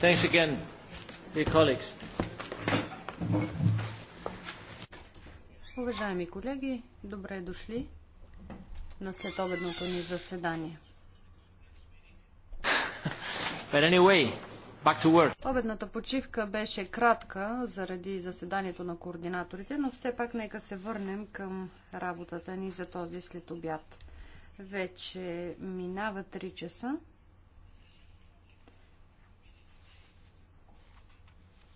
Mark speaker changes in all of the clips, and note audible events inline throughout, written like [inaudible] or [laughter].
Speaker 1: Thanks again, dear colleagues.
Speaker 2: Уважаеми колеги, добре дошли на следобедното ни заседание.
Speaker 1: But anyway, back to work.
Speaker 2: Обедната почивка беше кратка заради заседанието на координаторите, но все пак нека се върнем към работата ни за този следобед. Вече минава 3 часа.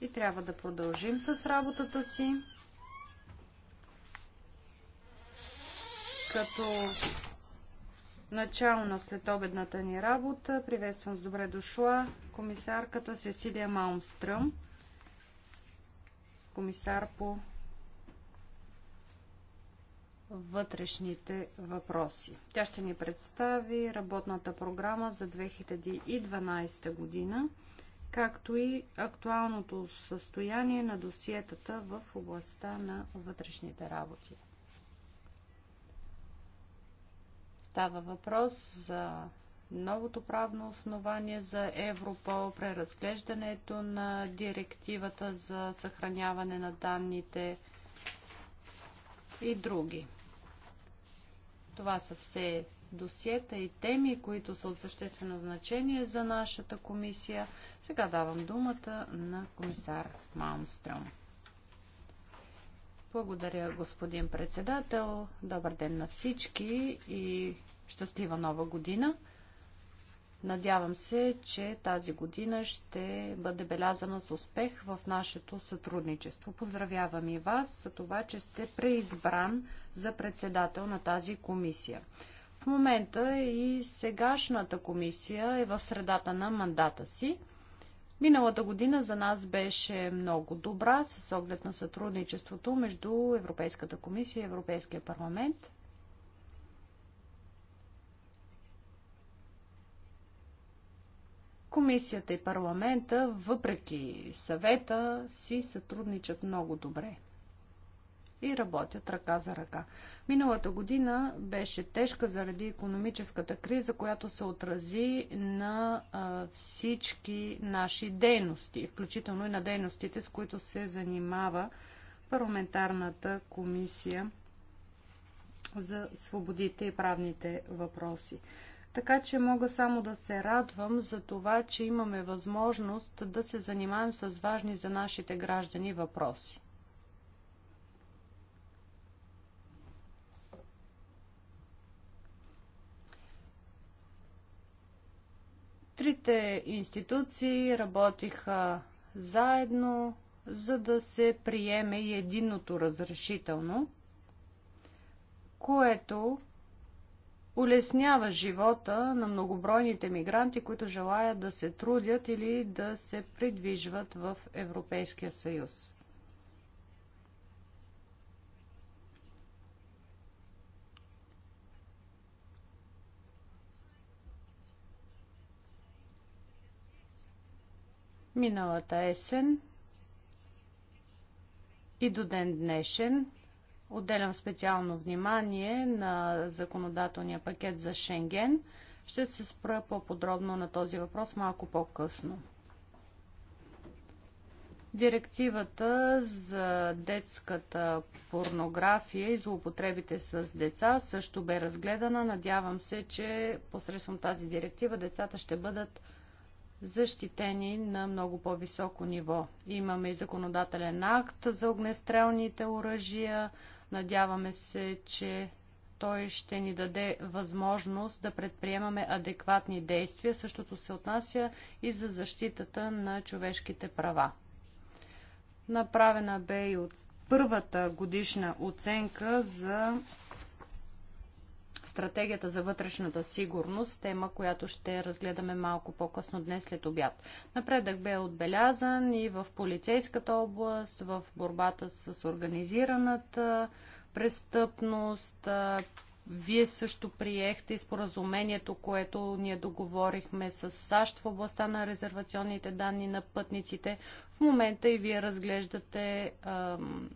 Speaker 2: и трябва да продължим с работата си. Като начало на следобедната ни работа, приветствам с добре дошла комисарката Сесилия Маумстръм, комисар по вътрешните въпроси. Тя ще ни представи работната програма за 2012 година както и актуалното състояние на досиетата в областта на вътрешните работи. Става въпрос за новото правно основание за Европол, преразглеждането на директивата за съхраняване на данните и други. Това са все досиета и теми, които са от съществено значение за нашата комисия. Сега давам думата на комисар Малмстръм. Благодаря, господин председател. Добър ден на всички и щастлива нова година. Надявам се, че тази година ще бъде белязана с успех в нашето сътрудничество. Поздравявам и вас за това, че сте преизбран за председател на тази комисия. В момента и сегашната комисия е в средата на мандата си. Миналата година за нас беше много добра с оглед на сътрудничеството между Европейската комисия и Европейския парламент. Комисията и парламента, въпреки съвета, си сътрудничат много добре и работят ръка за ръка. Миналата година беше тежка заради економическата криза, която се отрази на всички наши дейности, включително и на дейностите, с които се занимава парламентарната комисия за свободите и правните въпроси. Така че мога само да се радвам за това, че имаме възможност да се занимаем с важни за нашите граждани въпроси. Трите институции работиха заедно, за да се приеме и единното разрешително, което улеснява живота на многобройните мигранти, които желаят да се трудят или да се придвижват в Европейския съюз. Миналата есен и до ден днешен отделям специално внимание на законодателния пакет за Шенген. Ще се спра по-подробно на този въпрос малко по-късно. Директивата за детската порнография и злоупотребите с деца също бе разгледана. Надявам се, че посредством тази директива децата ще бъдат защитени на много по-високо ниво. Имаме и законодателен акт за огнестрелните оръжия. Надяваме се, че той ще ни даде възможност да предприемаме адекватни действия. Същото се отнася и за защитата на човешките права. Направена бе и от първата годишна оценка за стратегията за вътрешната сигурност, тема, която ще разгледаме малко по-късно днес след обяд. Напредък бе отбелязан и в полицейската област, в борбата с организираната престъпност. Вие също приехте споразумението, което ние договорихме с САЩ в областта на резервационните данни на пътниците. В момента и вие разглеждате ам,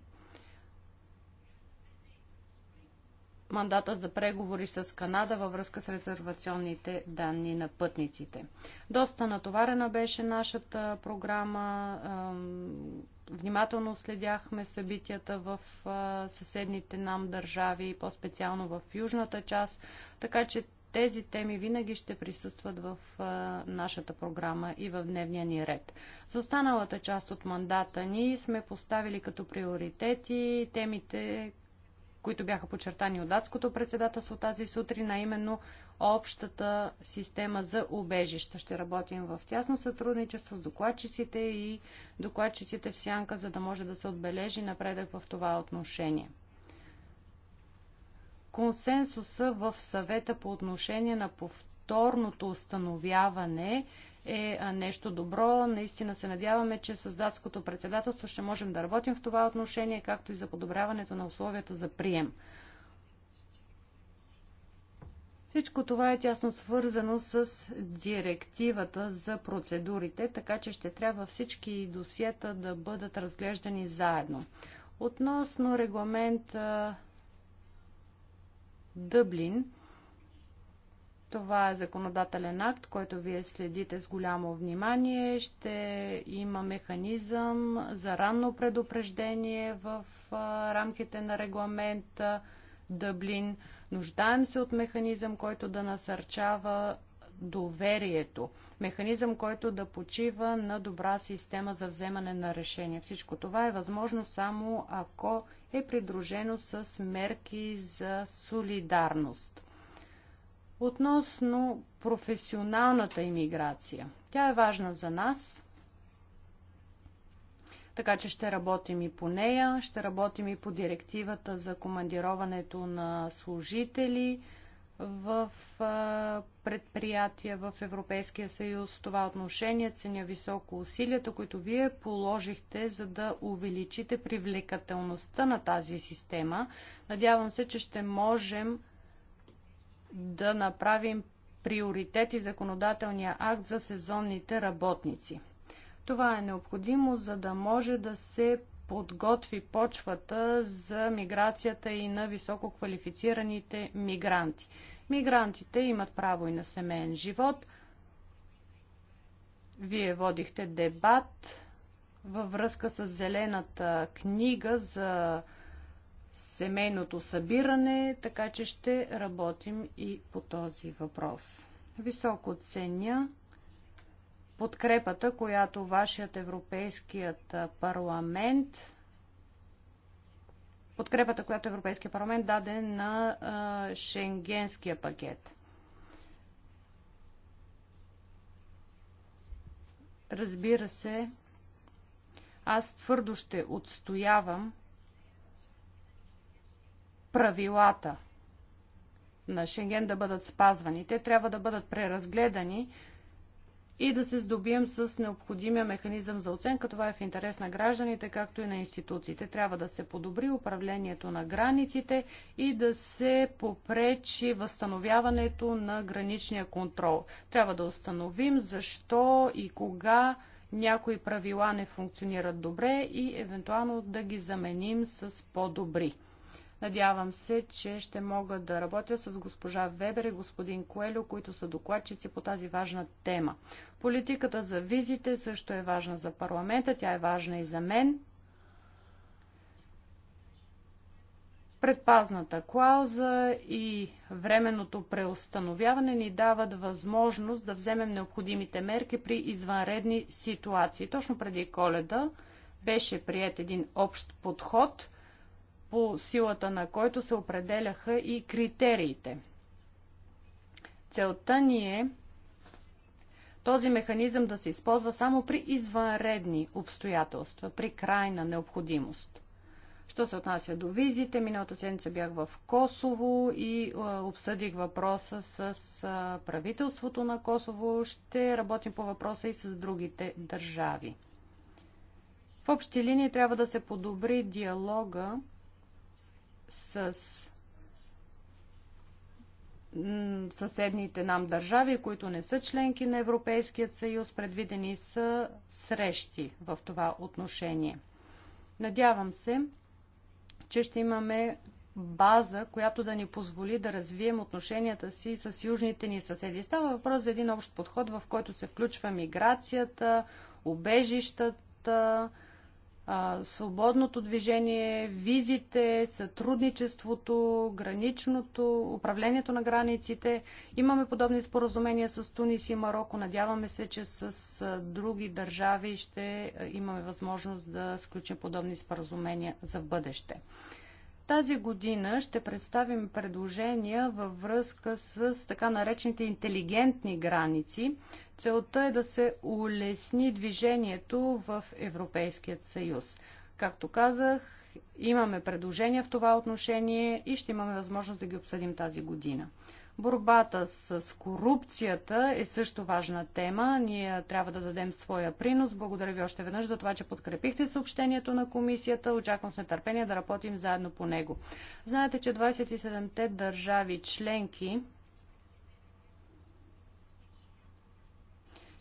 Speaker 2: мандата за преговори с Канада във връзка с резервационните данни на пътниците. Доста натоварена беше нашата програма. Внимателно следяхме събитията в съседните нам държави, по-специално в южната част, така че тези теми винаги ще присъстват в а, нашата програма и в дневния ни ред. За останалата част от мандата ни сме поставили като приоритети темите, които бяха подчертани от датското председателство тази сутрин, а именно общата система за убежища. Ще работим в тясно сътрудничество с докладчиците и докладчиците в сянка, за да може да се отбележи напредък в това отношение консенсуса в съвета по отношение на повторното установяване е нещо добро. Наистина се надяваме, че с датското председателство ще можем да работим в това отношение, както и за подобряването на условията за прием. Всичко това е тясно свързано с директивата за процедурите, така че ще трябва всички досиета да бъдат разглеждани заедно. Относно регламент Дъблин, това е законодателен акт, който вие следите с голямо внимание. Ще има механизъм за ранно предупреждение в рамките на регламента Дъблин. Нуждаем се от механизъм, който да насърчава доверието. Механизъм, който да почива на добра система за вземане на решения. Всичко това е възможно само ако е придружено с мерки за солидарност. Относно професионалната иммиграция. Тя е важна за нас, така че ще работим и по нея, ще работим и по директивата за командироването на служители в предприятия в Европейския съюз. Това отношение ценя високо усилията, които вие положихте, за да увеличите привлекателността на тази система. Надявам се, че ще можем да направим приоритет и законодателния акт за сезонните работници. Това е необходимо, за да може да се подготви почвата за миграцията и на висококвалифицираните мигранти. Мигрантите имат право и на семейен живот. Вие водихте дебат във връзка с зелената книга за семейното събиране, така че ще работим и по този въпрос. Високо ценя подкрепата, която вашият Европейският парламент подкрепата, която Европейския парламент даде на а, Шенгенския пакет. Разбира се, аз твърдо ще отстоявам правилата на Шенген да бъдат спазвани. Те трябва да бъдат преразгледани и да се здобием с необходимия механизъм за оценка. Това е в интерес на гражданите, както и на институциите. Трябва да се подобри управлението на границите и да се попречи възстановяването на граничния контрол. Трябва да установим защо и кога някои правила не функционират добре и евентуално да ги заменим с по-добри. Надявам се, че ще мога да работя с госпожа Вебер и господин Коелю, които са докладчици по тази важна тема. Политиката за визите също е важна за парламента, тя е важна и за мен. Предпазната клауза и временното преустановяване ни дават възможност да вземем необходимите мерки при извънредни ситуации. Точно преди коледа беше прият един общ подход – по силата на който се определяха и критериите. Целта ни е този механизъм да се използва само при извънредни обстоятелства, при крайна необходимост. Що се отнася до визите, миналата седмица бях в Косово и а, обсъдих въпроса с а, правителството на Косово. Ще работим по въпроса и с другите държави. В общи линии трябва да се подобри диалога с съседните нам държави, които не са членки на Европейският съюз, предвидени са срещи в това отношение. Надявам се, че ще имаме база, която да ни позволи да развием отношенията си с южните ни съседи. Става въпрос за един общ подход, в който се включва миграцията, убежищата, свободното движение, визите, сътрудничеството, граничното, управлението на границите. Имаме подобни споразумения с Тунис и Марокко. Надяваме се, че с други държави ще имаме възможност да сключим подобни споразумения за бъдеще. Тази година ще представим предложения във връзка с така наречените интелигентни граници. Целта е да се улесни движението в Европейският съюз. Както казах, имаме предложения в това отношение и ще имаме възможност да ги обсъдим тази година. Борбата с корупцията е също важна тема. Ние трябва да дадем своя принос. Благодаря ви още веднъж за това, че подкрепихте съобщението на комисията. Очаквам с нетърпение да работим заедно по него. Знаете, че 27-те държави членки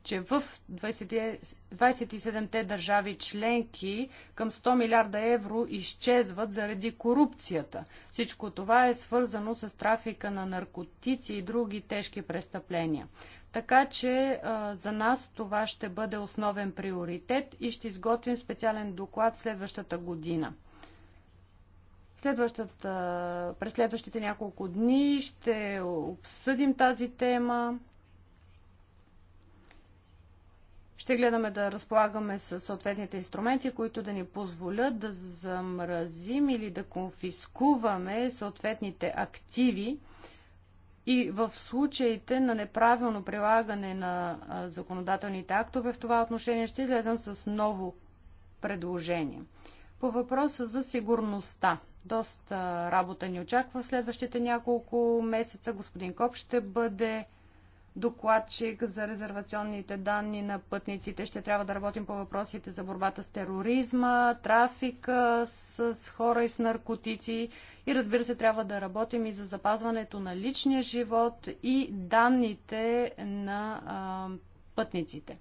Speaker 2: че в 27-те държави членки към 100 милиарда евро изчезват заради корупцията. Всичко това е свързано с трафика на наркотици и други тежки престъпления. Така че а, за нас това ще бъде основен приоритет и ще изготвим специален доклад следващата година. Следващата, през следващите няколко дни ще обсъдим тази тема. Ще гледаме да разполагаме с съответните инструменти, които да ни позволят да замразим или да конфискуваме съответните активи и в случаите на неправилно прилагане на законодателните актове в това отношение ще излезем с ново предложение. По въпроса за сигурността. Доста работа ни очаква в следващите няколко месеца. Господин Коп ще бъде докладчик за резервационните данни на пътниците. Ще трябва да работим по въпросите за борбата с тероризма, трафика с, с хора и с наркотици. И разбира се, трябва да работим и за запазването на личния живот и данните на а, пътниците.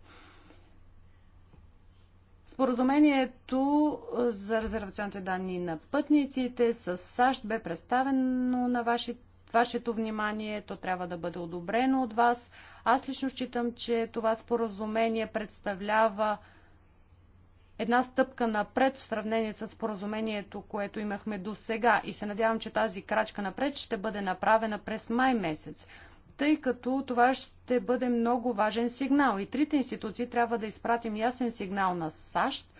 Speaker 2: Споразумението за резервационните данни на пътниците с САЩ бе представено на вашите вашето внимание, то трябва да бъде одобрено от вас. Аз лично считам, че това споразумение представлява една стъпка напред в сравнение с споразумението, което имахме до сега и се надявам, че тази крачка напред ще бъде направена през май месец, тъй като това ще бъде много важен сигнал и трите институции трябва да изпратим ясен сигнал на САЩ,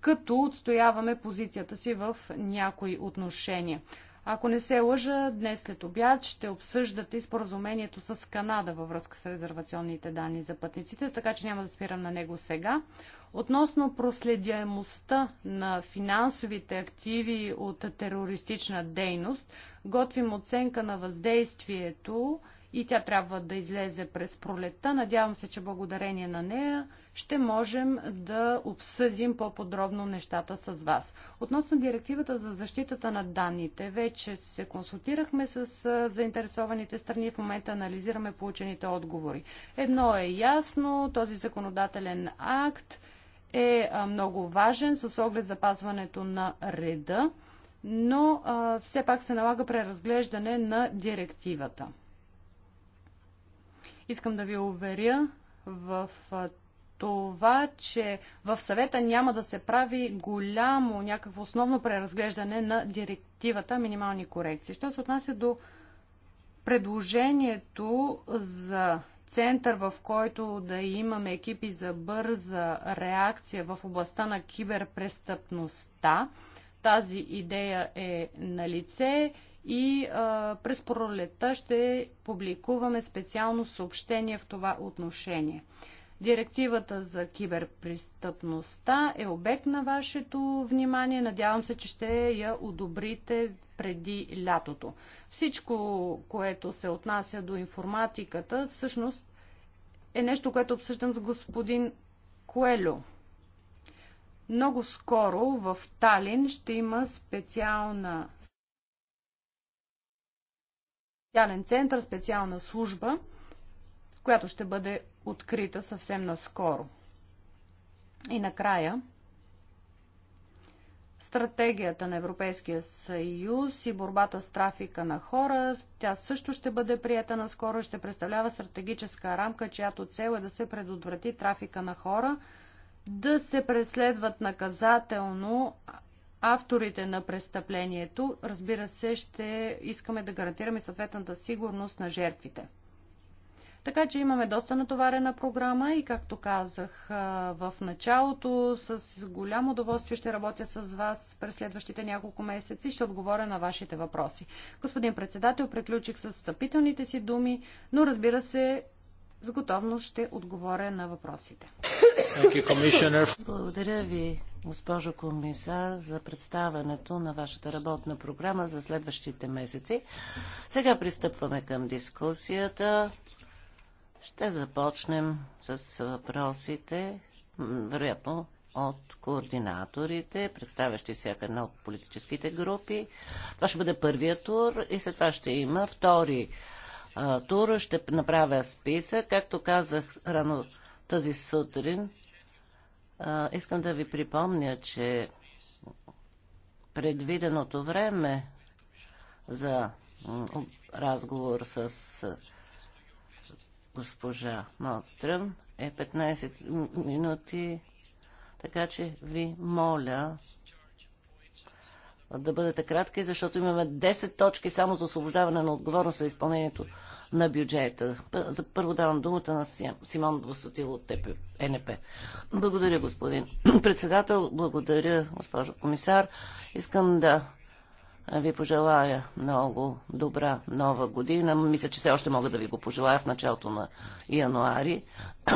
Speaker 2: като отстояваме позицията си в някои отношения. Ако не се лъжа, днес след обяд ще обсъждате споразумението с Канада във връзка с резервационните данни за пътниците, така че няма да спирам на него сега. Относно проследяемостта на финансовите активи от терористична дейност, готвим оценка на въздействието и тя трябва да излезе през пролетта. Надявам се, че благодарение на нея ще можем да обсъдим по-подробно нещата с вас. Относно директивата за защитата на данните, вече се консултирахме с заинтересованите страни и в момента анализираме получените отговори. Едно е ясно, този законодателен акт е много важен с оглед запазването на реда, но а, все пак се налага преразглеждане на директивата. Искам да ви уверя в това, че в съвета няма да се прави голямо някакво основно преразглеждане на директивата минимални корекции. Що се отнася до предложението за център, в който да имаме екипи за бърза реакция в областта на киберпрестъпността, тази идея е на лице и а, през пролетта ще публикуваме специално съобщение в това отношение. Директивата за киберпрестъпността е обект на вашето внимание. Надявам се, че ще я одобрите преди лятото. Всичко, което се отнася до информатиката, всъщност е нещо, което обсъждам с господин Коелю. Много скоро в Талин ще има специална специален център, специална служба, която ще бъде открита съвсем наскоро. И накрая, стратегията на Европейския съюз и борбата с трафика на хора. Тя също ще бъде приета наскоро, ще представлява стратегическа рамка, чиято цел е да се предотврати трафика на хора, да се преследват наказателно авторите на престъплението, разбира се, ще искаме да гарантираме съответната сигурност на жертвите. Така че имаме доста натоварена програма и, както казах в началото, с голямо удоволствие ще работя с вас през следващите няколко месеци и ще отговоря на вашите въпроси. Господин председател, приключих с съпителните си думи, но разбира се, с готовност ще отговоря на въпросите.
Speaker 3: Благодаря ви, госпожо комисар, за представянето на вашата работна програма за следващите месеци. Сега пристъпваме към дискусията. Ще започнем с въпросите, вероятно от координаторите, представящи всяка една от политическите групи. Това ще бъде първия тур и след това ще има втори тура. Ще направя списък. Както казах рано тази сутрин, искам да ви припомня, че предвиденото време за разговор с госпожа Малстръм е 15 минути, така че ви моля да бъдете кратки, защото имаме 10 точки само за освобождаване на отговорност за изпълнението на бюджета. За първо давам думата на Симон Босотил от ТП, НП. Благодаря, господин [clears throat] председател. Благодаря, госпожо комисар. Искам да ви пожелая много добра нова година. Мисля, че все още мога да ви го пожелая в началото на януари. [clears throat]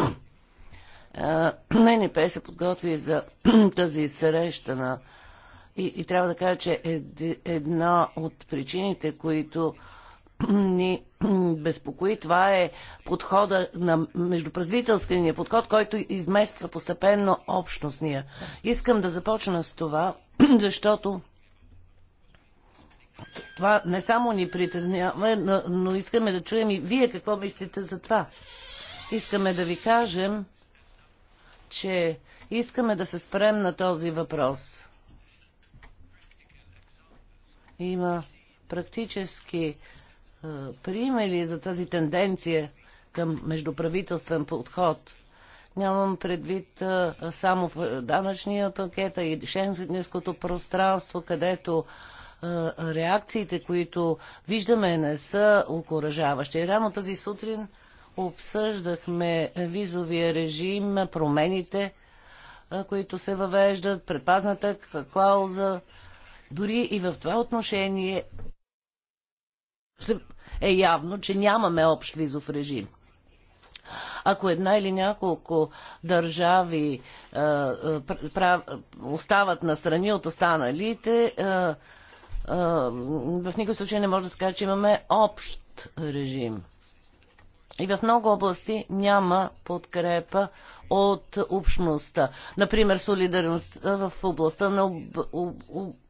Speaker 3: Е, ННП се подготви за [clears throat] тази среща на и, и трябва да кажа, че ед, една от причините, които ни безпокои, това е подхода на междуправителствения подход, който измества постепенно общностния. Искам да започна с това, [clears throat] защото това не само ни притеснява, но, но искаме да чуем и вие какво мислите за това. Искаме да ви кажем, че искаме да се спрем на този въпрос. Има практически е, примери за тази тенденция към междуправителствен подход. Нямам предвид е, само в данъчния пакет, а и шенгенското пространство, където е, реакциите, които виждаме, не са окоръжаващи. Рано тази сутрин обсъждахме визовия режим, промените, които се въвеждат, предпазната клауза, дори и в това отношение е явно, че нямаме общ визов режим. Ако една или няколко държави е, е прав, остават настрани от останалите, е, е, в никакъв случай не може да се каже, че имаме общ режим. И в много области няма подкрепа от общността. Например, солидарността в областта на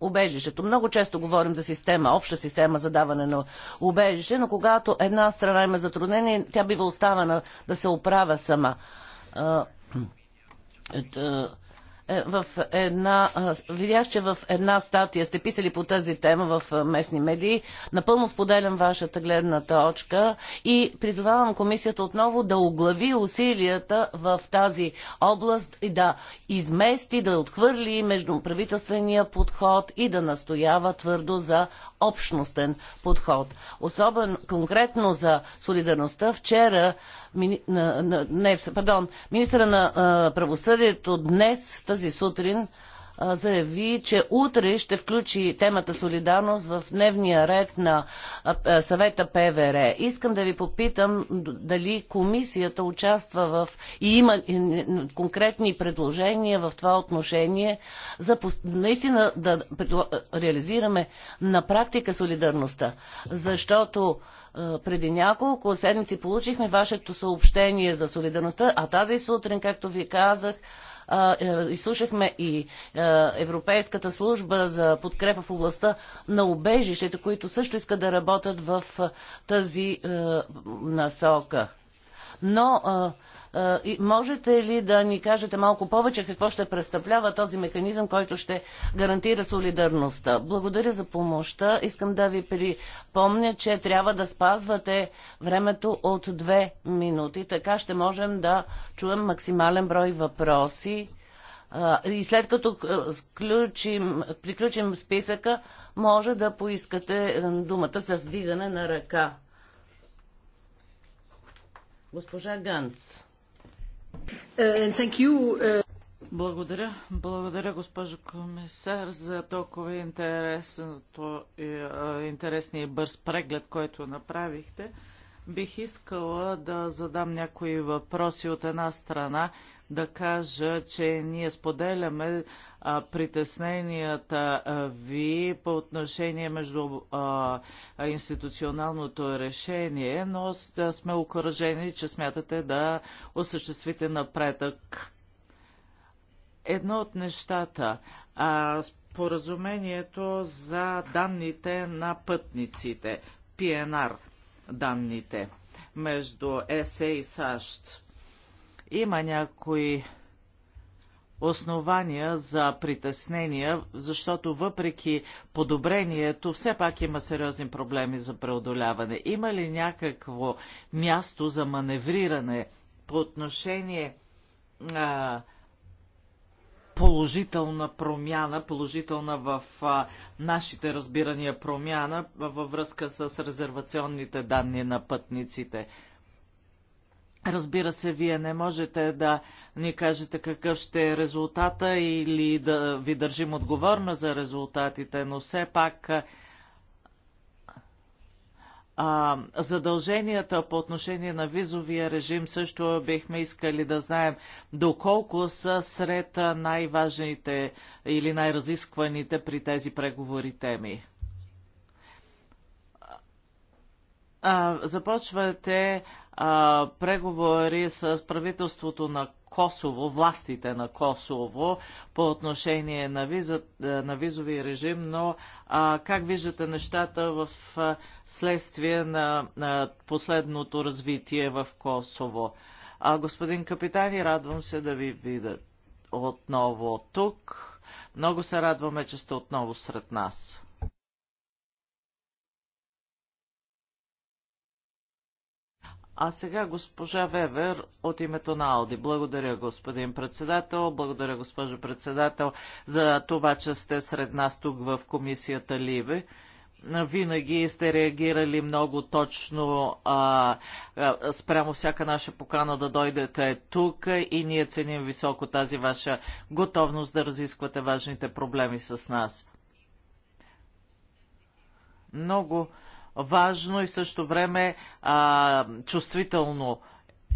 Speaker 3: убежището. Много често говорим за система, обща система за даване на убежище, но когато една страна има затруднение, тя бива оставена да се оправя сама. Е, в една, видях, че в една статия сте писали по тази тема в местни медии. Напълно споделям вашата гледна точка и призовавам комисията отново да оглави усилията в тази област и да измести, да отхвърли междуправителствения подход и да настоява твърдо за общностен подход. Особено конкретно за солидарността вчера мини, на, на, не, пардон, министра на а, правосъдието днес, тази сутрин, заяви, че утре ще включи темата солидарност в дневния ред на съвета ПВР. Искам да ви попитам дали комисията участва в и има конкретни предложения в това отношение за наистина да реализираме на практика солидарността. Защото преди няколко седмици получихме вашето съобщение за солидарността, а тази сутрин, както ви казах, е, изслушахме и е, Европейската служба за подкрепа в областта на убежището, които също искат да работят в е, тази насока. Но можете ли да ни кажете малко повече какво ще представлява този механизъм, който ще гарантира солидарността? Благодаря за помощта. Искам да ви припомня, че трябва да спазвате времето от две минути. Така ще можем да чуем максимален брой въпроси. И след като включим, приключим списъка, може да поискате думата с вдигане на ръка. Госпожа Ганц. Uh, uh,
Speaker 1: Благодаря. Благодаря, госпожо комисар, за толкова интересния и бърз преглед, който направихте. Бих искала да задам някои въпроси от една страна, да кажа, че ние споделяме а, притесненията а, ви по отношение между а, институционалното решение, но да сме окоръжени, че смятате да осъществите напредък. Едно от нещата, а, споразумението за данните на пътниците, ПНР – данните между ЕСЕ и САЩ. Има някои основания за притеснения, защото въпреки подобрението, все пак има сериозни проблеми за преодоляване. Има ли някакво място за маневриране по отношение а, положителна промяна, положителна в а, нашите разбирания промяна във връзка с резервационните данни на пътниците. Разбира се, вие не можете да ни кажете какъв ще е резултата или да ви държим отговорна за резултатите, но все пак а, задълженията по отношение на визовия режим също бихме искали да знаем доколко са сред най-важните или най-разискваните при тези преговори теми. А, започвате а, преговори с правителството на Косово, властите на Косово по отношение на, виза, е, на визови режим, но а, как виждате нещата в а, следствие на, на последното развитие в Косово? А, господин капитани, радвам се да ви видя отново тук. Много се радваме, че сте отново сред нас. А сега госпожа Вевер от името на Алди. Благодаря, господин председател. Благодаря, госпожо председател, за това, че сте сред нас тук в комисията Ливе винаги сте реагирали много точно а, а, спрямо всяка наша покана да дойдете тук и ние ценим високо тази ваша готовност да разисквате важните проблеми с нас. Много важно и в същото време а, чувствително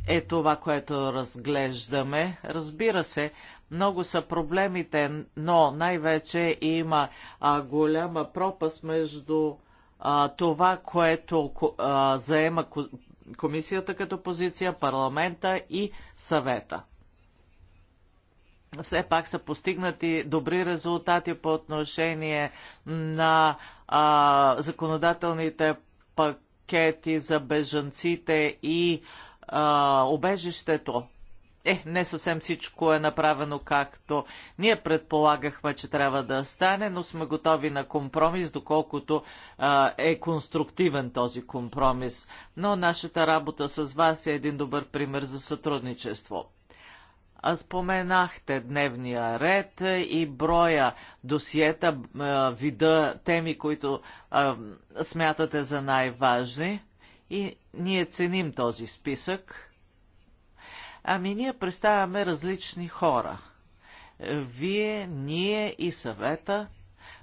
Speaker 1: е това, което разглеждаме. Разбира се, много са проблемите, но най-вече има а, голяма пропаст между а, това, което а, заема комисията като позиция, парламента и съвета все пак са постигнати добри резултати по отношение на а, законодателните пакети за бежанците и а, обежището. Е, не съвсем всичко е направено както ние предполагахме, че трябва да стане, но сме готови на компромис, доколкото а, е конструктивен този компромис. Но нашата работа с вас е един добър пример за сътрудничество. Споменахте дневния ред и броя досиета, вида теми, които смятате за най-важни. И ние ценим този списък. Ами ние представяме различни хора. Вие, ние и съвета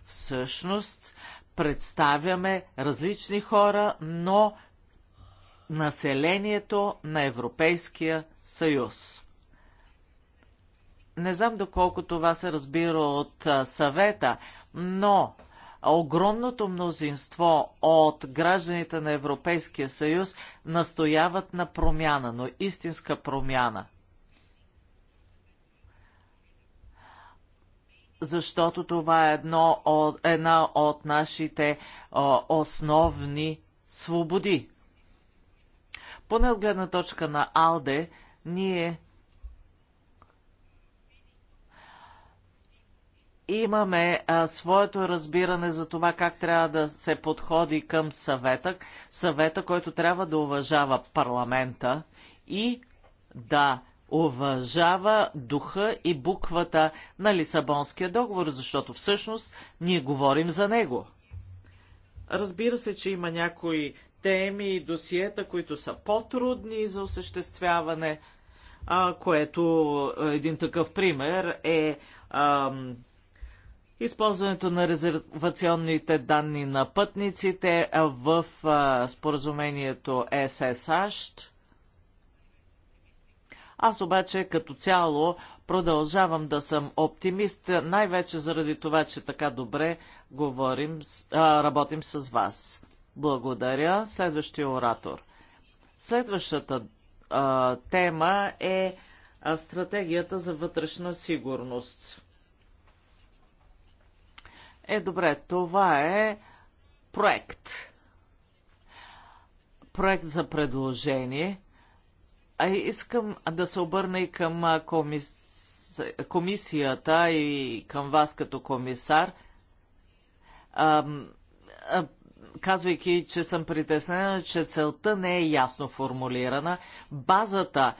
Speaker 1: всъщност представяме различни хора, но населението на Европейския съюз. Не знам доколко това се разбира от съвета, но огромното мнозинство от гражданите на Европейския съюз настояват на промяна, но истинска промяна. Защото това е едно от, една от нашите о, основни свободи. Поне от гледна точка на Алде, ние имаме а, своето разбиране за това как трябва да се подходи към съвета, съвета, който трябва да уважава парламента и да уважава духа и буквата на Лисабонския договор, защото всъщност ние говорим за него. Разбира се, че има някои теми и досиета, които са по-трудни за осъществяване, а, което един такъв пример е Използването на резервационните данни на пътниците в споразумението ССАЩ. Аз обаче като цяло продължавам да съм оптимист, най-вече заради това, че така добре говорим, работим с вас. Благодаря. Следващия оратор. Следващата а, тема е стратегията за вътрешна сигурност. Е, добре, това е проект. Проект за предложение. А искам да се обърна и към комис... комисията и към вас като комисар. Ам, казвайки, че съм притеснена, че целта не е ясно формулирана. Базата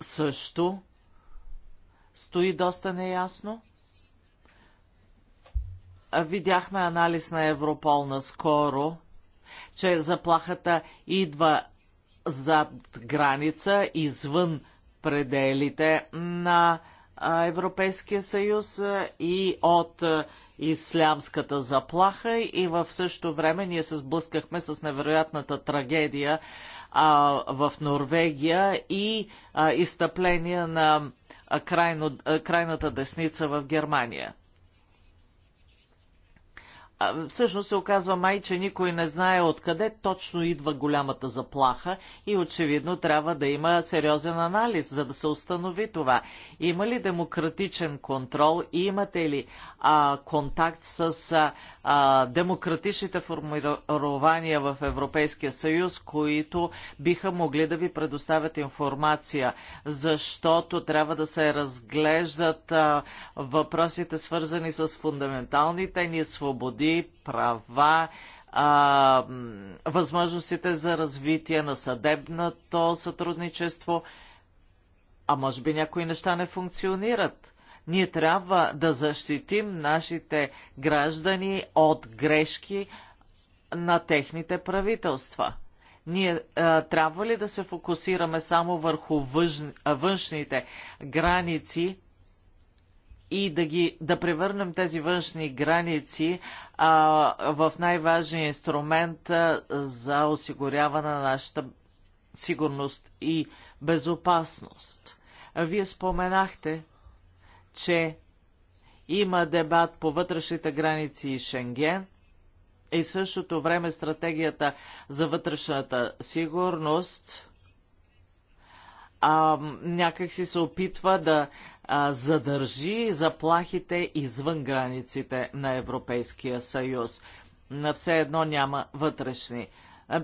Speaker 1: също стои доста неясно видяхме анализ на Европол наскоро, че заплахата идва зад граница, извън пределите на Европейския съюз и от ислямската заплаха и в същото време ние се сблъскахме с невероятната трагедия а, в Норвегия и а, изтъпление на крайно, крайната десница в Германия всъщност се оказва май, че никой не знае откъде точно идва голямата заплаха и очевидно трябва да има сериозен анализ, за да се установи това. Има ли демократичен контрол и имате ли а, контакт с а, а, демократичните формирования в Европейския съюз, които биха могли да ви предоставят информация, защото трябва да се разглеждат а, въпросите свързани с фундаменталните ни свободи, свободи, права, а, възможностите за развитие на съдебното сътрудничество, а може би някои неща не функционират. Ние трябва да защитим нашите граждани от грешки на техните правителства. Ние а, трябва ли да се фокусираме само върху външните граници и да, ги, да превърнем тези външни граници а, в най-важния инструмент а, за осигуряване на нашата сигурност и безопасност. Вие споменахте, че има дебат по вътрешните граници и Шенген и в същото време стратегията за вътрешната сигурност а, някак си се опитва да задържи заплахите извън границите на Европейския съюз. На все едно няма вътрешни.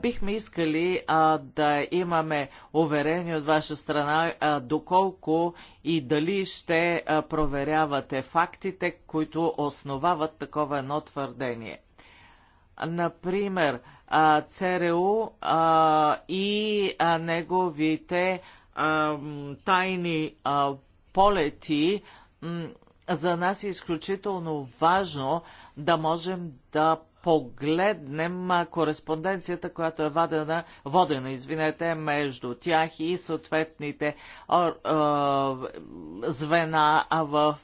Speaker 1: Бихме искали а, да имаме уверение от ваша страна а, доколко и дали ще а, проверявате фактите, които основават такова едно твърдение. Например, а, ЦРУ а, и а, неговите а, тайни а, полети, за нас е изключително важно да можем да погледнем кореспонденцията, която е вадена, водена извинете, между тях и съответните звена в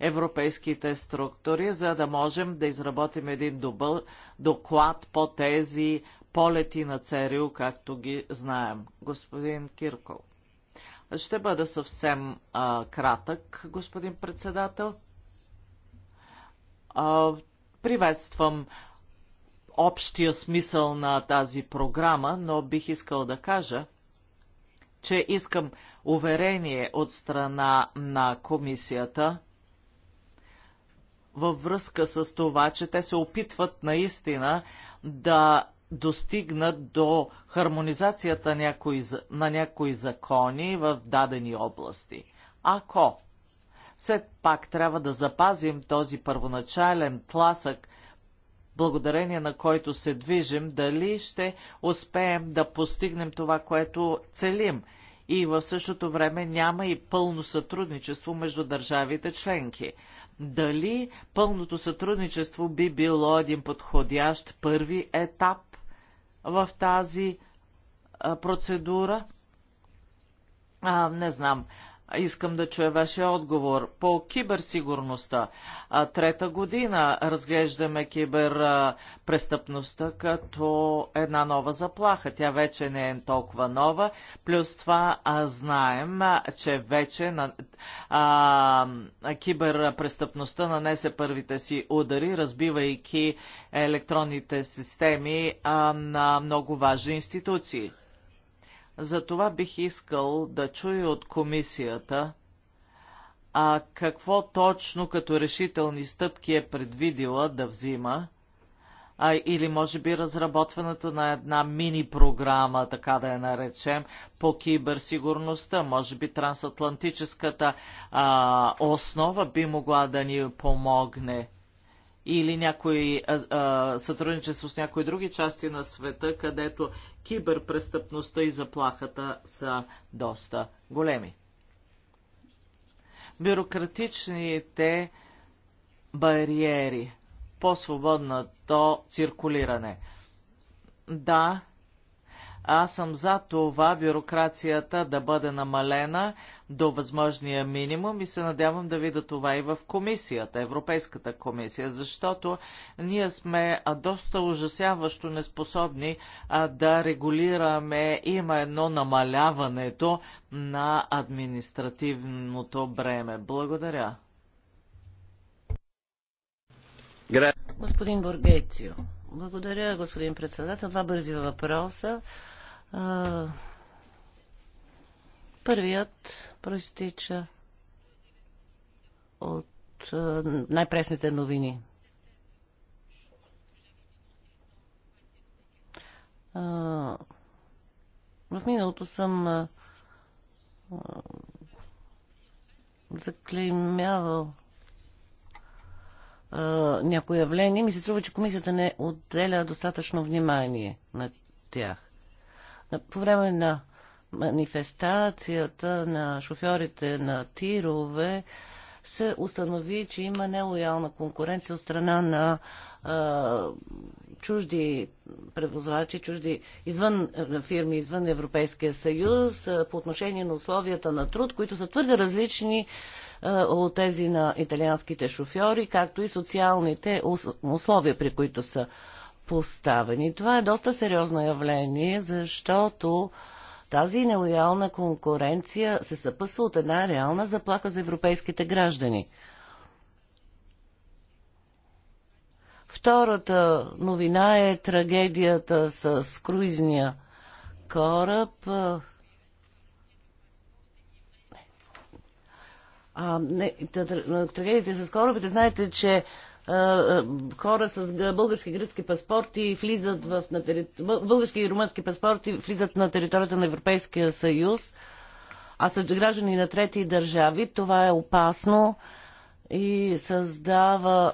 Speaker 1: европейските структури, за да можем да изработим един добър доклад по тези полети на ЦРУ, както ги знаем. Господин Кирков. Ще бъда съвсем а, кратък, господин председател. А, приветствам общия смисъл на тази програма, но бих искал да кажа, че искам уверение от страна на комисията във връзка с това, че те се опитват наистина да достигнат до хармонизацията някои, на някои закони в дадени области. Ако все пак трябва да запазим този първоначален тласък, благодарение на който се движим, дали ще успеем да постигнем това, което целим. И в същото време няма и пълно сътрудничество между държавите членки. Дали пълното сътрудничество би било един подходящ първи етап в тази процедура. А, не знам. Искам да чуя вашия отговор. По киберсигурността. Трета година разглеждаме киберпрестъпността като една нова заплаха. Тя вече не е толкова нова. Плюс това а, знаем, а, че вече на, а, киберпрестъпността нанесе първите си удари, разбивайки електронните системи а, на много важни институции. За това бих искал да чуя от комисията а какво точно като решителни стъпки е предвидила да взима, а, или може би разработването на една мини-програма, така да я наречем, по киберсигурността. Може би трансатлантическата а, основа би могла да ни помогне – или някои сътрудничество с някои други части на света, където киберпрестъпността и заплахата са доста големи. Бюрократичните бариери, по-свободното циркулиране. Да, аз съм за това бюрокрацията да бъде намалена до възможния минимум и се надявам да видя това и в комисията, Европейската комисия, защото ние сме доста ужасяващо неспособни да регулираме има едно намаляването на административното
Speaker 3: бреме. Благодаря. Господин Боргецио. Благодаря, господин председател. Два бързи въпроса първият проистича от най-пресните новини. в миналото съм заклеймявал някои явления. Ми се струва, че комисията не отделя достатъчно внимание на тях. По време на манифестацията на шофьорите на тирове се установи, че има нелоялна конкуренция от страна на а, чужди превозвачи, чужди извън фирми, извън Европейския съюз а, по отношение на условията на труд, които са твърде различни а, от тези на италианските шофьори, както и социалните условия, при които са поставени. Това е доста сериозно явление, защото тази нелоялна конкуренция се съпъсва от една реална заплаха за европейските граждани. Втората новина е трагедията с круизния кораб. А, не, трагедиите с корабите, знаете, че хора с български и гръцки паспорти влизат в, на тери... български и румънски паспорти влизат на територията на Европейския съюз, а са граждани на трети държави. Това е опасно и създава,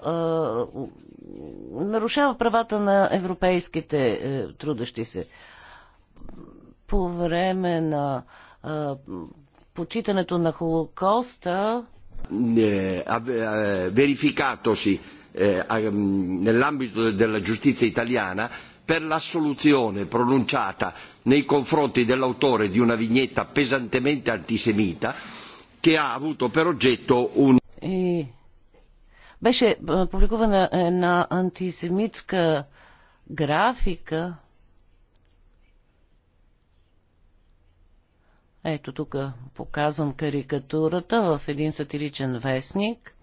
Speaker 3: е, нарушава правата на европейските е, трудещи се. По време на е, почитането на Холокоста,
Speaker 2: eh, verificatosi nell'ambito della giustizia italiana per l'assoluzione pronunciata nei confronti dell'autore di una vignetta pesantemente antisemita che ha avuto per oggetto un.
Speaker 3: Беше публикувана една антисемитска графика. Ето тук показвам карикатурата в един сатиричен вестник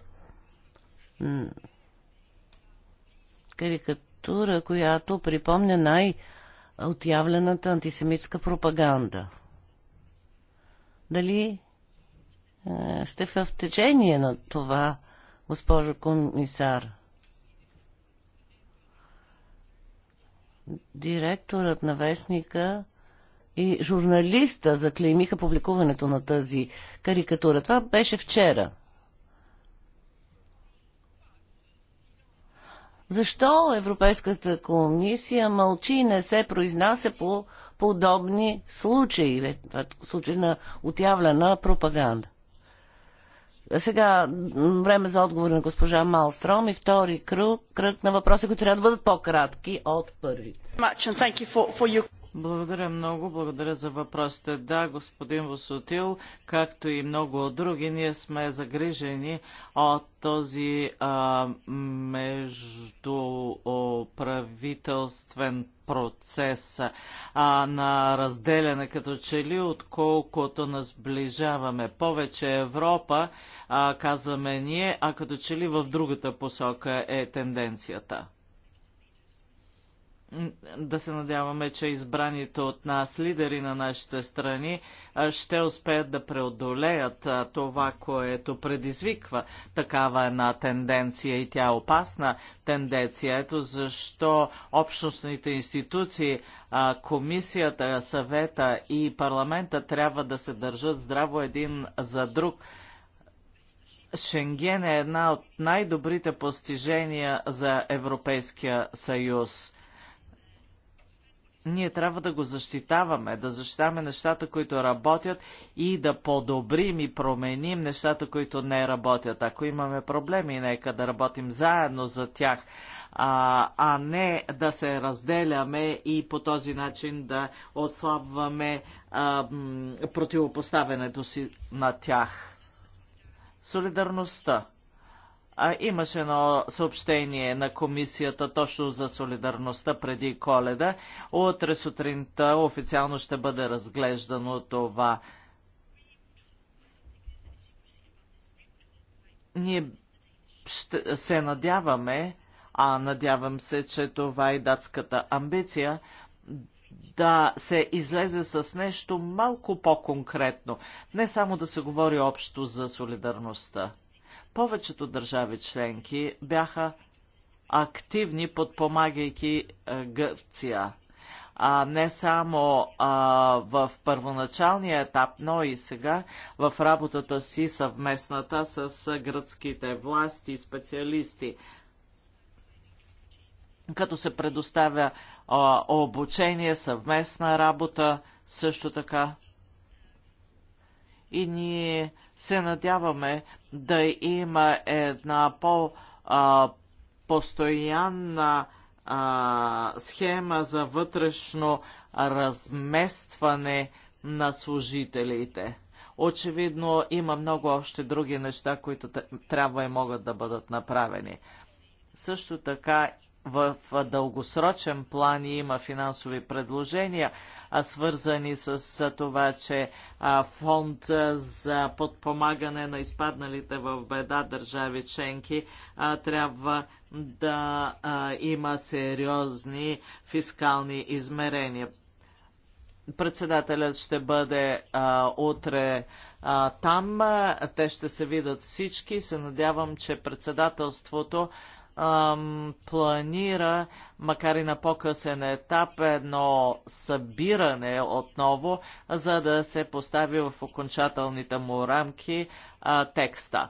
Speaker 3: карикатура, която припомня най-отявлената антисемитска пропаганда. Дали е, сте в течение на това, госпожо комисар? Директорът на вестника и журналиста заклеймиха публикуването на тази карикатура. Това беше вчера. Защо Европейската комисия мълчи и не се произнася по подобни случаи, е, е случаи на отявлена пропаганда? Сега време за отговор на госпожа Малстром и втори кръг, кръг на въпроси, които трябва да бъдат по-кратки от първите. Благодаря
Speaker 1: много, благодаря за въпросите. Да, господин Восотил, както и много от други, ние сме загрижени от този а, междуправителствен процес а, на разделяне като че ли, отколкото нас сближаваме. Повече Европа, а, казваме ние, а като че ли в другата посока е тенденцията да се надяваме, че избраните от нас лидери на нашите страни ще успеят да преодолеят това, което предизвиква такава една тенденция и тя е опасна тенденция. Ето защо общностните институции, комисията, съвета и парламента трябва да се държат здраво един за друг. Шенген е една от най-добрите постижения за Европейския съюз ние трябва да го защитаваме, да защитаваме нещата, които работят и да подобрим и променим нещата, които не работят. Ако имаме проблеми, нека да работим заедно за тях, а, а не да се разделяме и по този начин да отслабваме а, противопоставянето си на тях. Солидарността а, имаше едно съобщение на комисията точно за солидарността преди коледа. Утре сутринта официално ще бъде разглеждано това. Ние ще се надяваме, а надявам се, че това е датската амбиция, да се излезе с нещо малко по-конкретно. Не само да се говори общо за солидарността повечето държави членки бяха активни, подпомагайки Гърция. А не само а, в първоначалния етап, но и сега в работата си съвместната с гръцките власти и специалисти, като се предоставя а, обучение, съвместна работа, също така и ние се надяваме да има една по- постоянна схема за вътрешно разместване на служителите. Очевидно има много още други неща, които трябва и могат да бъдат направени. Също така в дългосрочен план има финансови предложения, свързани с това, че фонд за подпомагане на изпадналите в беда държави членки трябва да има сериозни фискални измерения. Председателят ще бъде а, утре а, там. Те ще се видят всички. Се надявам, че председателството ам, планира, макар и на по-късен етап, едно събиране отново, за да се постави в окончателните му рамки а, текста.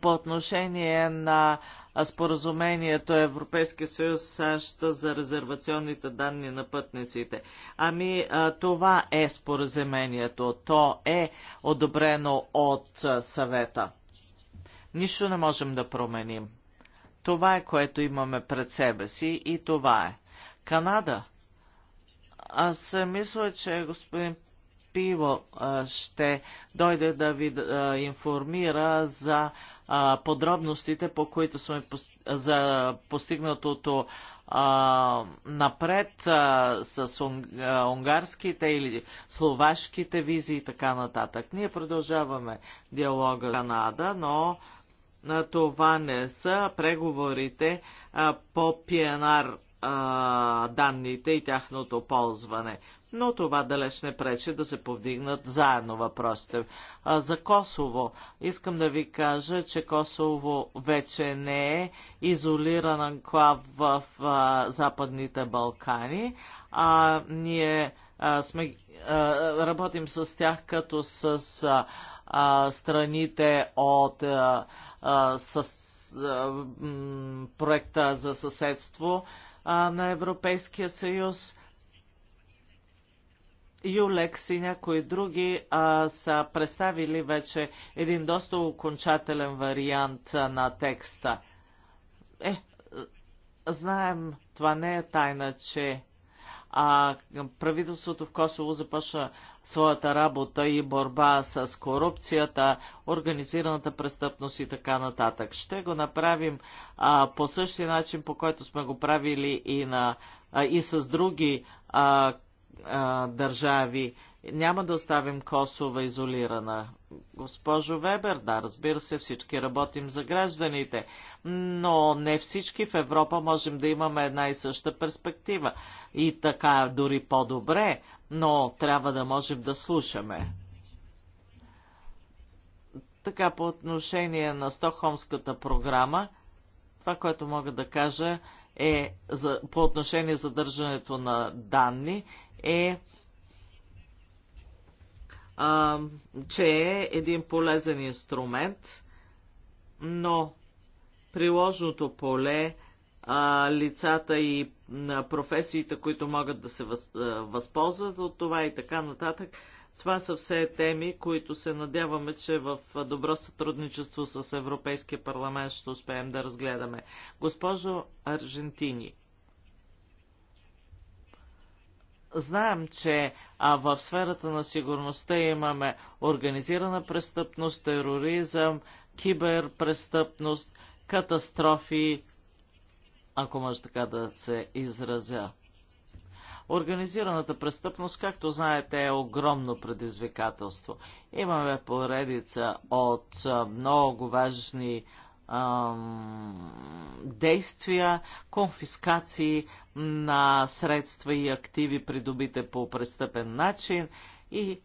Speaker 1: По отношение на а, споразумението Европейския съюз САЩ за резервационните данни на пътниците. Ами това е споразумението. То е одобрено от съвета. Нищо не можем да променим. Това е, което имаме пред себе си и това е. Канада. Аз мисля, че господин Пиво ще дойде да ви информира за а, подробностите, по които сме за постигнатото а, напред а, с а, унгарските или словашките визи и така нататък. Ние продължаваме диалога с Канада, но на това не са преговорите а, по ПНР данните и тяхното ползване но това далеч не пречи да се повдигнат заедно въпросите. А, за Косово искам да ви кажа, че Косово вече не е изолиран анклав в а, Западните Балкани, а ние а, сме, а, работим с тях като с а, страните от а, а, с, а, м, проекта за съседство а, на Европейския съюз Юлекс и някои други а, са представили вече един доста окончателен вариант на текста. Е, знаем, това не е тайна, че а правителството в Косово започна своята работа и борба с корупцията, организираната престъпност и така нататък. Ще го направим а, по същия начин, по който сме го правили и, на, а, и с други а, а, държави. Няма да оставим Косова изолирана. Госпожо Вебер, да, разбира се, всички работим за гражданите, но не всички в Европа можем да имаме една и съща перспектива. И така дори по-добре, но трябва да можем да слушаме. Така по отношение на Стокхолмската програма, това, което мога да кажа е за, по отношение задържането на данни, е а, че е един полезен инструмент, но приложното поле, а, лицата и а, професиите, които могат да се въз, а, възползват от това и така нататък, това са все теми, които се надяваме, че в добро сътрудничество с Европейския парламент ще успеем да разгледаме. Госпожо Аржентини, Знаем, че а в сферата на сигурността имаме организирана престъпност, тероризъм, киберпрестъпност, катастрофи, ако може така да се изразя. Организираната престъпност, както знаете, е огромно предизвикателство. Имаме поредица от много важни действия, конфискации на средства и активи, придобите по престъпен начин и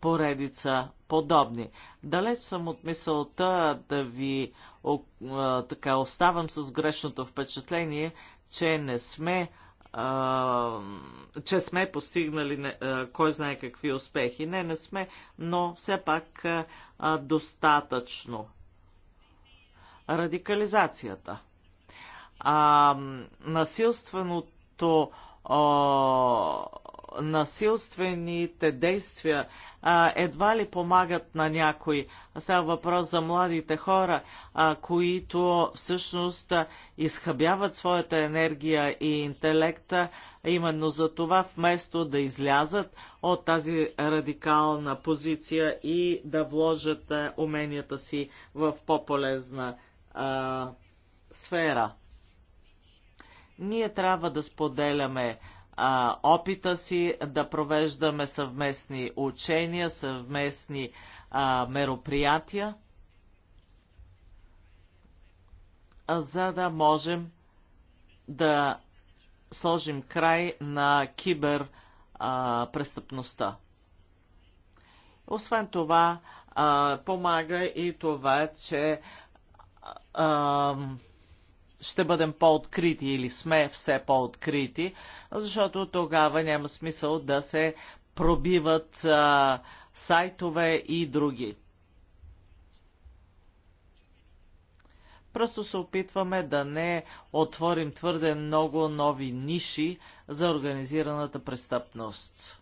Speaker 1: поредица подобни. Далеч съм от мисълта да ви о, а, така оставам с грешното впечатление, че не сме а, че сме постигнали не, а, кой знае какви успехи. Не, не сме, но все пак достатъчно радикализацията. А, насилственото а, насилствените действия а, едва ли помагат на някой. Става въпрос за младите хора, а, които всъщност изхъбяват своята енергия и интелекта, именно за това вместо да излязат от тази радикална позиция и да вложат уменията си в по-полезна а, сфера. Ние трябва да споделяме а, опита си, да провеждаме съвместни учения, съвместни а, мероприятия, за да можем да сложим край на кибер а, престъпността. Освен това, а, помага и това, че а, ще бъдем по-открити или сме все по-открити, защото тогава няма смисъл да се пробиват а, сайтове и други. Просто се опитваме да не отворим твърде много нови ниши за организираната престъпност.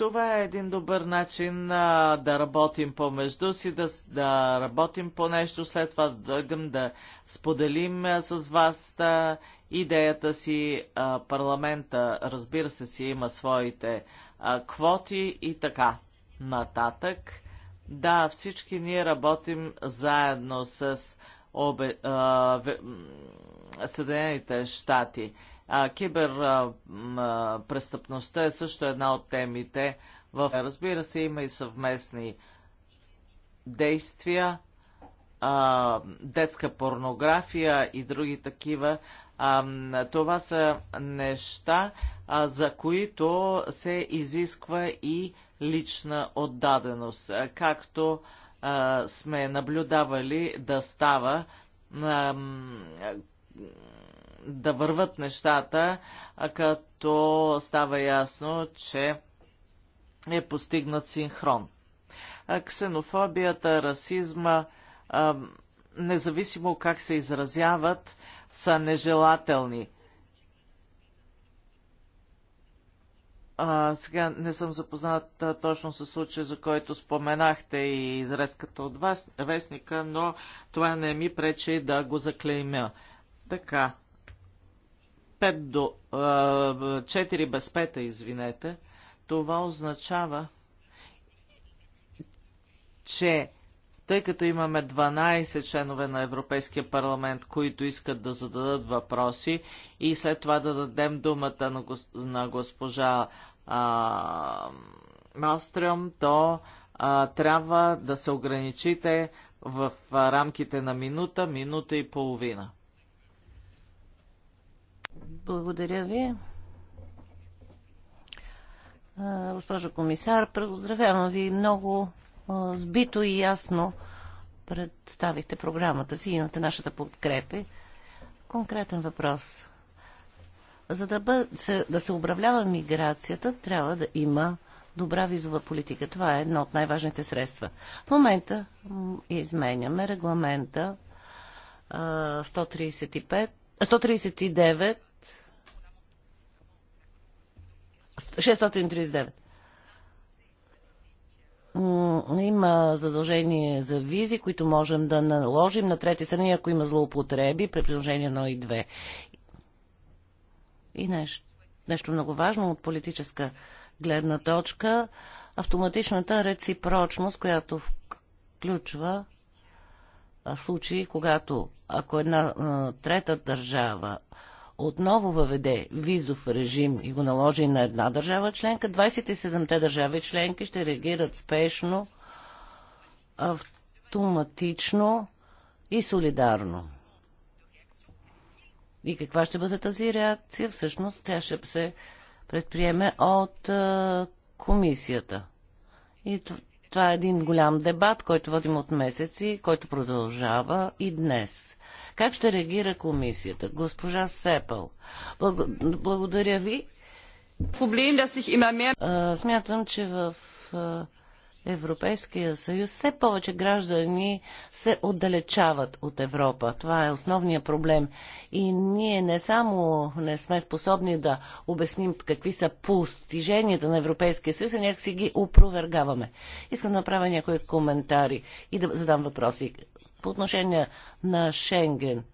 Speaker 1: Това е един добър начин а, да работим помежду си, да, да работим по нещо, след това да дойдем да споделим а, с вас а, идеята си. А, парламента, разбира се, си има своите а, квоти и така нататък. Да, всички ние работим заедно с обе, а, в, Съединените щати. Киберпрестъпността е също една от темите. В... Разбира се, има и съвместни действия, а, детска порнография и други такива. А, това са неща, а, за които се изисква и лична отдаденост, както а, сме наблюдавали да става а, да върват нещата, като става ясно, че е постигнат синхрон. Ксенофобията, расизма, независимо как се изразяват, са нежелателни. А, сега не съм запознат а, точно с случая, за който споменахте и изрезката от вас, вестника, но това не ми пречи да го заклеймя. Така, 5 до, 4 без 5, извинете, това означава, че тъй като имаме 12 членове на Европейския парламент, които искат да зададат въпроси и след това да дадем думата на, на госпожа а, Малстрем, то а, трябва да се ограничите в рамките на минута, минута и половина.
Speaker 3: Благодаря ви. Госпожо комисар, поздравявам ви много сбито и ясно представихте програмата си и имате нашата подкрепи. Конкретен въпрос. За да, бъ... се... да се управлява миграцията, трябва да има добра визова политика. Това е едно от най-важните средства. В момента изменяме регламента 135, 139 639. Има задължение за визи, които можем да наложим на трети страни, ако има злоупотреби, при приложение 1 и 2. И нещо, нещо много важно от политическа гледна точка автоматичната реципрочност, която включва случаи, когато ако една трета държава отново въведе визов режим и го наложи на една държава членка, 27-те държави членки ще реагират спешно, автоматично и солидарно. И каква ще бъде тази реакция? Всъщност тя ще се предприеме от комисията. И това е един голям дебат, който водим от месеци, който продължава и днес. Как ще реагира комисията? Госпожа Сепъл, благодаря ви. Проблем, да си има мер... Смятам, че в Европейския съюз все повече граждани се отдалечават от Европа. Това е основният проблем. И ние не само не сме способни да обясним какви са постиженията на Европейския съюз, а някакси ги опровергаваме. Искам да направя някои коментари и да задам въпроси по отношение на Шенген.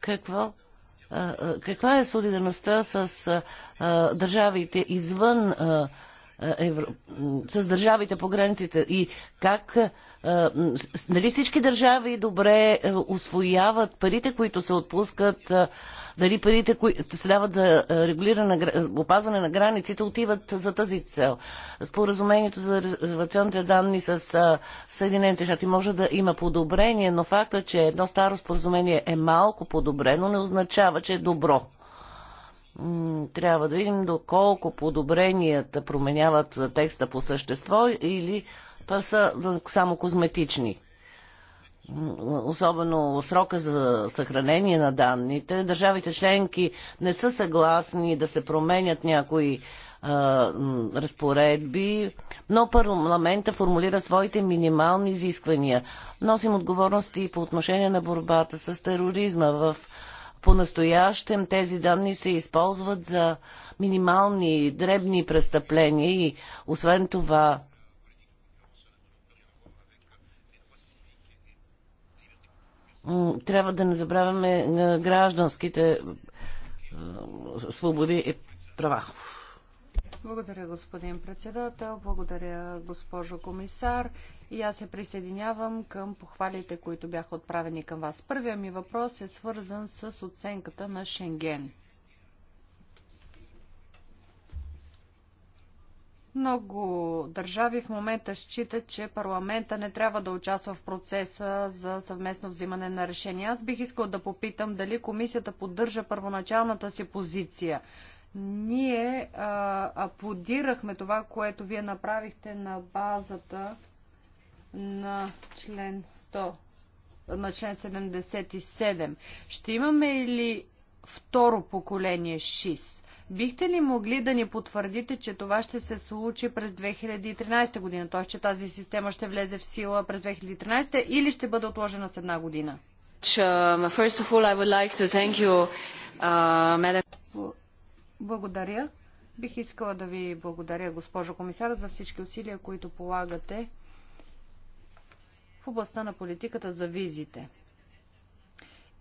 Speaker 3: Какво? Каква е солидарността с държавите извън с държавите по границите и как е, нали всички държави добре е, освояват парите, които се отпускат, дали е, парите, които се дават за регулиране, опазване на границите, отиват за тази цел. Споразумението за резервационните данни с Съединените щати може да има подобрение, но факта, че едно старо споразумение е малко подобрено, не означава, че е добро трябва да видим доколко подобренията променяват текста по същество или па са само козметични. Особено срока за съхранение на данните. Държавите членки не са съгласни да се променят някои разпоредби, но парламента формулира своите минимални изисквания. Носим отговорности по отношение на борбата с тероризма. В по-настоящем тези данни се използват за минимални дребни престъпления и освен това трябва да не забравяме гражданските свободи и права.
Speaker 2: Благодаря, господин председател. Благодаря, госпожо комисар. И аз се присъединявам към похвалите, които бяха отправени към вас. Първия ми въпрос е свързан с оценката на Шенген. Много държави в момента считат, че парламента не трябва да участва в процеса за съвместно взимане на решения. Аз бих искал да попитам дали комисията поддържа първоначалната си позиция. Ние а, аплодирахме това, което вие направихте на базата на член 100, на член 77. Ще имаме ли второ поколение ШИС? Бихте ли могли да ни потвърдите, че това ще се случи през 2013 година, т.е. че тази система ще влезе в сила през 2013 или ще бъде отложена с една година? Uh, благодаря. Бих искала да ви благодаря, госпожо комисар, за всички усилия, които полагате в областта на политиката за визите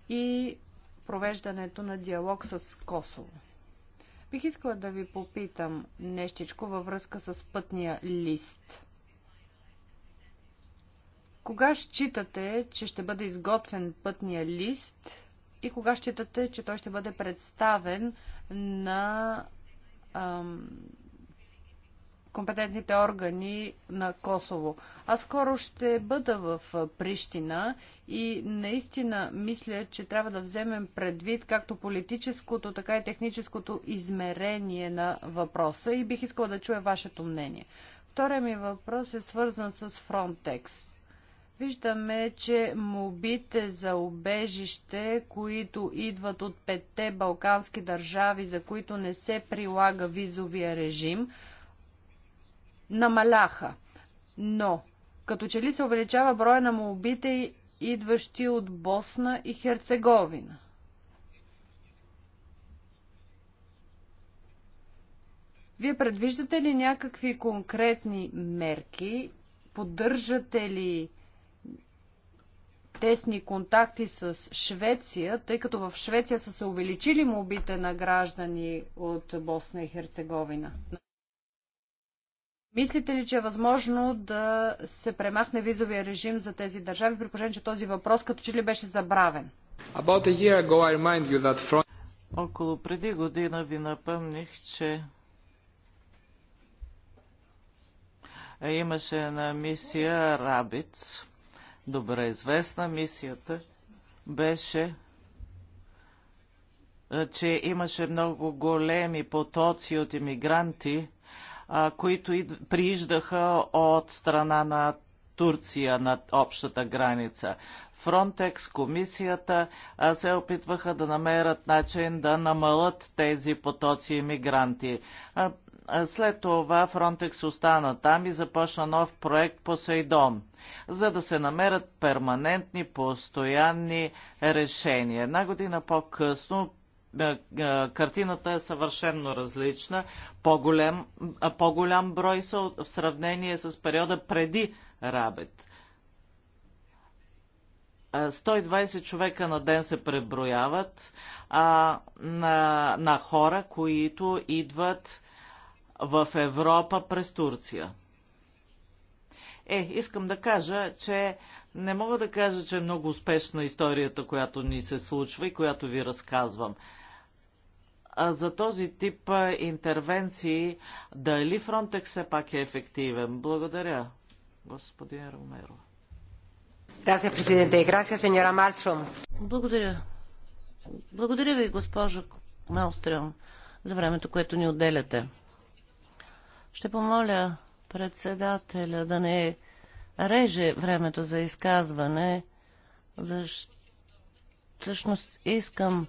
Speaker 2: и провеждането на диалог с Косово. Бих искала да ви попитам нещичко във връзка с пътния лист. Кога считате, че ще бъде изготвен пътния лист и кога считате, че той ще бъде представен на ам, компетентните органи на Косово. Аз скоро ще бъда в Прищина и наистина мисля, че трябва да вземем предвид както политическото, така и техническото измерение на въпроса и бих искала да чуя вашето мнение. Втория ми въпрос е свързан с Frontex. Виждаме, че мобите за обежище, които идват от петте балкански държави, за които не се прилага визовия режим, намаляха, но като че ли се увеличава броя на молбите, идващи от Босна и Херцеговина. Вие предвиждате ли някакви конкретни мерки? Поддържате ли тесни контакти с Швеция, тъй като в Швеция са се увеличили мобите на граждани от Босна и Херцеговина? Мислите ли, че е възможно да се премахне визовия режим за тези държави, при положение, че този въпрос като че ли беше забравен?
Speaker 3: Ago,
Speaker 1: from... Около преди година ви напомних, че имаше една мисия Рабиц. Добре известна мисията беше че имаше много големи потоци от иммигранти – които прииждаха от страна на Турция над общата граница. Фронтекс, комисията се опитваха да намерят начин да намалят тези потоци иммигранти. След това Фронтекс остана там и започна нов проект Посейдон, за да се намерят перманентни, постоянни решения. Една година по-късно е, е, картината е съвършенно различна. По-голям, е, по-голям брой са в сравнение с периода преди Рабет. 120 човека на ден се преброяват а, на, на хора, които идват в Европа през Турция. Е, искам да кажа, че не мога да кажа, че е много успешна историята, която ни се случва и която ви разказвам за този тип интервенции, дали Фронтекс все пак е ефективен? Благодаря, господин Ромеро.
Speaker 2: Благодаря.
Speaker 3: Благодаря ви, госпожо Малстрем, за времето, което ни отделяте. Ще помоля председателя да не реже времето за изказване, защото всъщност искам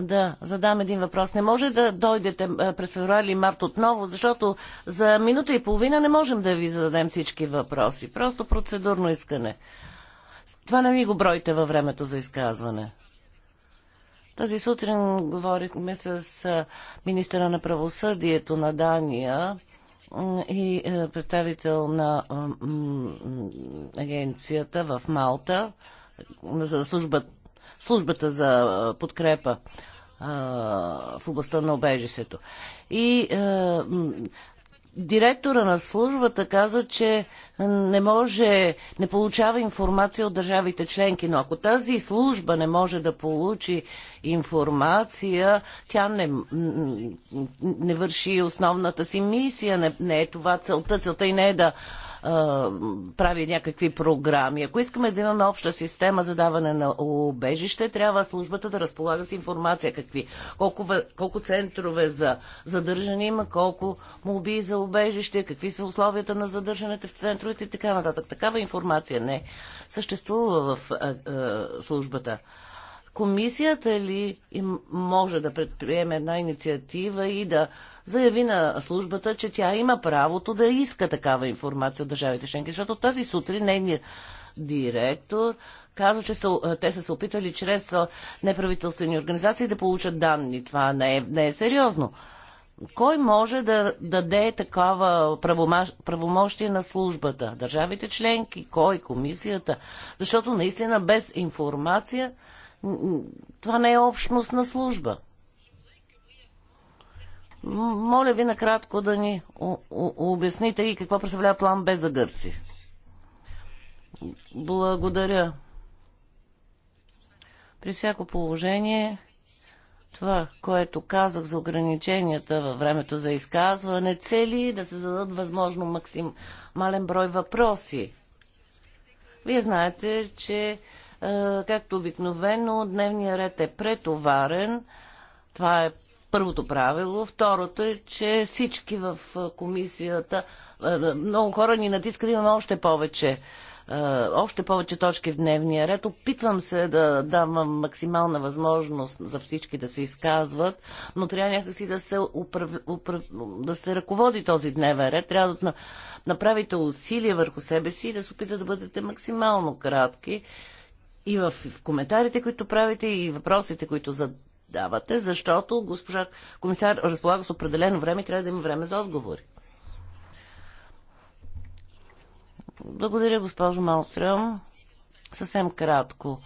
Speaker 3: да задам един въпрос. Не може да дойдете е, през февруари или март отново, защото за минута и половина не можем да ви зададем всички въпроси. Просто процедурно искане. Това не ми го бройте във времето за изказване. Тази сутрин говорихме с е, министра на правосъдието на Дания и е, представител на агенцията в Малта за службата службата за подкрепа в областта на обежището. И директора на службата каза, че не може, не получава информация от държавите членки, но ако тази служба не може да получи информация, тя не, не върши основната си мисия, не, не е това целта. Целта и не е да прави някакви програми. Ако искаме да имаме обща система за даване на убежище, трябва службата да разполага с информация какви. Колко, колко центрове за задържане има, колко моби за убежище, какви са условията на задържането в центровете и така нататък. Такава информация не съществува в а, а, службата. Комисията ли им може да предприеме една инициатива и да заяви на службата, че тя има правото да иска такава информация от държавите членки? Защото тази сутрин нейният директор каза, че са, те са се опитвали чрез неправителствени организации да получат данни. Това не е, не е сериозно. Кой може да даде такава правомощие на службата? Държавите членки, кой, комисията? Защото наистина без информация това не е общност на служба. Моля ви накратко да ни обясните и какво представлява план Б за Гърци. Благодаря. При всяко положение, това, което казах за ограниченията във времето за изказване, цели да се зададат възможно максимален брой въпроси. Вие знаете, че е, както обикновено, дневният ред е претоварен. Това е първото правило. Второто е, че всички в е, комисията, е, много хора ни натискат, имаме още повече още повече точки в дневния ред. Опитвам се да давам максимална възможност за всички да се изказват, но трябва някакси да се, управ... Управ... да се ръководи този дневен ред. Трябва да направите усилия върху себе си и да се опитате да бъдете максимално кратки, и в коментарите, които правите, и въпросите, които задавате, защото госпожа комисар разполага с определено време и трябва да има време за отговори. Благодаря, госпожо Малстрем. Съвсем кратко.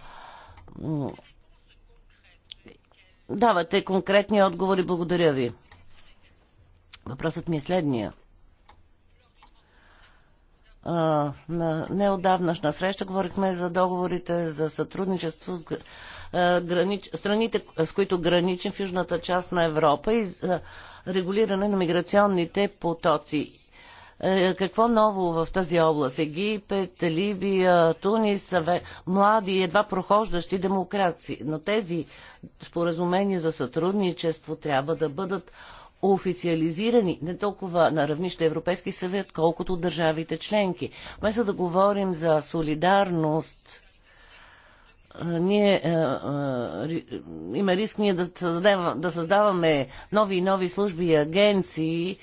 Speaker 3: Давате конкретни отговори. Благодаря ви. Въпросът ми е следния на неодавнашна среща говорихме за договорите за сътрудничество с гранич... страните, с които граничим в южната част на Европа и за регулиране на миграционните потоци. Е, какво ново в тази област? Египет, Либия, Тунис, млади и едва прохождащи демокрации. Но тези споразумения за сътрудничество трябва да бъдат официализирани не толкова на равнище Европейски съвет, колкото държавите членки. Вместо да говорим за солидарност, ние, има риск ние да, създадем, да създаваме нови и нови служби и агенции.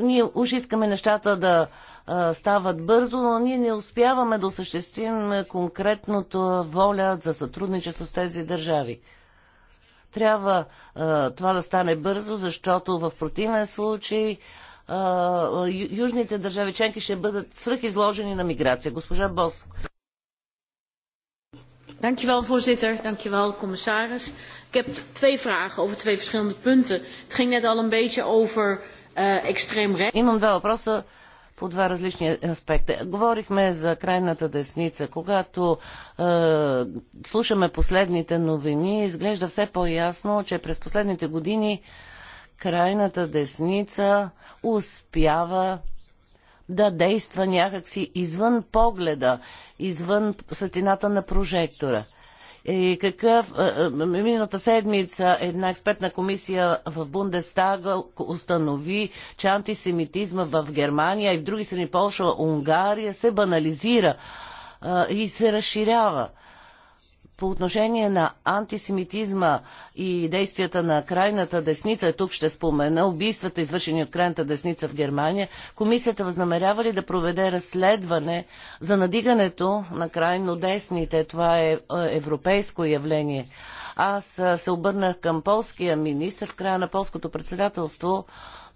Speaker 3: ние уж искаме нещата да стават бързо, но ние не успяваме да осъществим конкретното воля за сътрудничество с тези държави. Трябва а, това да стане бързо, защото в противен случай а, южните държави членки ще бъдат свръхизложени на миграция. Госпожа Бос. Dankjewel voorzitter, dankjewel commissaris. Ik heb twee vragen over twee verschillende punten. Het ging net al een beetje over uh, extreem recht. Iemand wel, въпроса по два различни аспекта. Говорихме за крайната десница. Когато е, слушаме последните новини, изглежда все по-ясно, че през последните години крайната десница успява да действа някакси извън погледа, извън светлината на прожектора – и е, какъв... Миналата седмица една експертна комисия в Бундестага установи, че антисемитизма в Германия и в други страни, Полша, Унгария, се банализира и се разширява по отношение на антисемитизма и действията на крайната десница, тук ще спомена убийствата, извършени от крайната десница в Германия, комисията възнамерява ли да проведе разследване за надигането на крайно десните? Това е, е европейско явление. Аз се обърнах към полския министр в края на полското председателство,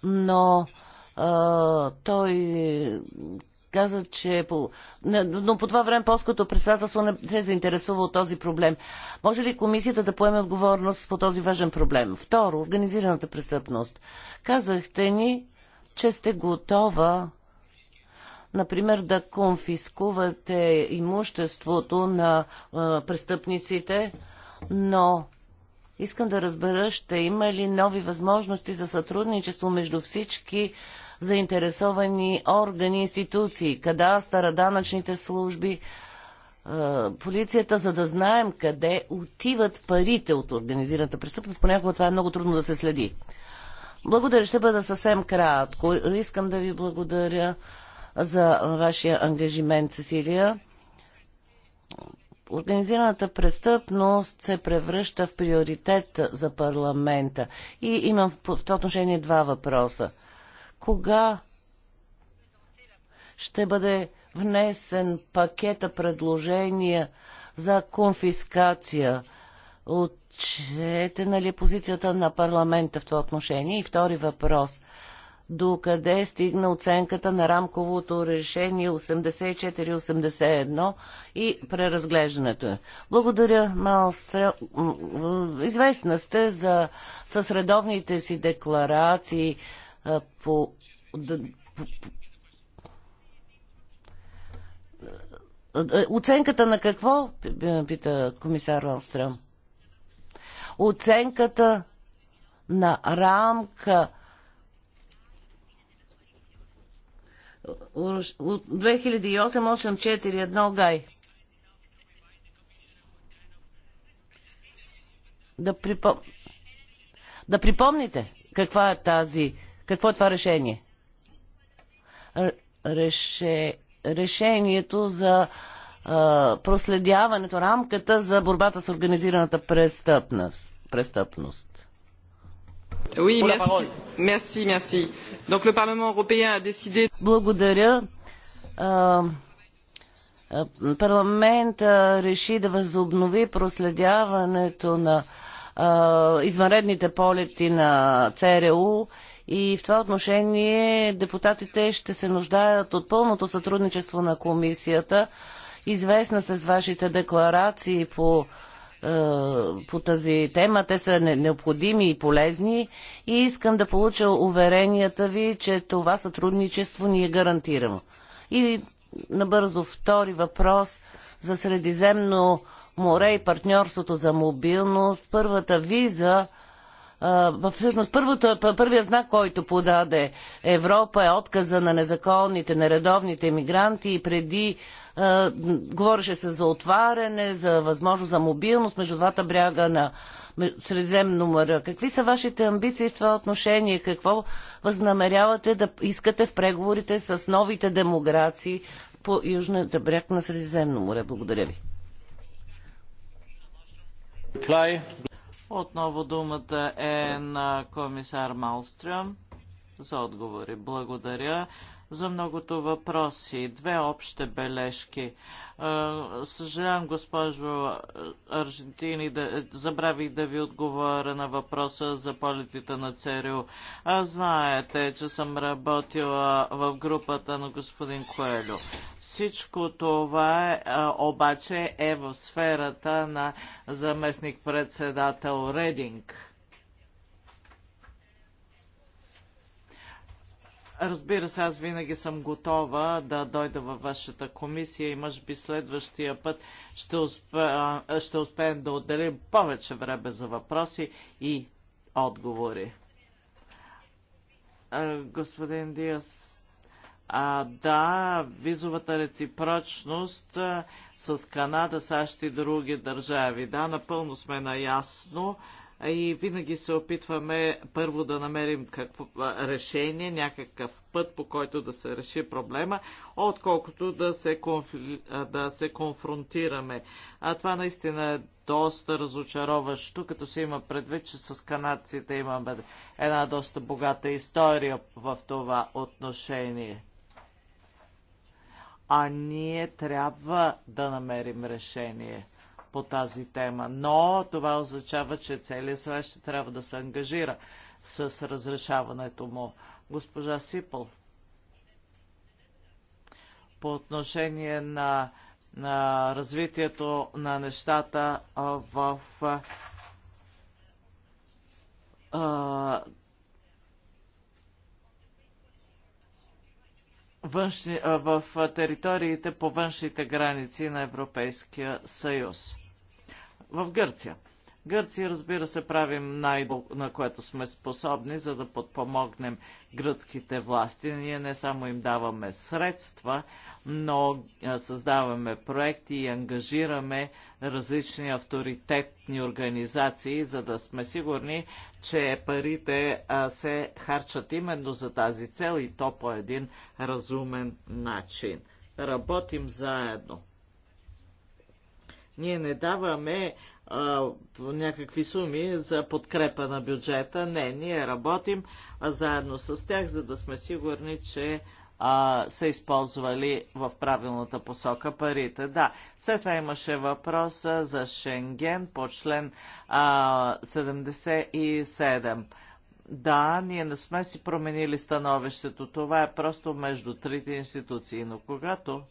Speaker 3: но а, той каза, че по... Не, но по това време полското председателство не се заинтересува от този проблем. Може ли комисията да поеме отговорност по този важен проблем? Второ, организираната престъпност. Казахте ни, че сте готова например, да конфискувате имуществото на а, престъпниците, но искам да разбера, ще има ли нови възможности за сътрудничество между всички заинтересовани органи, институции, кадастъра, данъчните служби, е, полицията, за да знаем къде отиват парите от организираната престъпност. Понякога това е много трудно да се следи. Благодаря, ще бъда съвсем кратко. Искам да ви благодаря за вашия ангажимент, Сесилия. Организираната престъпност се превръща в приоритет за парламента. И имам в това отношение два въпроса. Кога ще бъде внесен пакета предложения за конфискация? Отчетена ли е позицията на парламента в това отношение? И втори въпрос. До къде стигна оценката на рамковото решение 84-81 и преразглеждането? е? Благодаря, Малстрел. Известна сте за, съсредовните си декларации а, по, да, по, по Оценката на какво? Пита комисар Ронстрем? Оценката на рамка от 2008-841 Гай. Да, припом... да припомните каква е тази какво е това решение? Реше, решението за а, проследяването, рамката за борбата с организираната престъпност. престъпност. Oui, merci, merci, merci. Благодаря. А, парламент реши да възобнови проследяването на а, извънредните полети на ЦРУ и в това отношение депутатите ще се нуждаят от пълното сътрудничество на комисията. Известна с вашите декларации по, е, по тази тема. Те са необходими и полезни. И искам да получа уверенията ви, че това сътрудничество ни е гарантирано. И набързо втори въпрос за Средиземно море и партньорството за мобилност. Първата виза всъщност първото, първият знак, който подаде Европа е отказа на незаконните, нередовните мигранти и преди говореше се за отваряне, за възможност за мобилност между двата бряга на Средиземно море. Какви са вашите амбиции в това отношение? Какво възнамерявате да искате в преговорите с новите демокрации по южната бряг на Средиземно море? Благодаря ви.
Speaker 1: Отново думата е на комисар Малстрюм за отговори. Благодаря за многото въпроси. Две общи бележки. Е, съжалявам, госпожо Аржентини, да, забравих да ви отговоря на въпроса за политите на ЦРУ. А знаете, че съм работила в групата на господин Коелю. Всичко това е, обаче е в сферата на заместник-председател Рединг Разбира се, аз винаги съм готова да дойда във вашата комисия и може би следващия път ще, успе, ще успеем да отделим повече време за въпроси и отговори. Господин Диас, а, да, визовата реципрочност с Канада, САЩ и други държави. Да, напълно сме наясно и винаги се опитваме първо да намерим какво, решение, някакъв път по който да се реши проблема, отколкото да се, конфли, да се конфронтираме. А това наистина е доста разочароващо, като се има предвид, че с канадците имаме една доста богата история в това отношение. А ние трябва да намерим решение – по тази тема, но това означава, че целият съвет ще трябва да се ангажира с разрешаването му. Госпожа Сипъл, по отношение на, на развитието на нещата в а, външни, в териториите по външните граници на Европейския съюз в Гърция. Гърция, разбира се, правим най на което сме способни, за да подпомогнем гръцките власти. Ние не само им даваме средства, но създаваме проекти и ангажираме различни авторитетни организации, за да сме сигурни, че парите се харчат именно за тази цел и то по един разумен начин. Работим заедно. Ние не даваме а, някакви суми за подкрепа на бюджета. Не, ние работим а, заедно с тях, за да сме сигурни, че а, са използвали в правилната посока парите. Да, след това имаше въпроса за Шенген по член а, 77. Да, ние не сме си променили становището. Това е просто между трите институции. Но когато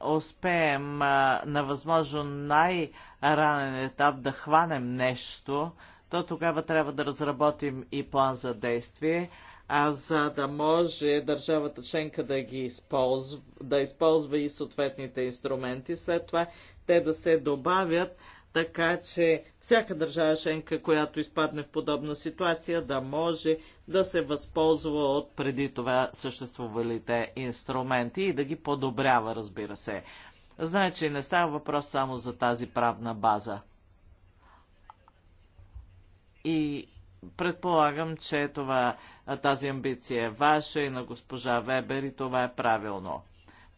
Speaker 1: успеем а, на възможно най-ранен етап да хванем нещо, то тогава трябва да разработим и план за действие, а за да може държавата членка да ги използва, да използва и съответните инструменти, след това те да се добавят така че всяка държава членка, която изпадне в подобна ситуация, да може да се възползва от преди това съществувалите инструменти и да ги подобрява, разбира се. Значи не става въпрос само за тази правна база. И предполагам, че това, тази амбиция е ваша и на госпожа Вебер и това е правилно.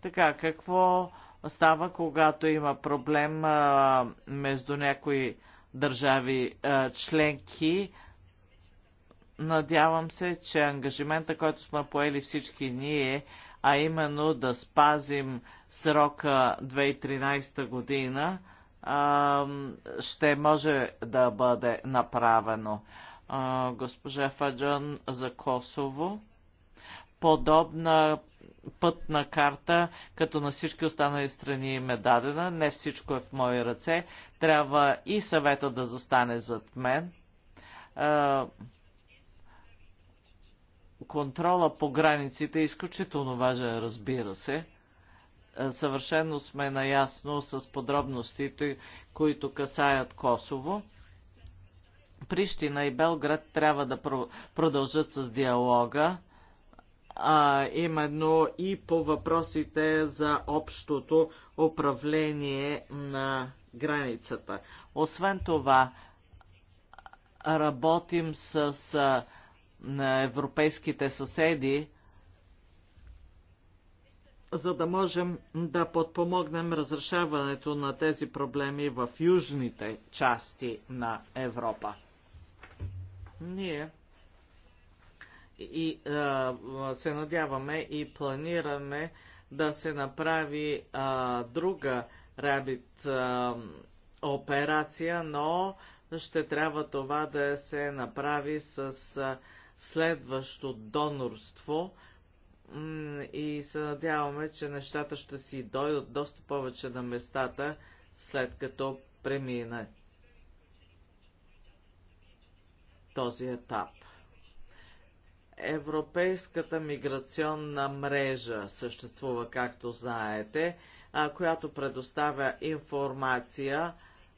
Speaker 1: Така, какво става, когато има проблем а, между някои държави а, членки. Надявам се, че ангажимента, който сме поели всички ние, а именно да спазим срока 2013 година, а, ще може да бъде направено. А, госпожа Фаджан за Косово. Подобна пътна карта, като на всички останали страни им е дадена. Не всичко е в мои ръце. Трябва и съвета да застане зад мен. Контрола по границите е изключително важен, разбира се. Съвършено сме наясно с подробностите, които касаят Косово. Прищина и Белград трябва да продължат с диалога а, именно и по въпросите за общото управление на границата. Освен това, работим с, а, на европейските съседи, за да можем да подпомогнем разрешаването на тези проблеми в южните части на Европа. Ние и а, се надяваме и планираме да се направи а, друга рабит а, операция, но ще трябва това да се направи с а, следващо донорство и се надяваме, че нещата ще си дойдат доста повече на местата, след като премине този етап. Европейската миграционна мрежа съществува, както знаете, а, която предоставя информация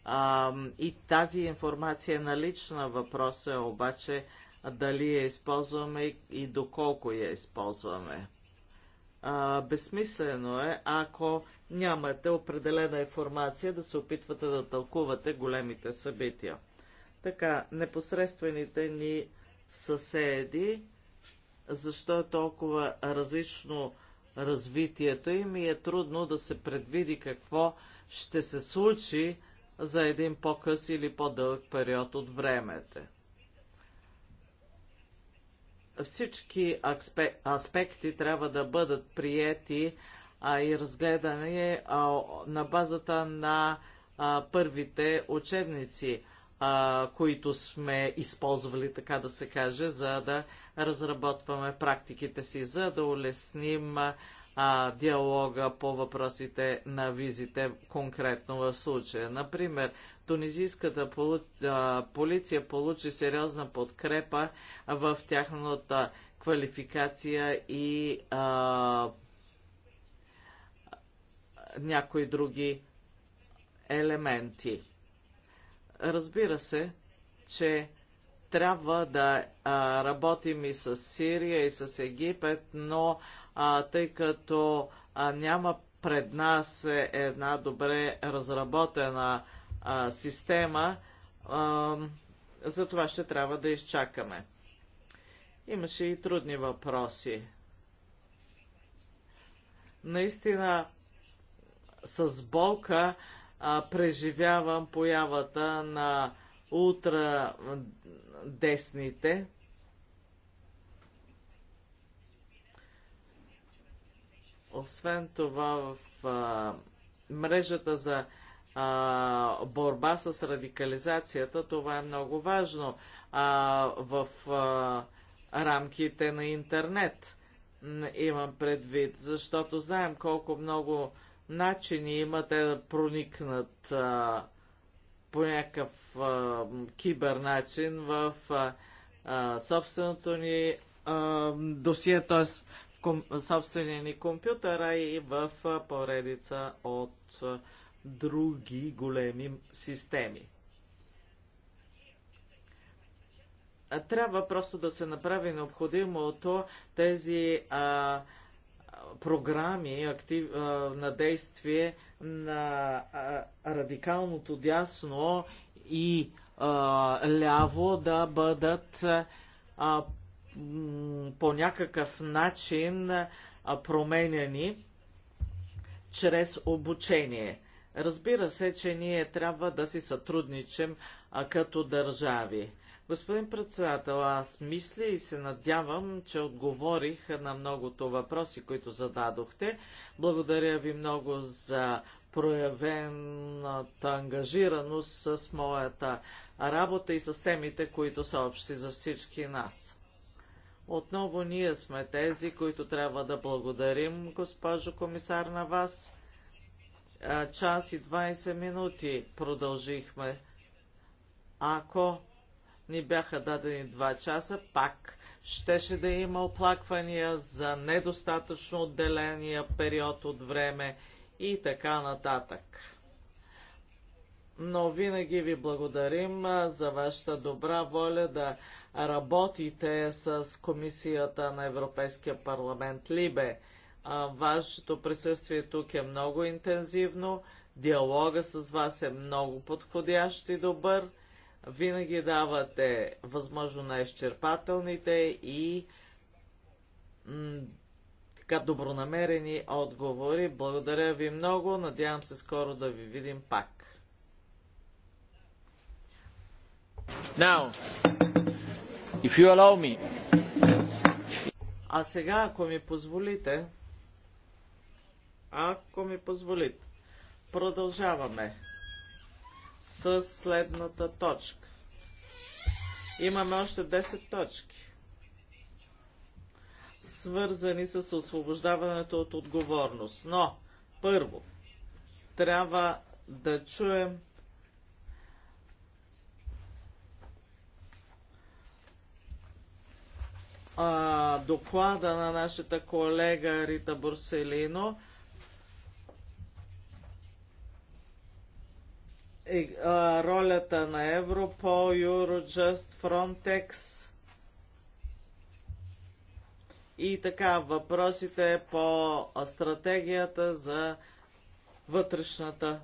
Speaker 1: а, и тази информация е налична. Въпросът е обаче дали я използваме и доколко я използваме. А, безсмислено е, ако нямате определена информация, да се опитвате да тълкувате големите събития. Така, непосредствените ни съседи защо е толкова различно развитието им и е трудно да се предвиди какво ще се случи за един по-къс или по-дълъг период от времето. Всички аспекти трябва да бъдат приети а, и разгледани а, на базата на а, първите учебници а, които сме използвали, така да се каже, за да разработваме практиките си, за да улесним а, диалога по въпросите на визите конкретно в случая. Например, тунизийската а, полиция получи сериозна подкрепа в тяхната квалификация и а, някои други елементи. Разбира се, че трябва да а, работим и с Сирия, и с Египет, но а, тъй като а, няма пред нас една добре разработена а, система, а, за това ще трябва да изчакаме. Имаше и трудни въпроси. Наистина, с болка а, преживявам появата на ултра десните, Освен това, в а, мрежата за а, борба с радикализацията, това е много важно а, в а, рамките на интернет. Имам предвид, защото знаем колко много начини има те да проникнат а, по някакъв а, кибер начин в а, а, собственото ни а, досие, т.е. в ком, собствения ни компютъра и в а, поредица от а, други големи системи. А, трябва просто да се направи необходимото тези а, програми актив, на действие на радикалното дясно и ляво да бъдат по някакъв начин променени чрез обучение. Разбира се, че ние трябва да си сътрудничим като държави. Господин председател, аз мисля и се надявам, че отговорих на многото въпроси, които зададохте. Благодаря ви много за проявената ангажираност с моята работа и с темите, които са общи за всички нас. Отново ние сме тези, които трябва да благодарим, госпожо комисар, на вас. Час и 20 минути продължихме. Ако ни бяха дадени 2 часа, пак щеше да има оплаквания за недостатъчно отделения период от време и така нататък. Но винаги ви благодарим за вашата добра воля да работите с Комисията на Европейския парламент Либе. Вашето присъствие тук е много интензивно, диалога с вас е много подходящ и добър винаги давате възможно на изчерпателните и така добронамерени отговори. Благодаря ви много. Надявам се скоро да ви видим пак. Now, if you allow me. А сега, ако ми позволите, ако ми позволите, продължаваме с следната точка. Имаме още 10 точки, свързани с освобождаването от отговорност. Но, първо, трябва да чуем доклада на нашата колега Рита Борселино Е, ролята на Европол, Eurojust, Frontex и така въпросите по стратегията за вътрешната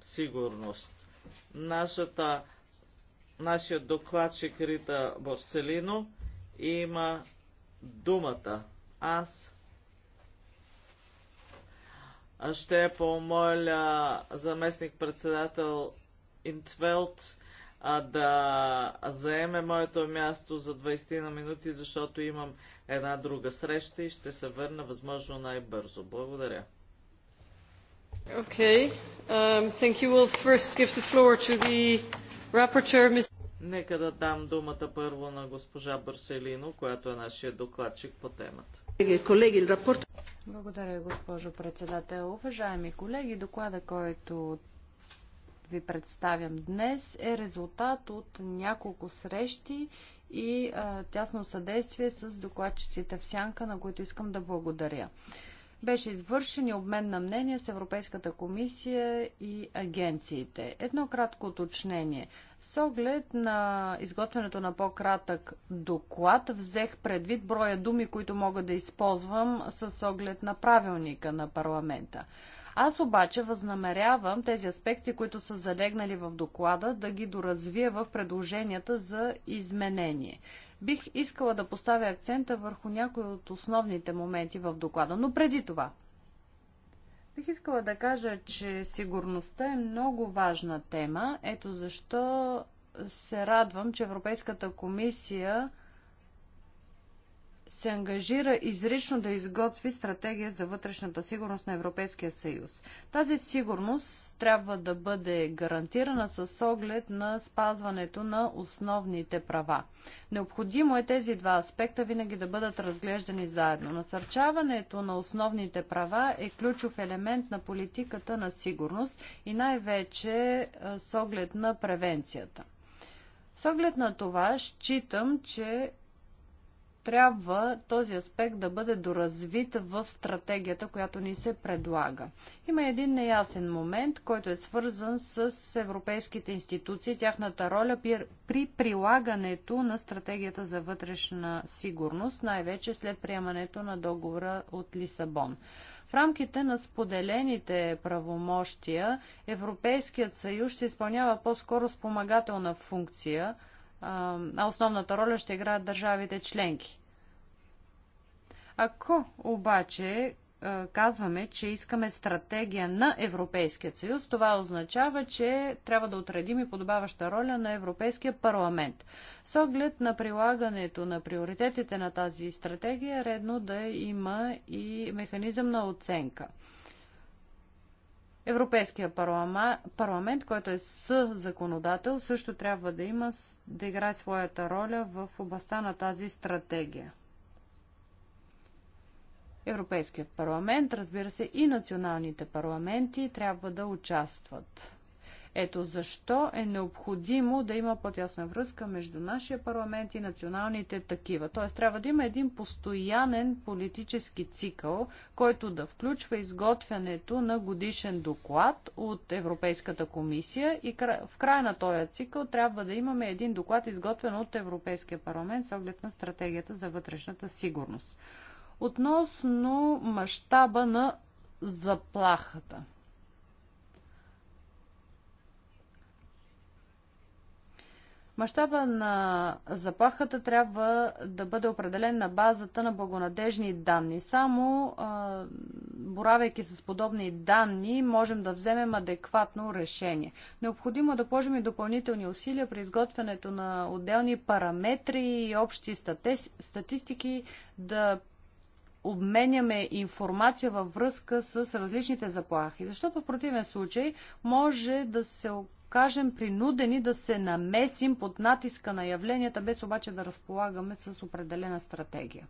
Speaker 1: сигурност. Нашата, нашия докладчик Рита Борселино има думата. Аз ще помоля заместник-председател Интвелт а, да заеме моето място за 20 на минути, защото имам една друга среща и ще се върна възможно най-бързо. Благодаря. Okay. Um, thank you. We'll first
Speaker 3: give the floor to the rapporteur, Ms.
Speaker 1: Нека да дам думата първо на госпожа Барселино, която е нашия докладчик по темата.
Speaker 2: Колеги, рапорт... Благодаря, госпожо председател. Уважаеми колеги, доклада, който ви представям днес, е резултат от няколко срещи и а, тясно съдействие с докладчиците в Сянка, на които искам да благодаря беше извършен и обмен на мнение с Европейската комисия и агенциите. Едно кратко уточнение. С оглед на изготвянето на по-кратък доклад, взех предвид броя думи, които мога да използвам с оглед на правилника на парламента. Аз обаче възнамерявам тези аспекти, които са залегнали в доклада, да ги доразвия в предложенията за изменение. Бих искала да поставя акцента върху някои от основните моменти в доклада, но преди това. Бих искала да кажа, че сигурността е много важна тема. Ето защо се радвам, че Европейската комисия се ангажира изрично да изготви стратегия за вътрешната сигурност на Европейския съюз. Тази сигурност трябва да бъде гарантирана с оглед на спазването на основните права. Необходимо е тези два аспекта винаги да бъдат разглеждани заедно. Насърчаването на основните права е ключов елемент на политиката на сигурност и най-вече с оглед на превенцията. С оглед на това, считам, че трябва този аспект да бъде доразвит в стратегията, която ни се предлага. Има един неясен момент, който е свързан с европейските институции, тяхната роля при прилагането на стратегията за вътрешна сигурност, най-вече след приемането на договора от Лисабон. В рамките на споделените правомощия Европейският съюз ще изпълнява по-скоро спомагателна функция – а основната роля ще играят държавите членки. Ако обаче казваме, че искаме стратегия на Европейския съюз, това означава, че трябва да отредим и подобаваща роля на Европейския парламент. С оглед на прилагането на приоритетите на тази стратегия, е редно да има и механизъм на оценка – Европейския парламент, който е с законодател, също трябва да има да играе своята роля в областта на тази стратегия. Европейският парламент, разбира се, и националните парламенти трябва да участват. Ето защо е необходимо да има по-тясна връзка между нашия парламент и националните такива. Т.е. трябва да има един постоянен политически цикъл, който да включва изготвянето на годишен доклад от Европейската комисия и в края на този цикъл трябва да имаме един доклад изготвен от Европейския парламент с оглед на стратегията за вътрешната сигурност. Относно мащаба на заплахата – Мащаба на заплахата трябва да бъде определен на базата на благонадежни данни. Само а, с подобни данни, можем да вземем адекватно решение. Необходимо е да положим и допълнителни усилия при изготвянето на отделни параметри и общи стати... статистики, да обменяме информация във връзка с различните заплахи. Защото в противен случай може да се окажем принудени да се намесим под натиска на явленията, без обаче да разполагаме с определена стратегия.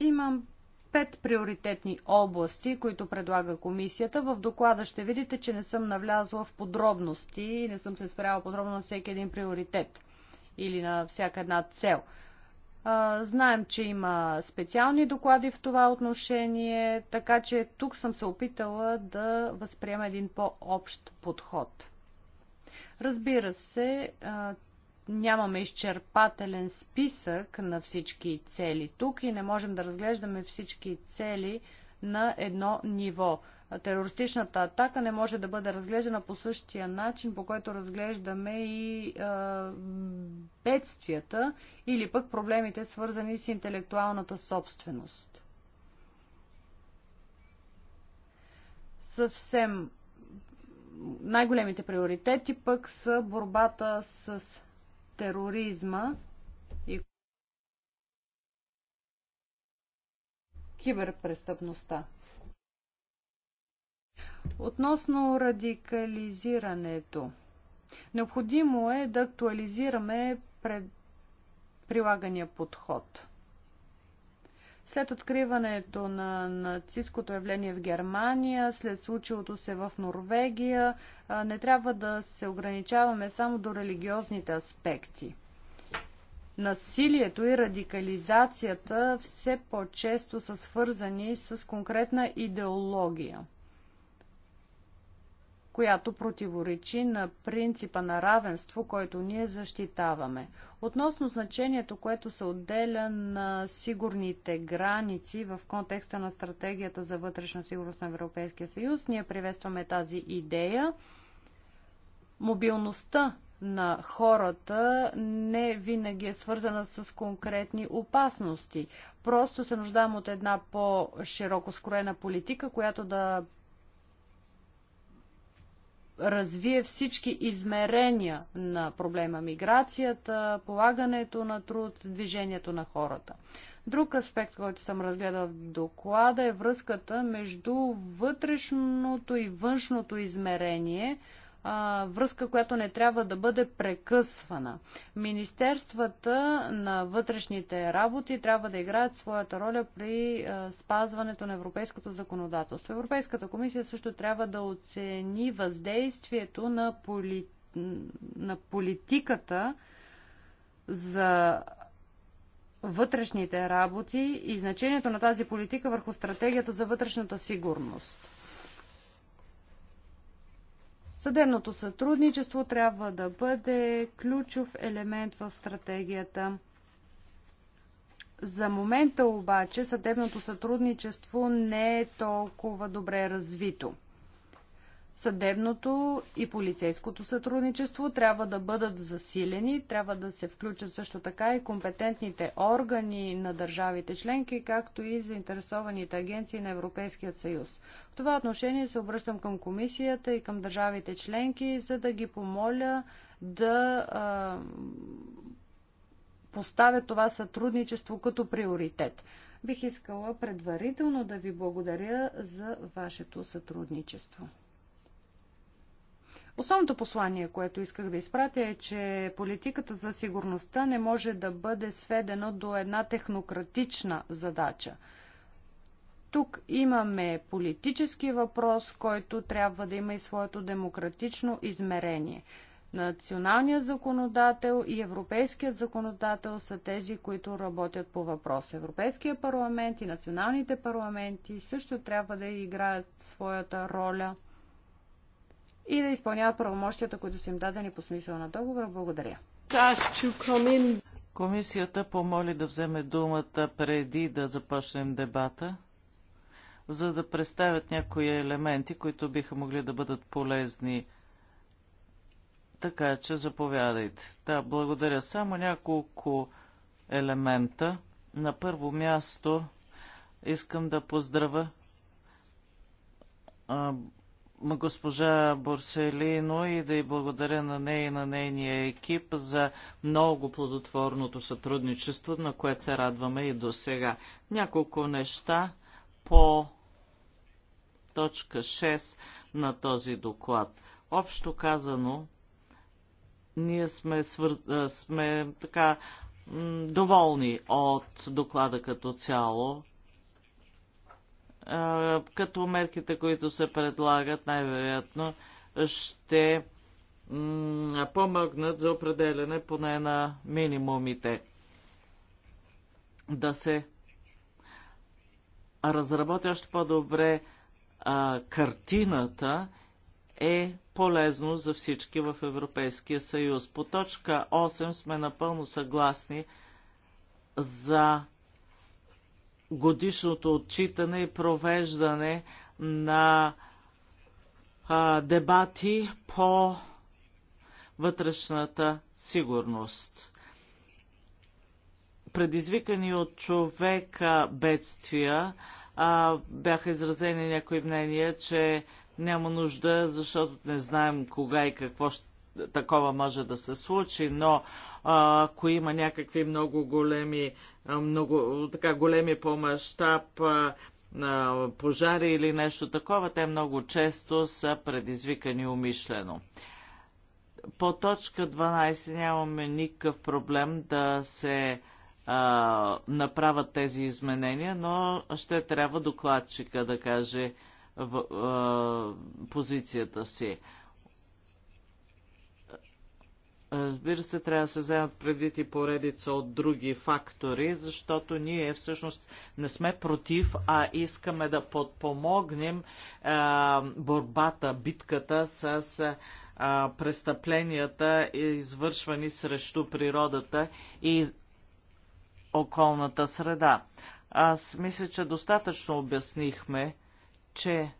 Speaker 2: Имам пет приоритетни области, които предлага комисията. В доклада ще видите, че не съм навлязла в подробности и не съм се спряла подробно на всеки един приоритет или на всяка една цел. Знаем, че има специални доклади в това отношение, така че тук съм се опитала да възприема един по-общ подход. Разбира се, нямаме изчерпателен списък на всички цели тук и не можем да разглеждаме всички цели на едно ниво терористичната атака не може да бъде разглеждана по същия начин, по който разглеждаме и е, бедствията или пък проблемите, свързани с интелектуалната собственост. Съвсем най-големите приоритети пък са борбата с тероризма и киберпрестъпността. Относно радикализирането. Необходимо е да актуализираме пред прилагания подход. След откриването на нацистското явление в Германия, след случилото се в Норвегия, не трябва да се ограничаваме само до религиозните аспекти. Насилието и радикализацията все по-често са свързани с конкретна идеология – която противоречи на принципа на равенство, който ние защитаваме. Относно значението, което се отделя на сигурните граници в контекста на стратегията за вътрешна сигурност на Европейския съюз, ние приветстваме тази идея. Мобилността на хората не винаги е свързана с конкретни опасности. Просто се нуждаем от една по-широко скроена политика, която да развие всички измерения на проблема миграцията, полагането на труд, движението на хората. Друг аспект, който съм разгледал в доклада е връзката между вътрешното и външното измерение – а, връзка, която не трябва да бъде прекъсвана. Министерствата на вътрешните работи трябва да играят своята роля при а, спазването на европейското законодателство. Европейската комисия също трябва да оцени въздействието на, поли... на политиката за вътрешните работи и значението на тази политика върху стратегията за вътрешната сигурност. Съдебното сътрудничество трябва да бъде ключов елемент в стратегията. За момента обаче съдебното сътрудничество не е толкова добре развито съдебното и полицейското сътрудничество трябва да бъдат засилени, трябва да се включат също така и компетентните органи на държавите членки, както и заинтересованите агенции на Европейския съюз. В това отношение се обръщам към комисията и към държавите членки, за да ги помоля да а, поставят това сътрудничество като приоритет. Бих искала предварително да ви благодаря за вашето сътрудничество. Основното послание, което исках да изпратя е, че политиката за сигурността не може да бъде сведена до една технократична задача. Тук имаме политически въпрос, който трябва да има и своето демократично измерение. Националният законодател и европейският законодател са тези, които работят по въпрос. Европейския парламент и националните парламенти също трябва да играят своята роля – и да изпълняват правомощията, които са им дадени по смисъл на договора. Благодаря.
Speaker 1: Комисията помоли да вземе думата преди да започнем дебата, за да представят някои елементи, които биха могли да бъдат полезни. Така че заповядайте. Да, благодаря. Само няколко елемента. На първо място искам да поздравя госпожа Борселино и да й благодаря на нея и на нейния екип за много плодотворното сътрудничество, на което се радваме и до сега. Няколко неща по точка 6 на този доклад. Общо казано, ние сме, свър... сме така доволни от доклада като цяло като мерките, които се предлагат, най-вероятно ще помогнат за определене поне на минимумите. Да се разработи още по-добре картината е полезно за всички в Европейския съюз. По точка 8 сме напълно съгласни за годишното отчитане и провеждане на а, дебати по вътрешната сигурност. Предизвикани от човека бедствия а, бяха изразени някои мнения, че няма нужда, защото не знаем кога и какво ще такова може да се случи, но ако има някакви много големи много така големи по мащаб пожари или нещо такова, те много често са предизвикани умишлено. По точка 12 нямаме никакъв проблем да се а, направят тези изменения, но ще трябва докладчика да каже в, а, позицията си. Разбира се, трябва да се вземат предвид и поредица от други фактори, защото ние всъщност не сме против, а искаме да подпомогнем а, борбата, битката с а, престъпленията, извършвани срещу природата и околната среда. Аз мисля, че достатъчно обяснихме, че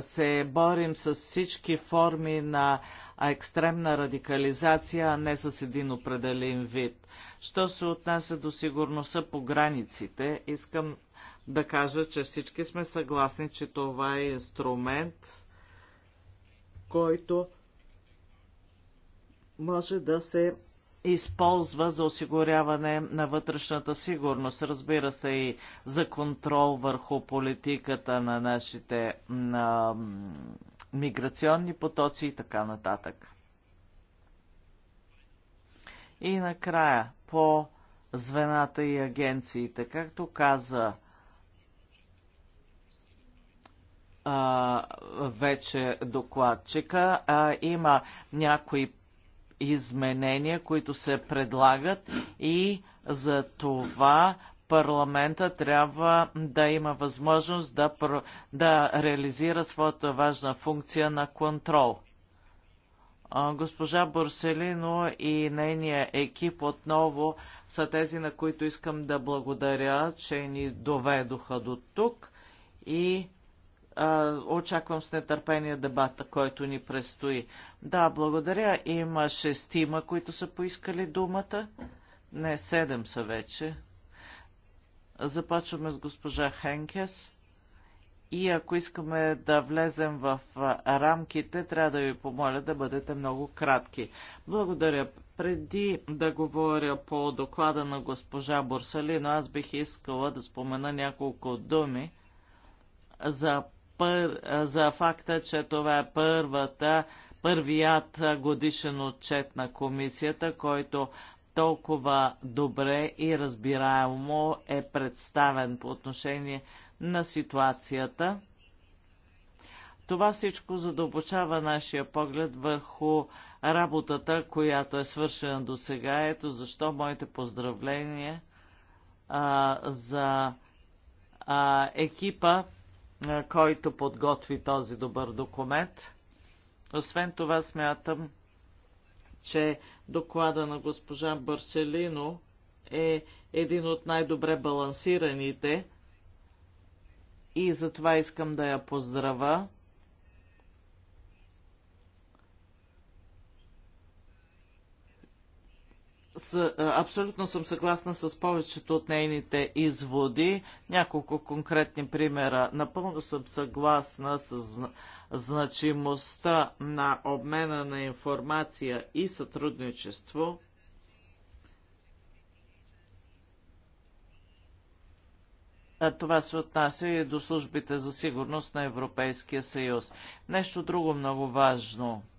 Speaker 1: се борим с всички форми на екстремна радикализация, а не с един определен вид. Що се отнася до сигурността по границите, искам да кажа, че всички сме съгласни, че това е инструмент, който може да се използва за осигуряване на вътрешната сигурност, разбира се и за контрол върху политиката на нашите на, миграционни потоци и така нататък. И накрая, по звената и агенциите, както каза а, вече докладчика, а, има някои изменения, които се предлагат и за това парламента трябва да има възможност да, да реализира своята важна функция на контрол. Госпожа Борселино и нейния екип отново са тези, на които искам да благодаря, че ни доведоха до тук и очаквам с нетърпение дебата, който ни предстои. Да, благодаря. Има шестима, които са поискали думата. Не, седем са вече. Започваме с госпожа Хенкес. И ако искаме да влезем в рамките, трябва да ви помоля да бъдете много кратки. Благодаря. Преди да говоря по доклада на госпожа Борсалина, аз бих искала да спомена няколко думи за пър, за факта, че това е първата, първият годишен отчет на комисията, който толкова добре и разбираемо е представен по отношение на ситуацията. Това всичко задълбочава нашия поглед върху работата, която е свършена до сега. Ето защо моите поздравления а, за а, екипа е, който подготви този добър документ. Освен това смятам, че доклада на госпожа Барселино е един от най-добре балансираните и затова искам да я поздравя абсолютно съм съгласна с повечето от нейните изводи. Няколко конкретни примера. Напълно съм съгласна с значимостта на обмена на информация и сътрудничество. А това се отнася и до службите за сигурност на Европейския съюз. Нещо друго много важно –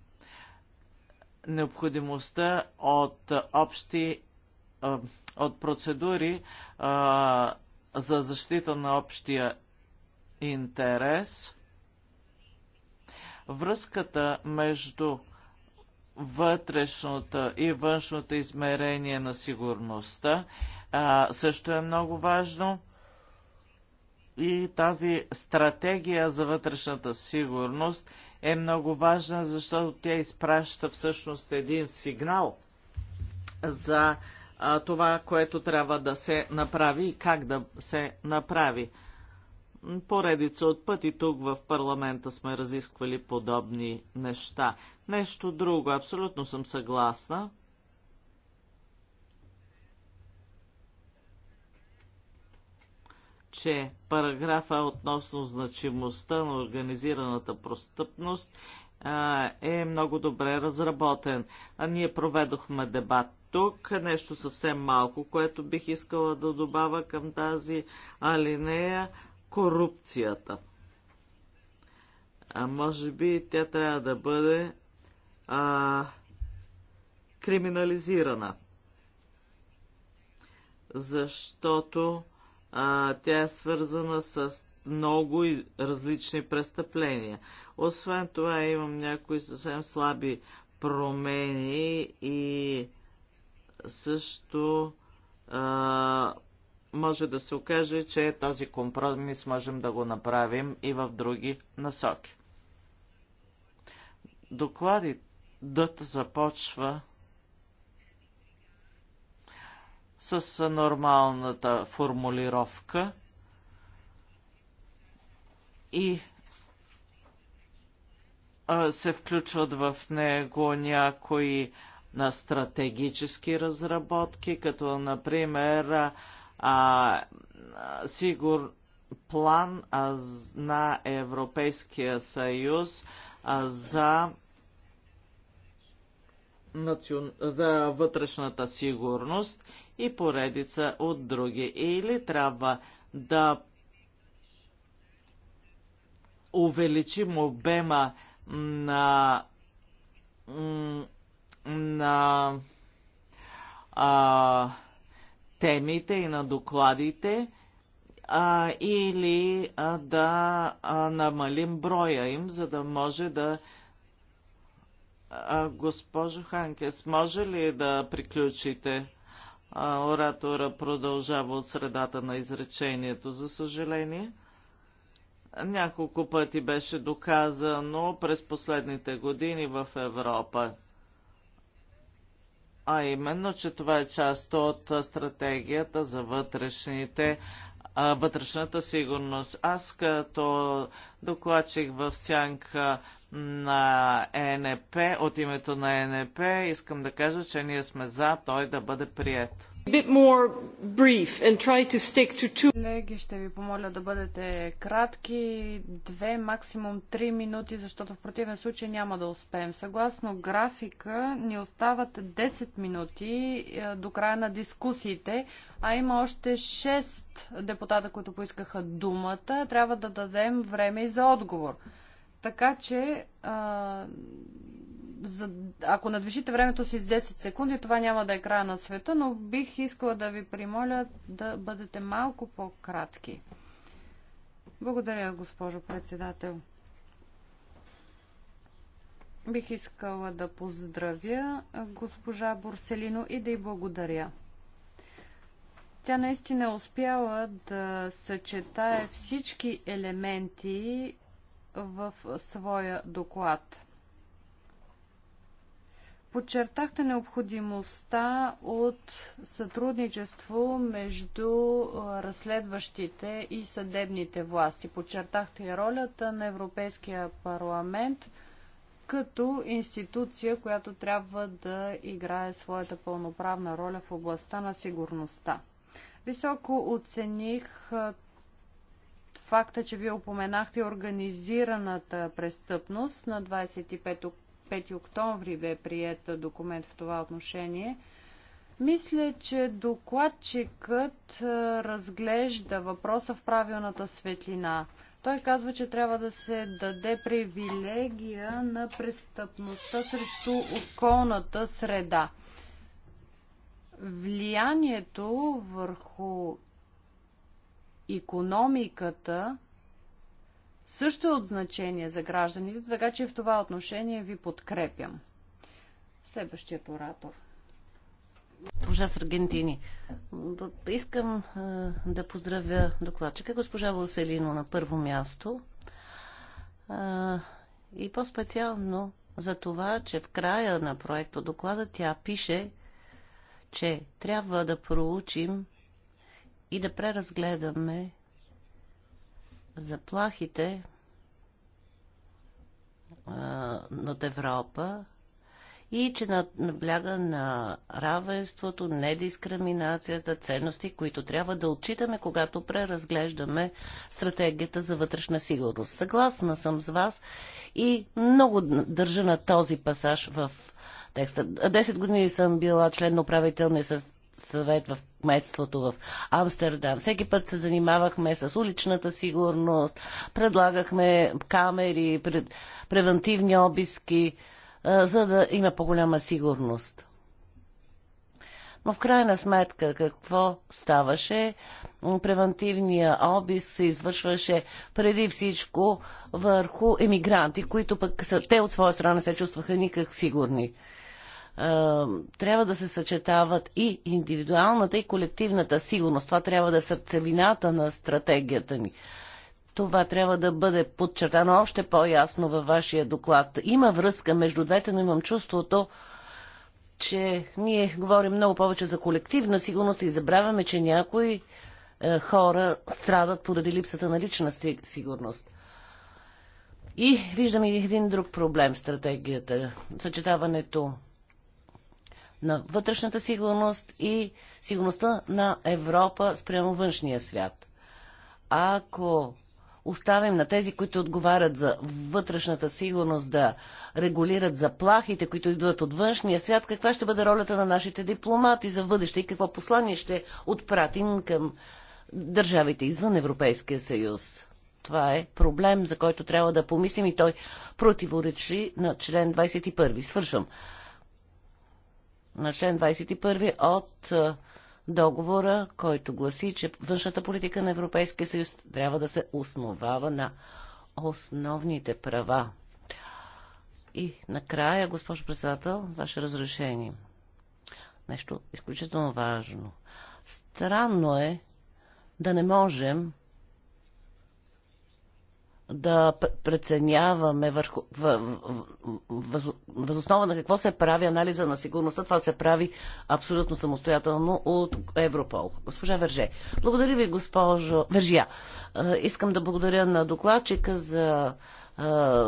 Speaker 1: необходимостта от общи от процедури а, за защита на общия интерес, връзката между вътрешното и външното измерение на сигурността а, също е много важно. И тази стратегия за вътрешната сигурност – е много важна, защото тя изпраща всъщност един сигнал за а, това, което трябва да се направи и как да се направи. Поредица от пъти тук в парламента сме разисквали подобни неща. Нещо друго, абсолютно съм съгласна че параграфа относно значимостта на организираната престъпност е много добре разработен. А ние проведохме дебат тук, нещо съвсем малко, което бих искала да добавя към тази алинея – корупцията. А може би тя трябва да бъде а, криминализирана. Защото а, тя е свързана с много и различни престъпления. Освен това имам някои съвсем слаби промени и също а, може да се окаже, че този компромис можем да го направим и в други насоки. дата започва с нормалната формулировка и се включват в него някои на стратегически разработки, като например а, сигур план а, на Европейския съюз а, за национ... за вътрешната сигурност и поредица от други. Или трябва да увеличим обема на, на а, темите и на докладите, а, или а, да а, намалим броя им, за да може да а, а, госпожо Ханкес, може ли да приключите? А, оратора продължава от средата на изречението, за съжаление. Няколко пъти беше доказано през последните години в Европа. А именно, че това е част от стратегията за вътрешните вътрешната сигурност. Аз като докладчик в сянка на ЕНП, от името на ЕНП, искам да кажа, че ние сме за той да бъде прият.
Speaker 2: Колеги, ще ви помоля да бъдете кратки, две, максимум три минути, защото в противен случай няма да успеем. Съгласно графика ни остават 10 минути е, до края на дискусиите, а има още 6 депутата, които поискаха думата. Трябва да дадем време и за отговор. Така че е, за, ако надвижите времето си с 10 секунди, това няма да е края на света, но бих искала да ви примоля да бъдете малко по-кратки. Благодаря, госпожо председател. Бих искала да поздравя госпожа Борселино и да й благодаря. Тя наистина е успяла да съчетае всички елементи в своя доклад. Подчертахте необходимостта от сътрудничество между разследващите и съдебните власти. Подчертахте и ролята на Европейския парламент като институция, която трябва да играе своята пълноправна роля в областта на сигурността. Високо оцених факта, че вие упоменахте организираната престъпност на 25 5 октомври бе прият документ в това отношение. Мисля, че докладчикът разглежда въпроса в правилната светлина. Той казва, че трябва да се даде привилегия на престъпността срещу околната среда. Влиянието върху економиката също е от значение за гражданите, така че в това отношение ви подкрепям. Следващият оратор.
Speaker 3: Госпожа Саргентини, искам да поздравя докладчика госпожа Василино на първо място и по-специално за това, че в края на проекта доклада тя пише, че трябва да проучим и да преразгледаме заплахите над Европа и че набляга на равенството, недискриминацията, ценности, които трябва да отчитаме, когато преразглеждаме стратегията за вътрешна сигурност. Съгласна съм с вас и много държа на този пасаж в текста. Десет години съм била член на управителния състав съвет в кметството в Амстердам. Всеки път се занимавахме с уличната сигурност, предлагахме камери, пред, превентивни обиски, за да има по-голяма сигурност. Но в крайна сметка какво ставаше? Превентивния обиск се извършваше преди всичко върху емигранти, които пък те от своя страна се чувстваха никак сигурни трябва да се съчетават и индивидуалната и колективната сигурност. Това трябва да е сърцевината на стратегията ни. Това трябва да бъде подчертано още по-ясно във вашия доклад. Има връзка между двете, но имам чувството, че ние говорим много повече за колективна сигурност и забравяме, че някои е, хора страдат поради липсата на лична сигурност. И виждаме един друг проблем стратегията. Съчетаването на вътрешната сигурност и сигурността на Европа спрямо външния свят. Ако оставим на тези, които отговарят за вътрешната сигурност, да регулират заплахите, които идват от външния свят, каква ще бъде ролята на нашите дипломати за бъдеще и какво послание ще отпратим към държавите извън Европейския съюз? Това е проблем, за който трябва да помислим и той противоречи на член 21. Свършвам на член 21 от е, договора, който гласи, че външната политика на Европейския съюз трябва да се основава на основните права. И накрая, госпожо председател, ваше разрешение. Нещо изключително важно. Странно е да не можем да преценяваме върху, въз, възоснова на какво се прави анализа на сигурността. Това се прави абсолютно самостоятелно от Европол. Госпожа Верже. Благодаря ви, госпожо Вержия. Искам да благодаря на докладчика за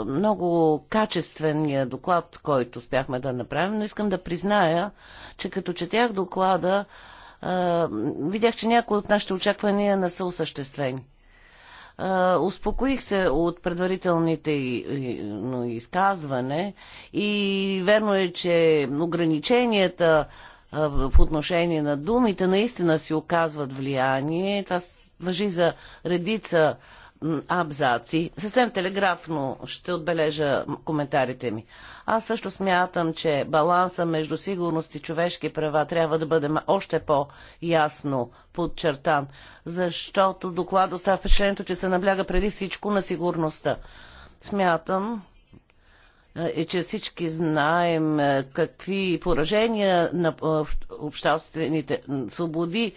Speaker 3: много качествения доклад, който успяхме да направим, но искам да призная, че като четях доклада, видях, че някои от нашите очаквания не са осъществени успокоих се от предварителните изказване и верно е, че ограниченията в отношение на думите наистина си оказват влияние. Това въжи за редица абзаци. Съвсем телеграфно ще отбележа коментарите ми. Аз също смятам, че баланса между сигурност и човешки права трябва да бъде още по-ясно подчертан, защото доклад остава впечатлението, че се набляга преди всичко на сигурността. Смятам, и е, че всички знаем е, какви поражения на е, обществените свободи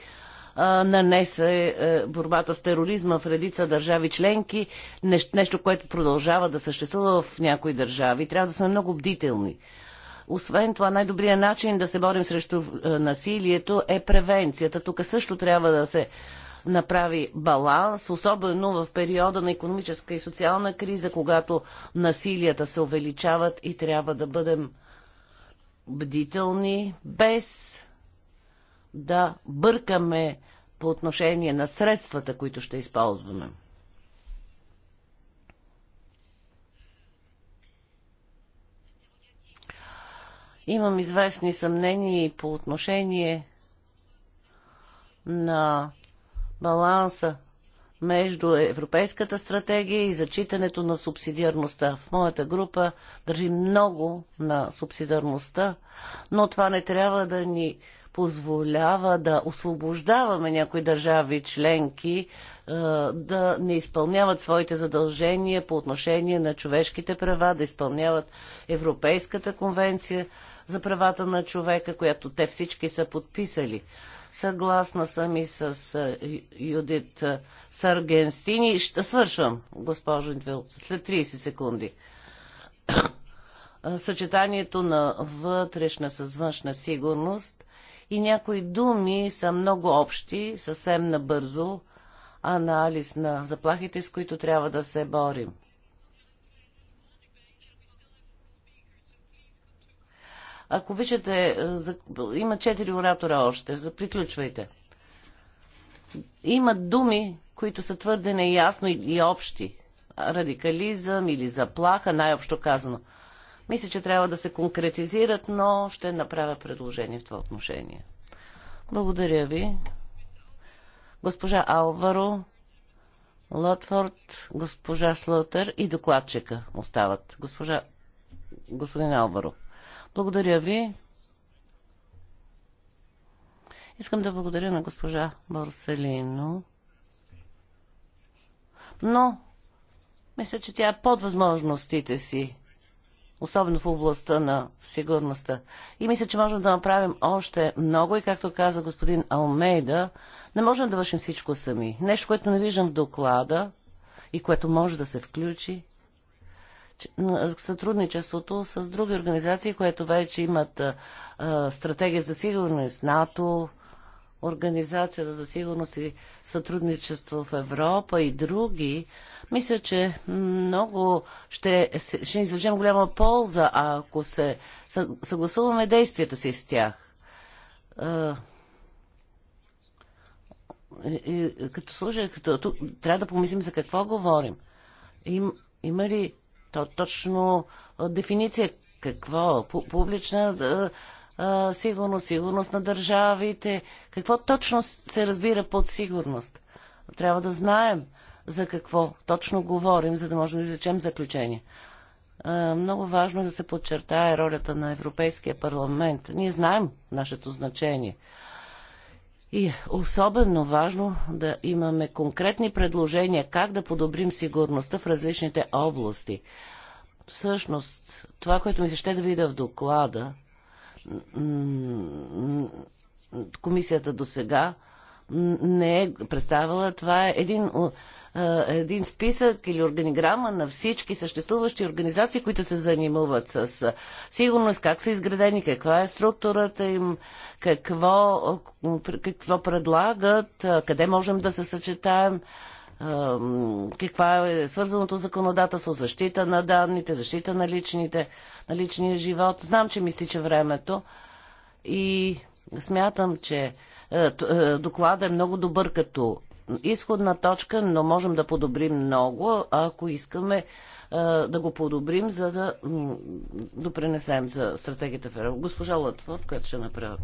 Speaker 3: нанесе е, борбата с тероризма в редица държави членки, нещо, нещо, което продължава да съществува в някои държави. Трябва да сме много бдителни. Освен това, най-добрият начин да се борим срещу е, насилието е превенцията. Тук също трябва да се направи баланс, особено в периода на економическа и социална криза, когато насилията се увеличават и трябва да бъдем бдителни, без да бъркаме по отношение на средствата, които ще използваме. Имам известни съмнения по отношение на баланса между Европейската стратегия и зачитането на субсидиарността. В моята група държи много на субсидиарността, но това не трябва да ни позволява да освобождаваме някои държави членки е, да не изпълняват своите задължения по отношение на човешките права, да изпълняват Европейската конвенция за правата на човека, която те всички са подписали. Съгласна съм и с е, Юдит е, Саргенстини. Ще свършвам, госпожо Интвилт, след 30 секунди. Съчетанието на вътрешна с външна сигурност и някои думи са много общи, съвсем набързо, анализ на заплахите, с които трябва да се борим. Ако обичате, е, има четири оратора още, приключвайте. Има думи, които са твърде неясно и общи. Радикализъм или заплаха, най-общо казано – мисля, че трябва да се конкретизират, но ще направя предложение в това отношение. Благодаря ви. Госпожа Алваро, Лотфорд, госпожа Слотър и докладчика остават. Госпожа... Господин Алваро. Благодаря ви. Искам да благодаря на госпожа Борселино. Но, мисля, че тя е под възможностите си особено в областта на сигурността. И мисля, че можем да направим още много и, както каза господин Алмейда, не можем да вършим всичко сами. Нещо, което не виждам в доклада и което може да се включи, сътрудничеството с други организации, които вече имат а, стратегия за сигурност, НАТО, Организацията за сигурност и сътрудничество в Европа и други, мисля, че много ще, ще извлечем голяма полза, ако се съгласуваме действията си с тях. И, като слушах, като, тук, трябва да помислим за какво говорим. Им, има ли то, точно дефиниция какво? Публична сигурност, сигурност на държавите. Какво точно се разбира под сигурност? Трябва да знаем за какво точно говорим, за да можем да изречем заключение. Много важно е да се подчертае ролята на Европейския парламент. Ние знаем нашето значение. И е особено важно да имаме конкретни предложения как да подобрим сигурността в различните области. Всъщност, това, което ми се ще да видя в доклада, комисията до сега не е представила. Това е един, е, един списък или органиграма на всички съществуващи организации, които се занимават с сигурност, как са изградени, каква е структурата им, какво, какво предлагат, къде можем да се съчетаем е, каква е свързаното законодателство, защита на данните, защита на личните на личния живот. Знам, че ми стича времето и смятам, че е, е, доклада е много добър като изходна точка, но можем да подобрим много, ако искаме е, да го подобрим, за да допринесем за стратегията в Европа. Госпожа Лътвод, която ще направя.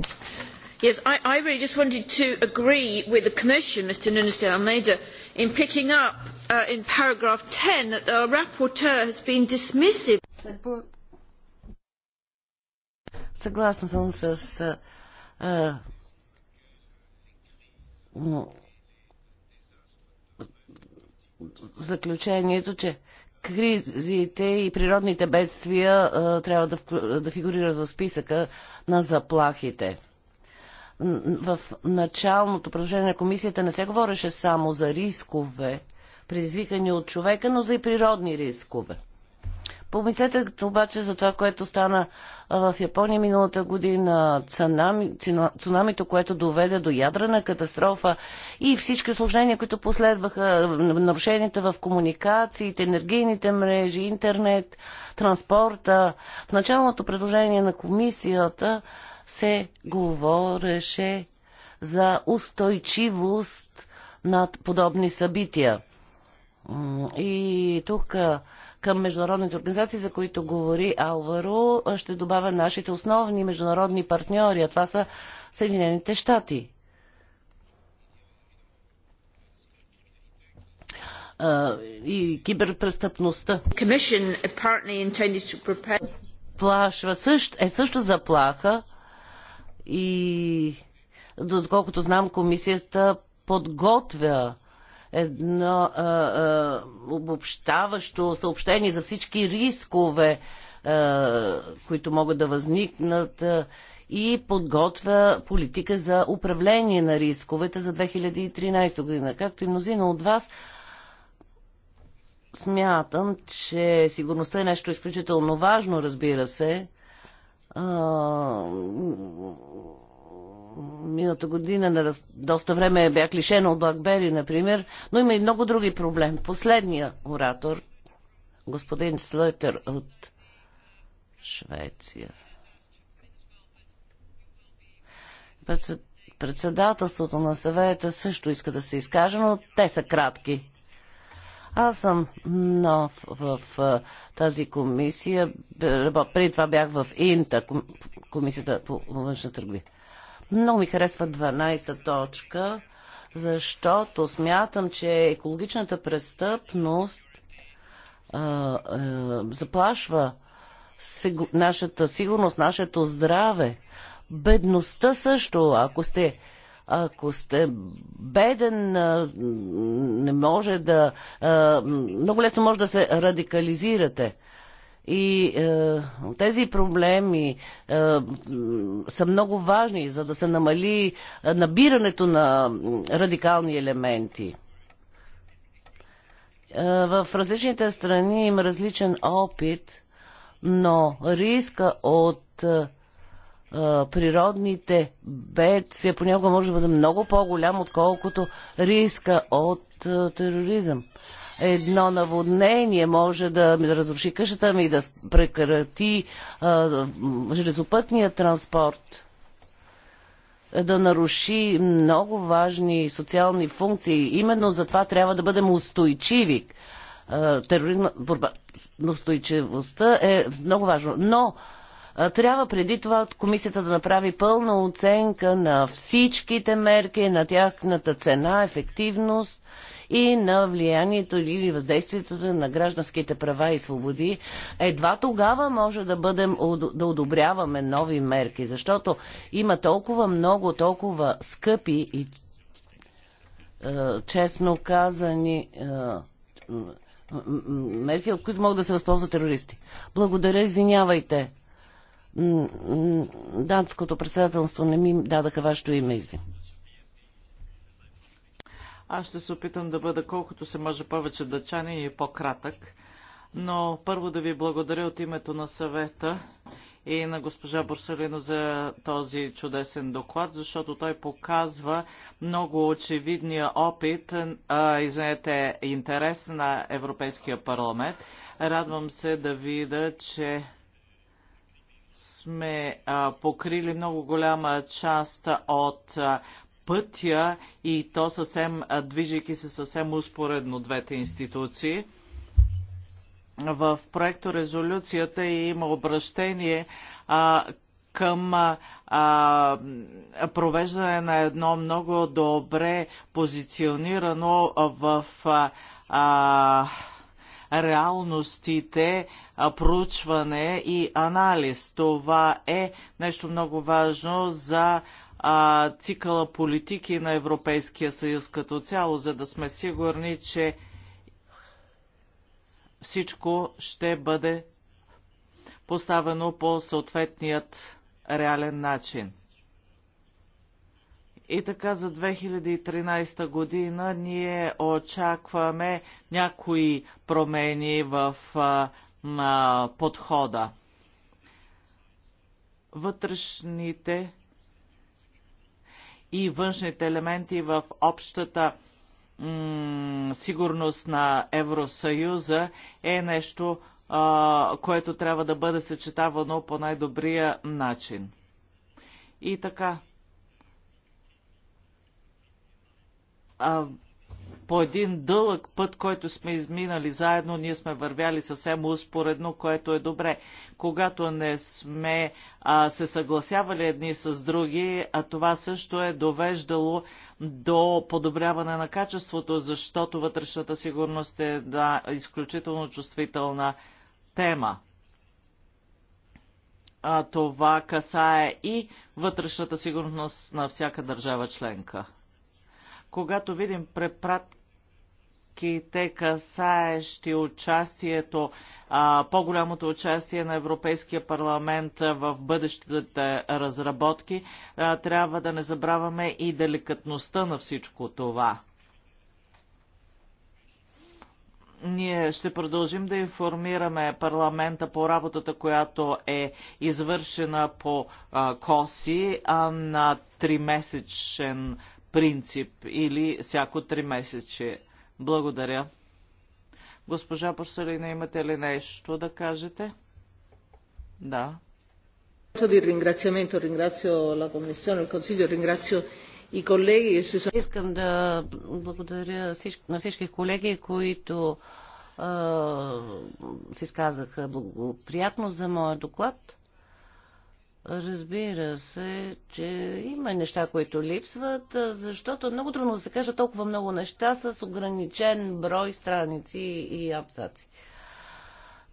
Speaker 1: Yes, I, I really just wanted to agree with the Commission, Mr. Nunes de Almeida,
Speaker 2: in picking up uh, in paragraph 10 that the rapporteur has been dismissive.
Speaker 3: Съгласна съм с а, заключението, че кризите и природните бедствия а, трябва да, да фигурират в списъка на заплахите. В началното продължение на комисията не се говореше само за рискове, предизвикани от човека, но за и природни рискове. Помислете обаче за това, което стана в Япония миналата година, цунами, цунамито, което доведе до ядрена катастрофа и всички осложнения, които последваха, нарушенията в комуникациите, енергийните мрежи, интернет, транспорта. В началното предложение на комисията се говореше за устойчивост над подобни събития. И тук към международните организации, за които говори Алваро, ще добавя нашите основни международни партньори, а това са Съединените щати. и киберпрестъпността. Плашва също, е също заплаха и доколкото знам, комисията подготвя едно а, а, обобщаващо съобщение за всички рискове, а, които могат да възникнат а, и подготвя политика за управление на рисковете за 2013 година. Както и мнозина от вас, смятам, че сигурността е нещо изключително важно, разбира се. А, миналата година на раз... доста време бях лишена от Блакбери, например, но има и много други проблем. Последния оратор, господин Слътер от Швеция. Председателството на съвета също иска да се изкаже, но те са кратки. Аз съм нов в, в тази комисия. Преди това бях в Инта, комисията по външна търговия. Много ми харесва 12-та точка, защото смятам, че екологичната престъпност а, а, заплашва сигу... нашата сигурност, нашето здраве. Бедността също, ако сте ако сте беден, не може да. Много лесно може да се радикализирате. И е, тези проблеми е, са много важни, за да се намали е, набирането на радикални елементи. Е, в различните страни има различен опит, но риска от е, е, природните бедствия понякога може да бъде много по-голям, отколкото риска от е, тероризъм. Едно наводнение може да разруши къщата ми, да прекрати а, железопътния транспорт, да наруши много важни социални функции. Именно за това трябва да бъдем устойчиви. Тероризма, борба, устойчивостта е много важно. Но трябва преди това от комисията да направи пълна оценка на всичките мерки, на тяхната цена, ефективност и на влиянието или въздействието на гражданските права и свободи, едва тогава може да, бъдем, да одобряваме нови мерки, защото има толкова много, толкова скъпи и е, честно казани е, мерки, от които могат да се възползват терористи. Благодаря, извинявайте. Датското председателство не ми дадаха вашето име, извинявайте.
Speaker 1: Аз ще се опитам да бъда колкото се може повече дъчанин и по-кратък. Но първо да ви благодаря от името на съвета и на госпожа Борсалино за този чудесен доклад, защото той показва много очевидния опит, а, извинете, интерес на Европейския парламент. Радвам се да видя, че сме а, покрили много голяма част от а, пътя и то съвсем, движейки се съвсем успоредно двете институции. В проекто резолюцията е има обращение а, към а, провеждане на едно много добре позиционирано в а, реалностите, проучване и анализ. Това е нещо много важно за а, цикъла политики на Европейския съюз като цяло, за да сме сигурни, че всичко ще бъде поставено по съответният реален начин. И така за 2013 година ние очакваме някои промени в а, а, подхода. Вътрешните и външните елементи в общата сигурност на Евросъюза е нещо, а, което трябва да бъде съчетавано по най-добрия начин. И така. А, по един дълъг път, който сме изминали заедно, ние сме вървяли съвсем успоредно, което е добре. Когато не сме а, се съгласявали едни с други, а това също е довеждало до подобряване на качеството, защото вътрешната сигурност е да, изключително чувствителна тема а, това касае и вътрешната сигурност на всяка държава членка. Когато видим препрат, мерките, касаещи участието, по-голямото участие на Европейския парламент в бъдещите разработки, трябва да не забравяме и деликатността на всичко това. Ние ще продължим да информираме парламента по работата, която е извършена по а, КОСИ а, на тримесечен принцип или всяко тримесечие. Благодаря. Госпожа Порселина, имате ли нещо да кажете? Да. Искам
Speaker 3: да благодаря на всички колеги, които се изказаха благоприятно за моя доклад. Разбира се, че има неща, които липсват, защото е много трудно да се каже толкова много неща с ограничен брой страници и абзаци.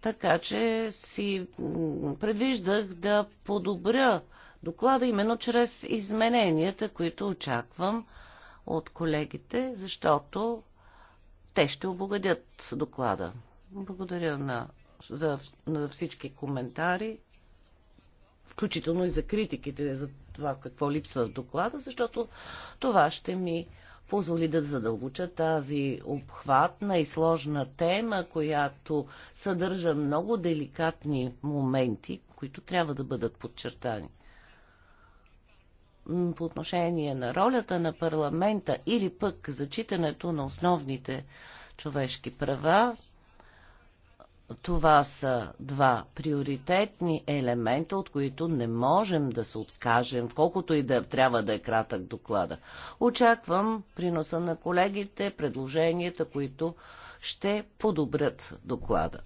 Speaker 3: Така че си предвиждах да подобря доклада именно чрез измененията, които очаквам от колегите, защото те ще обогадят доклада. Благодаря на, за, на всички коментари включително и за критиките за това какво липсва в доклада, защото това ще ми позволи да задълбоча тази обхватна и сложна тема, която съдържа много деликатни моменти, които трябва да бъдат подчертани. По отношение на ролята на парламента или пък зачитането на основните човешки права, това са два приоритетни елемента, от които не можем да се откажем, колкото и да трябва да е кратък доклада. Очаквам приноса на колегите, предложенията, които ще подобрят доклада.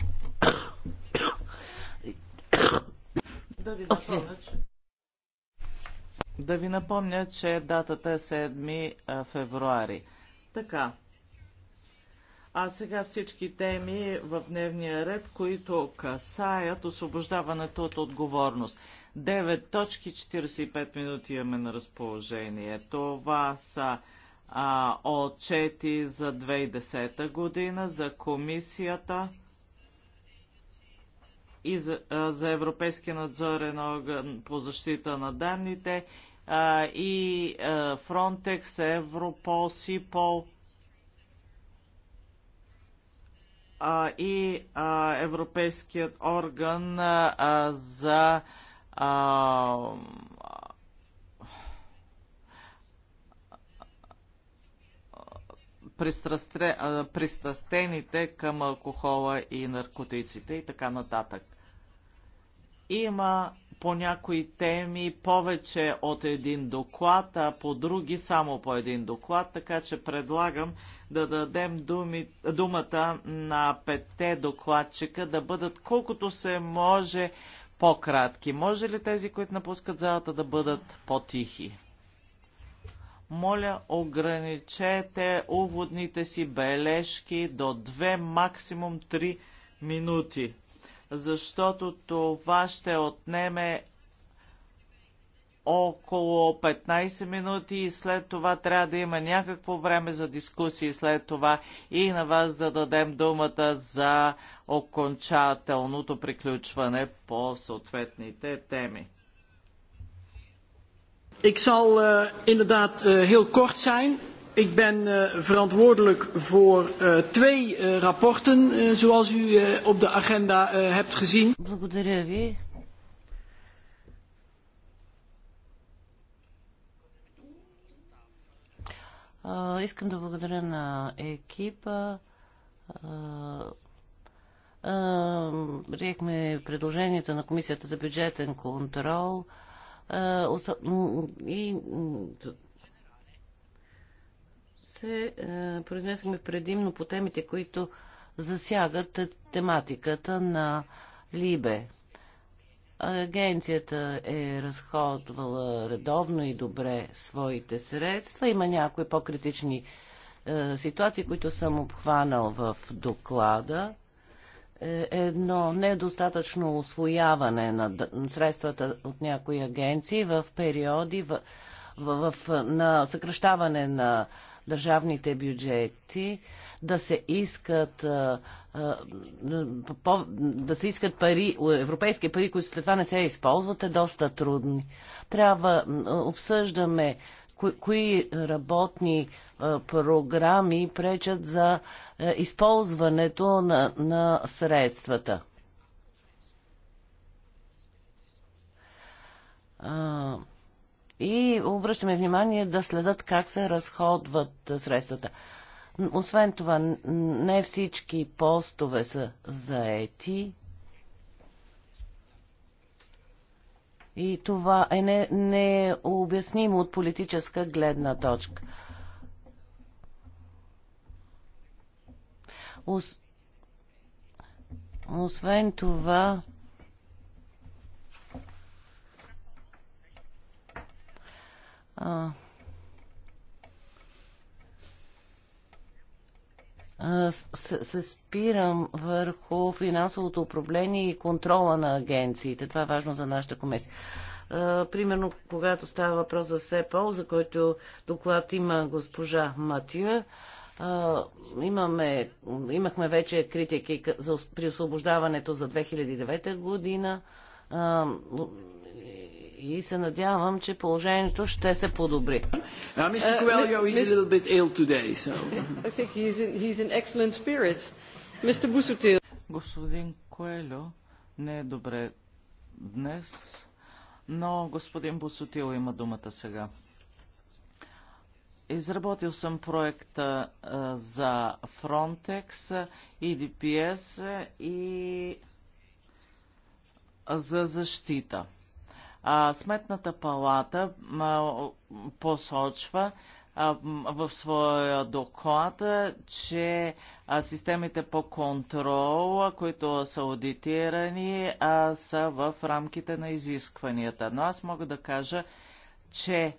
Speaker 1: Да ви напомня, че, да ви напомня, че датата е 7 февруари. Така, а сега всички теми в дневния ред, които касаят освобождаването от отговорност. 9 точки 45 минути имаме на разположение. Това са а, отчети за 2010 година за комисията и за, а, за Европейския надзорен орган по защита на данните а, и а, Frontex, Европол, СИПОЛ и а, Европейският орган а, за а, пристрастените към алкохола и наркотиците и така нататък. Има по някои теми повече от един доклад, а по други само по един доклад, така че предлагам да дадем думи, думата на петте докладчика да бъдат колкото се може по-кратки. Може ли тези, които напускат залата, да бъдат по-тихи? Моля, ограничете уводните си бележки до 2, максимум три минути защото това ще отнеме около 15 минути и след това трябва да има някакво време за дискусии след това и на вас да дадем думата за окончателното приключване по съответните теми. Ik zal uh, inderdaad uh, heel kort zijn. Ik ben eh, verantwoordelijk voor eh, twee eh, rapporten, zoals u op de agenda hebt gezien.
Speaker 3: Благодаря ви. Искам да благодаря на екипа. Приехме предложенията на Комисията за бюджетен контрол и се е, произнесахме предимно по темите, които засягат тематиката на Либе. Агенцията е разходвала редовно и добре своите средства. Има някои по-критични е, ситуации, които съм обхванал в доклада. Е, едно недостатъчно освояване на средствата от някои агенции в периоди в, в, в, на съкръщаване на държавните бюджети, да се искат, да се искат пари, европейски пари, които след това не се използват, е доста трудни. Трябва, обсъждаме кои работни програми пречат за използването на, на средствата и обръщаме внимание да следят как се разходват средствата. Освен това, не всички постове са заети. И това е необяснимо не от политическа гледна точка. Ос... Освен това, се, спирам върху финансовото управление и контрола на агенциите. Това е важно за нашата комисия. примерно, когато става въпрос за СЕПОЛ, за който доклад има госпожа Матия, имаме, имахме вече критики за, при освобождаването за 2009 година. И се надявам, че положението ще се подобри. Now, Mr. Е, Coelho is a little bit ill today, so... I think he's in,
Speaker 1: he's in excellent spirits. Mr. Busutil. Господин Коелю не е добре днес, но господин Бусотил има думата сега. Изработил съм проекта за Frontex, EDPS и за защита. А, Сметната палата а, посочва в своя доклад, че системите по контрол, които са аудитирани, са в рамките на изискванията. Но аз мога да кажа, че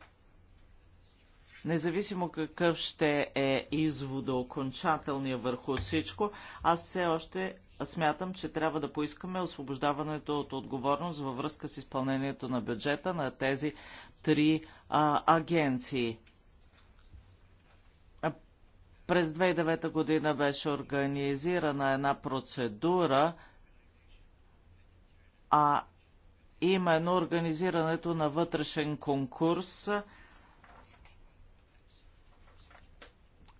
Speaker 1: независимо какъв ще е извода окончателния върху всичко, аз все още смятам, че трябва да поискаме освобождаването от отговорност във връзка с изпълнението на бюджета на тези три а, агенции. През 2009 година беше организирана една процедура, а именно организирането на вътрешен конкурс,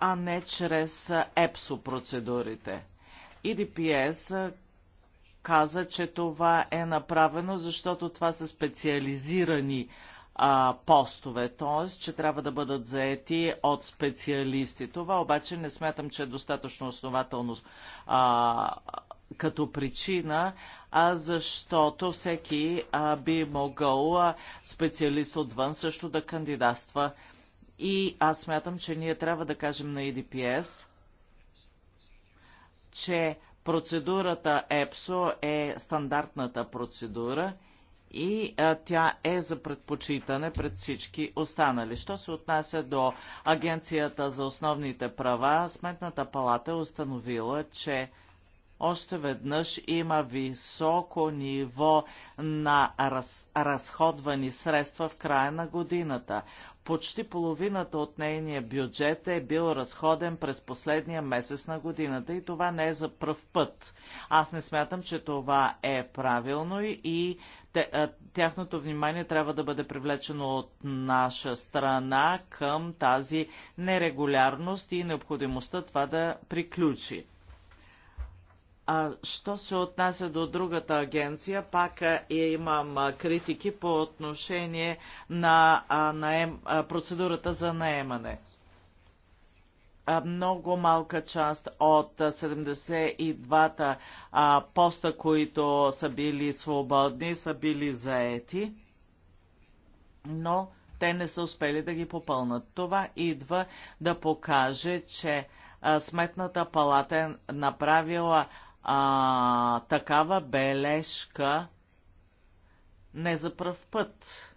Speaker 1: а не чрез ЕПСО процедурите. EDPS каза, че това е направено, защото това са специализирани а, постове, т.е. че трябва да бъдат заети от специалисти. Това обаче не смятам, че е достатъчно основателно а, като причина, а защото всеки а, би могъл а, специалист отвън също да кандидатства. И аз смятам, че ние трябва да кажем на EDPS – че процедурата ЕПСО е стандартната процедура и а, тя е за предпочитане пред всички останали. Що се отнася до Агенцията за основните права, Сметната палата е установила, че още веднъж има високо ниво на раз, разходвани средства в края на годината. Почти половината от нейния бюджет е бил разходен през последния месец на годината и това не е за пръв път. Аз не смятам, че това е правилно и тяхното внимание трябва да бъде привлечено от наша страна към тази нерегулярност и необходимостта това да приключи. А, що се отнася до другата агенция, пак имам критики по отношение на наем, процедурата за наемане. Много малка част от 72-та поста, които са били свободни, са били заети, но те не са успели да ги попълнат. Това идва да покаже, че Сметната палата е направила а, такава бележка не за пръв път.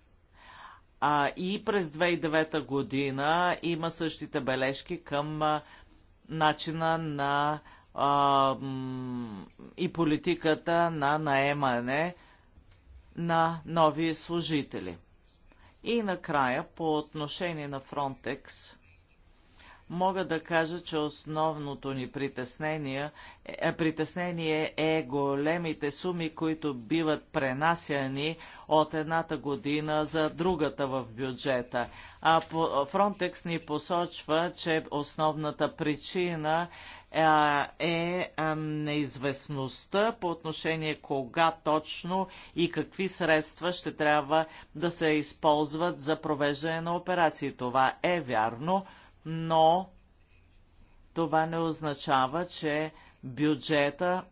Speaker 1: А, и през 2009 година има същите бележки към а, начина на а, и политиката на наемане на нови служители. И накрая, по отношение на Фронтекс, мога да кажа, че основното ни притеснение, е, притеснение е големите суми, които биват пренасяни от едната година за другата в бюджета. А по, Фронтекс ни посочва, че основната причина е неизвестността по отношение кога точно и какви средства ще трябва да се използват за провеждане на операции. Това е вярно, но това не означава, че бюджета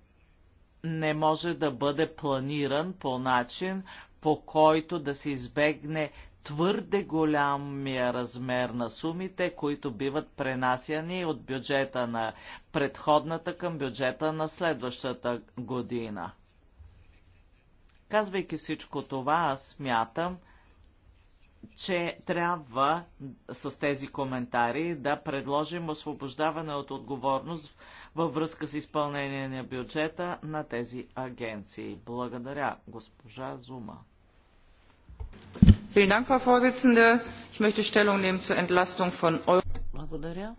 Speaker 1: не може да бъде планиран по начин, по който да се избегне твърде голямия размер на сумите, които биват пренасяни от бюджета на предходната към бюджета на следващата година. Казвайки всичко това, аз смятам, че трябва с тези коментари да предложим освобождаване от отговорност във връзка с изпълнение на бюджета на тези агенции. Благодаря, госпожа Зума. Благодаря.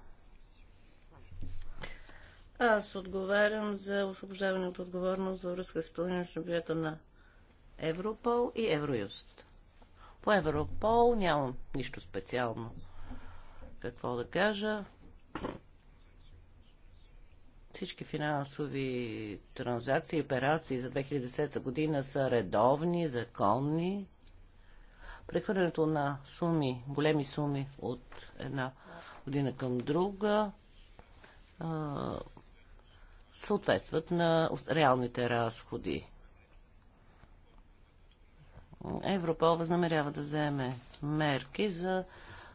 Speaker 3: Аз отговарям за освобождаване от отговорност във връзка с изпълнението на бюджета на Европол и Евроюст. По Европол нямам нищо специално какво да кажа. Всички финансови транзакции и операции за 2010 година са редовни, законни. Прехвърлянето на суми, големи суми от една година към друга съответстват на реалните разходи. Европол възнамерява да вземе мерки за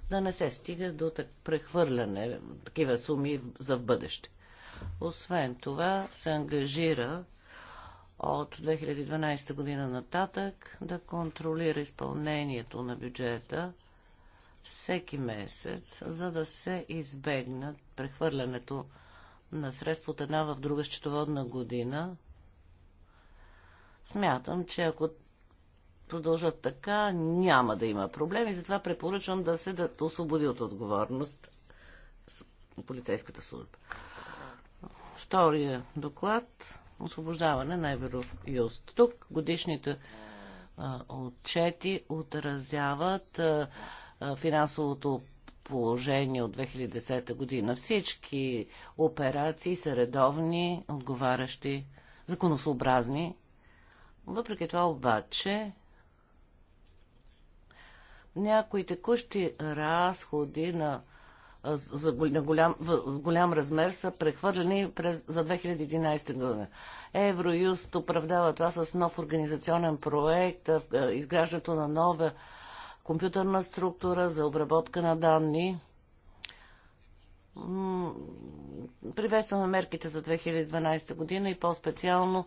Speaker 3: да не се стига до так прехвърляне такива суми за в бъдеще. Освен това се ангажира от 2012 година нататък да контролира изпълнението на бюджета всеки месец, за да се избегнат прехвърлянето на средства от една в друга счетоводна година. Смятам, че ако продължат така, няма да има проблеми. Затова препоръчвам да се да освободи от отговорност полицейската служба. Втория доклад освобождаване на Евроюст. Тук годишните а, отчети отразяват а, а, финансовото положение от 2010 година. Всички операции са редовни, отговарящи, законосообразни. Въпреки това обаче някои текущи разходи на, за, на голям, в, голям размер са прехвърлени през, за 2011 година. Евроюст оправдава това с нов организационен проект, изграждането на нова компютърна структура за обработка на данни. Приветстваме мерките за 2012 година и по-специално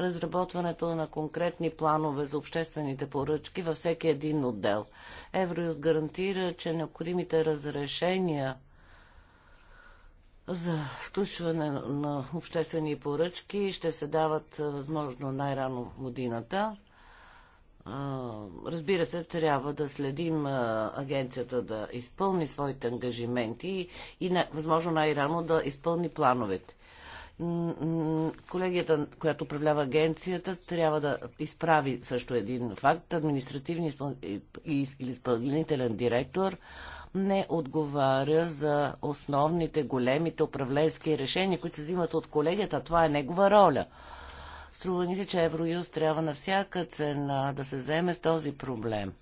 Speaker 3: разработването на конкретни планове за обществените поръчки във всеки един отдел. Евроюз гарантира, че необходимите разрешения за включване на обществени поръчки ще се дават възможно най-рано годината. Разбира се, трябва да следим агенцията да изпълни своите ангажименти и възможно най-рано да изпълни плановете. Колегията, която управлява агенцията, трябва да изправи също един факт. Административният изпъл... или изпълнителен директор не отговаря за основните, големите управленски решения, които се взимат от колегията. Това е негова роля. Струва ни се, че Евроюз трябва на всяка цена да се вземе с този проблем.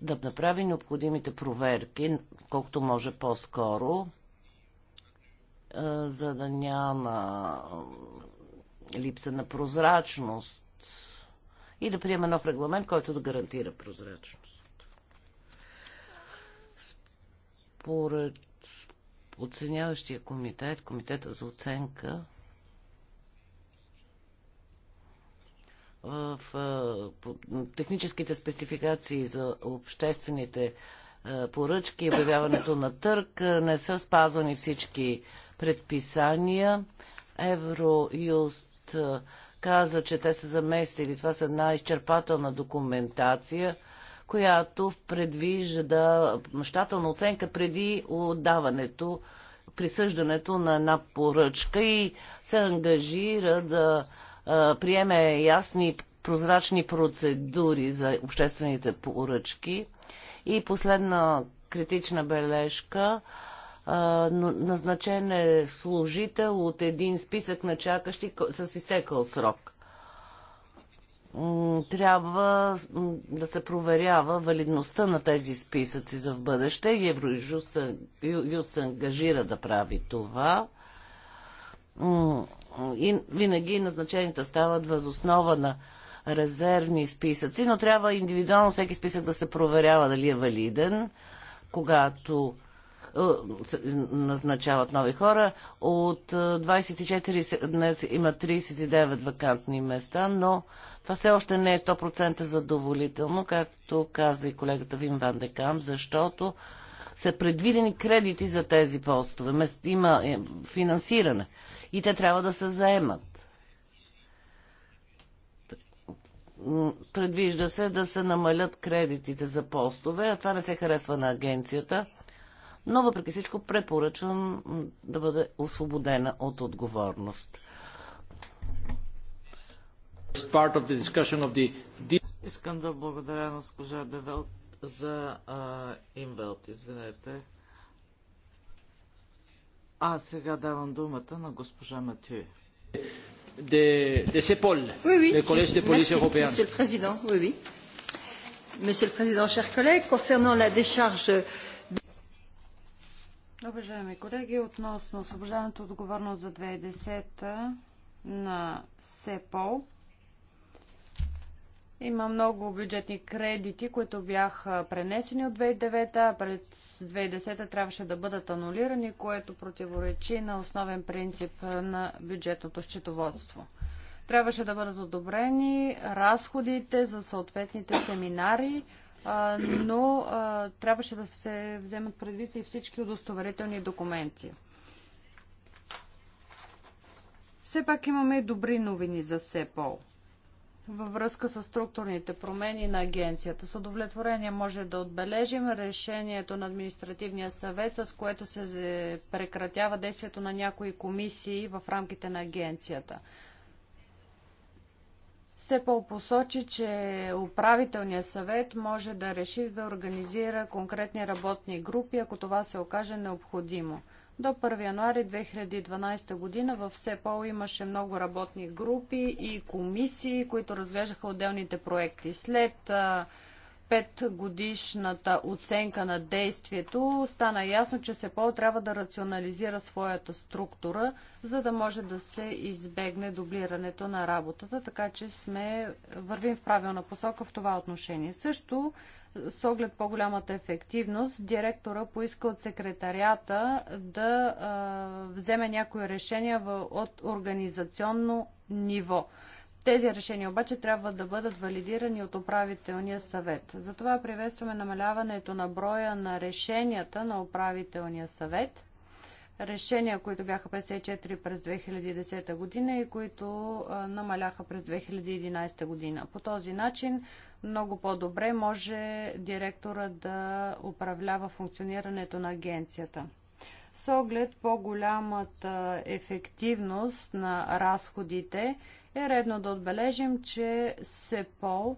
Speaker 3: Да направи необходимите проверки, колкото може по-скоро, за да няма липса на прозрачност и да приема нов регламент, който да гарантира прозрачност. Според оценяващия комитет, комитета за оценка, в техническите спецификации за обществените поръчки обявяването на търг не са спазвани всички предписания. Евроюст каза, че те са заместили това са една изчерпателна документация, която предвижда мащателна оценка преди отдаването, присъждането на една поръчка и се ангажира да приеме ясни прозрачни процедури за обществените поръчки. И последна критична бележка. Назначен е служител от един списък на чакащи с изтекъл срок. Трябва да се проверява валидността на тези списъци за в бъдеще. Евроюст се ангажира да прави това и винаги назначенията стават възоснова на резервни списъци, но трябва индивидуално всеки списък да се проверява дали е валиден, когато е, назначават нови хора. От 24 е, днес има 39 вакантни места, но това все още не е 100% задоволително, както каза и колегата Вин Ван Декам, защото са предвидени кредити за тези постове. Има е, финансиране и те трябва да се заемат. Предвижда се да се намалят кредитите за постове, а това не се харесва на агенцията, но въпреки всичко препоръчвам да бъде освободена от отговорност.
Speaker 1: Искам да благодаря на госпожа Девелт за а, Инвелт, извинете, а сега давам думата на госпожа Матю. De, de CEPOL, oui, oui. le Collège de police Merci, européen. Monsieur le
Speaker 2: Président, oui, oui. Monsieur le Président, chers collègues, concernant la décharge Уважаеми колеги, относно освобождаването отговорност за 2010 на СЕПОЛ, има много бюджетни кредити, които бяха пренесени от 2009, а през 2010 трябваше да бъдат анулирани, което противоречи на основен принцип на бюджетното счетоводство. Трябваше да бъдат одобрени разходите за съответните семинари, но трябваше да се вземат предвид и всички удостоверителни документи. Все пак имаме добри новини за СЕПОЛ – във връзка с структурните промени на агенцията. С удовлетворение може да отбележим решението на административния съвет, с което се прекратява действието на някои комисии в рамките на агенцията. СЕПОЛ посочи, че управителният съвет може да реши да организира конкретни работни групи, ако това се окаже необходимо. До 1 януари 2012 година в СЕПОЛ имаше много работни групи и комисии, които разглеждаха отделните проекти. След петгодишната оценка на действието стана ясно, че СЕПОЛ трябва да рационализира своята структура, за да може да се избегне дублирането на работата, така че сме вървим в правилна посока в това отношение. Също с оглед по-голямата ефективност, директора поиска от секретарията да а, вземе някои решения в, от организационно ниво. Тези решения обаче трябва да бъдат валидирани от управителния съвет. Затова приветстваме намаляването на броя на решенията на управителния съвет. Решения, които бяха 54 през 2010 година и които а, намаляха през 2011 година. По този начин много по-добре може директора да управлява функционирането на агенцията. С оглед по-голямата ефективност на разходите е редно да отбележим, че СЕПОЛ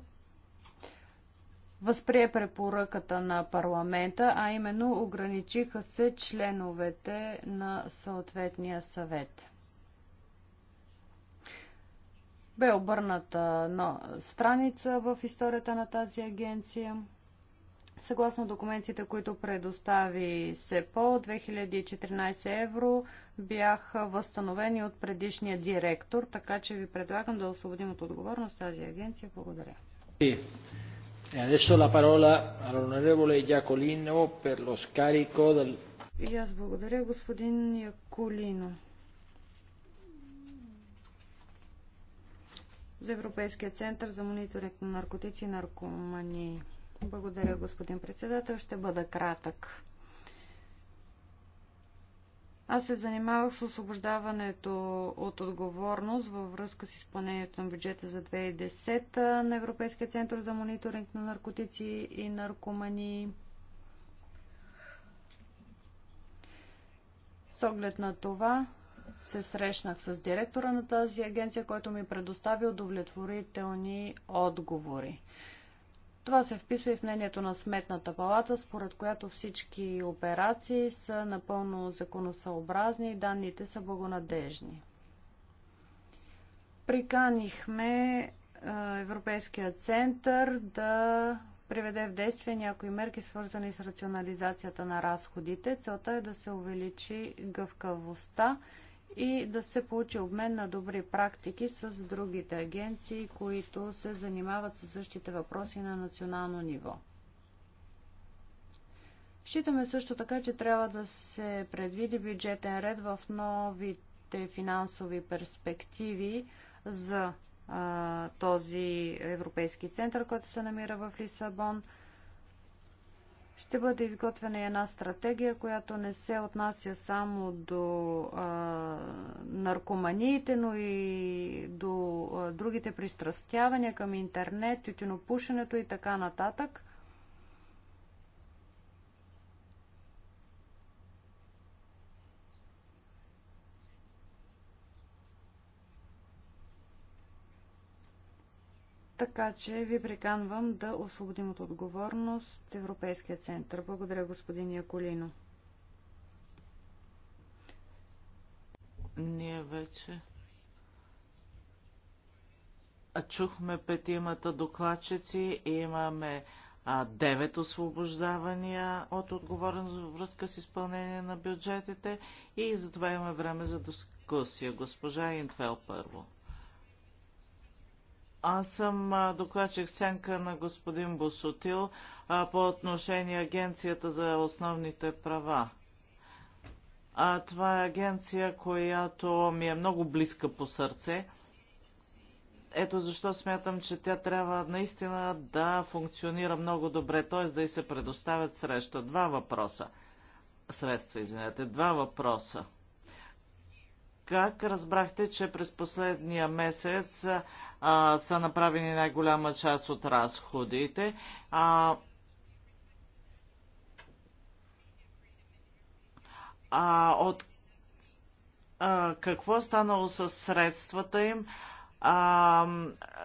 Speaker 2: възприе препоръката на парламента, а именно ограничиха се членовете на съответния съвет. Бе обърната страница в историята на тази агенция. Съгласно документите, които предостави СЕПО, 2014 евро бяха възстановени от предишния директор, така че ви предлагам да освободим от отговорност тази агенция. Благодаря. И аз благодаря, господин Яколино. за Европейския център за мониторинг на наркотици и наркомании. Благодаря, господин председател. Ще бъда кратък. Аз се занимавах с освобождаването от отговорност във връзка с изпълнението на бюджета за 2010 на Европейския център за мониторинг на наркотици и наркомани. С оглед на това се срещнах с директора на тази агенция, който ми предостави удовлетворителни отговори. Това се вписва и в мнението на Сметната палата, според която всички операции са напълно законосъобразни и данните са благонадежни. Приканихме Европейския център да приведе в действие някои мерки, свързани с рационализацията на разходите. Целта е да се увеличи гъвкавостта и да се получи обмен на добри практики с другите агенции, които се занимават с същите въпроси на национално ниво. Считаме също така, че трябва да се предвиди бюджетен ред в новите финансови перспективи за а, този Европейски център, който се намира в Лисабон – ще бъде изготвена и една стратегия, която не се отнася само до а, наркоманиите, но и до а, другите пристрастявания към интернет, тютюнопушенето и така нататък. Така че ви приканвам да освободим от отговорност Европейския център. Благодаря, господин Яколино.
Speaker 1: Ние вече чухме петимата докладчици и имаме девет освобождавания от отговорност във връзка с изпълнение на бюджетите и затова имаме време за дискусия. Госпожа Интвел първо. Аз съм докладчик сянка на господин Босотил по отношение Агенцията за основните права. А, това е агенция, която ми е много близка по сърце. Ето защо смятам, че тя трябва наистина да функционира много добре, т.е. да й се предоставят среща. Два въпроса. Средства, извинете. Два въпроса. Как разбрахте, че през последния месец а, са направени най-голяма част от разходите? А, а, от а, какво е станало с средствата им? а,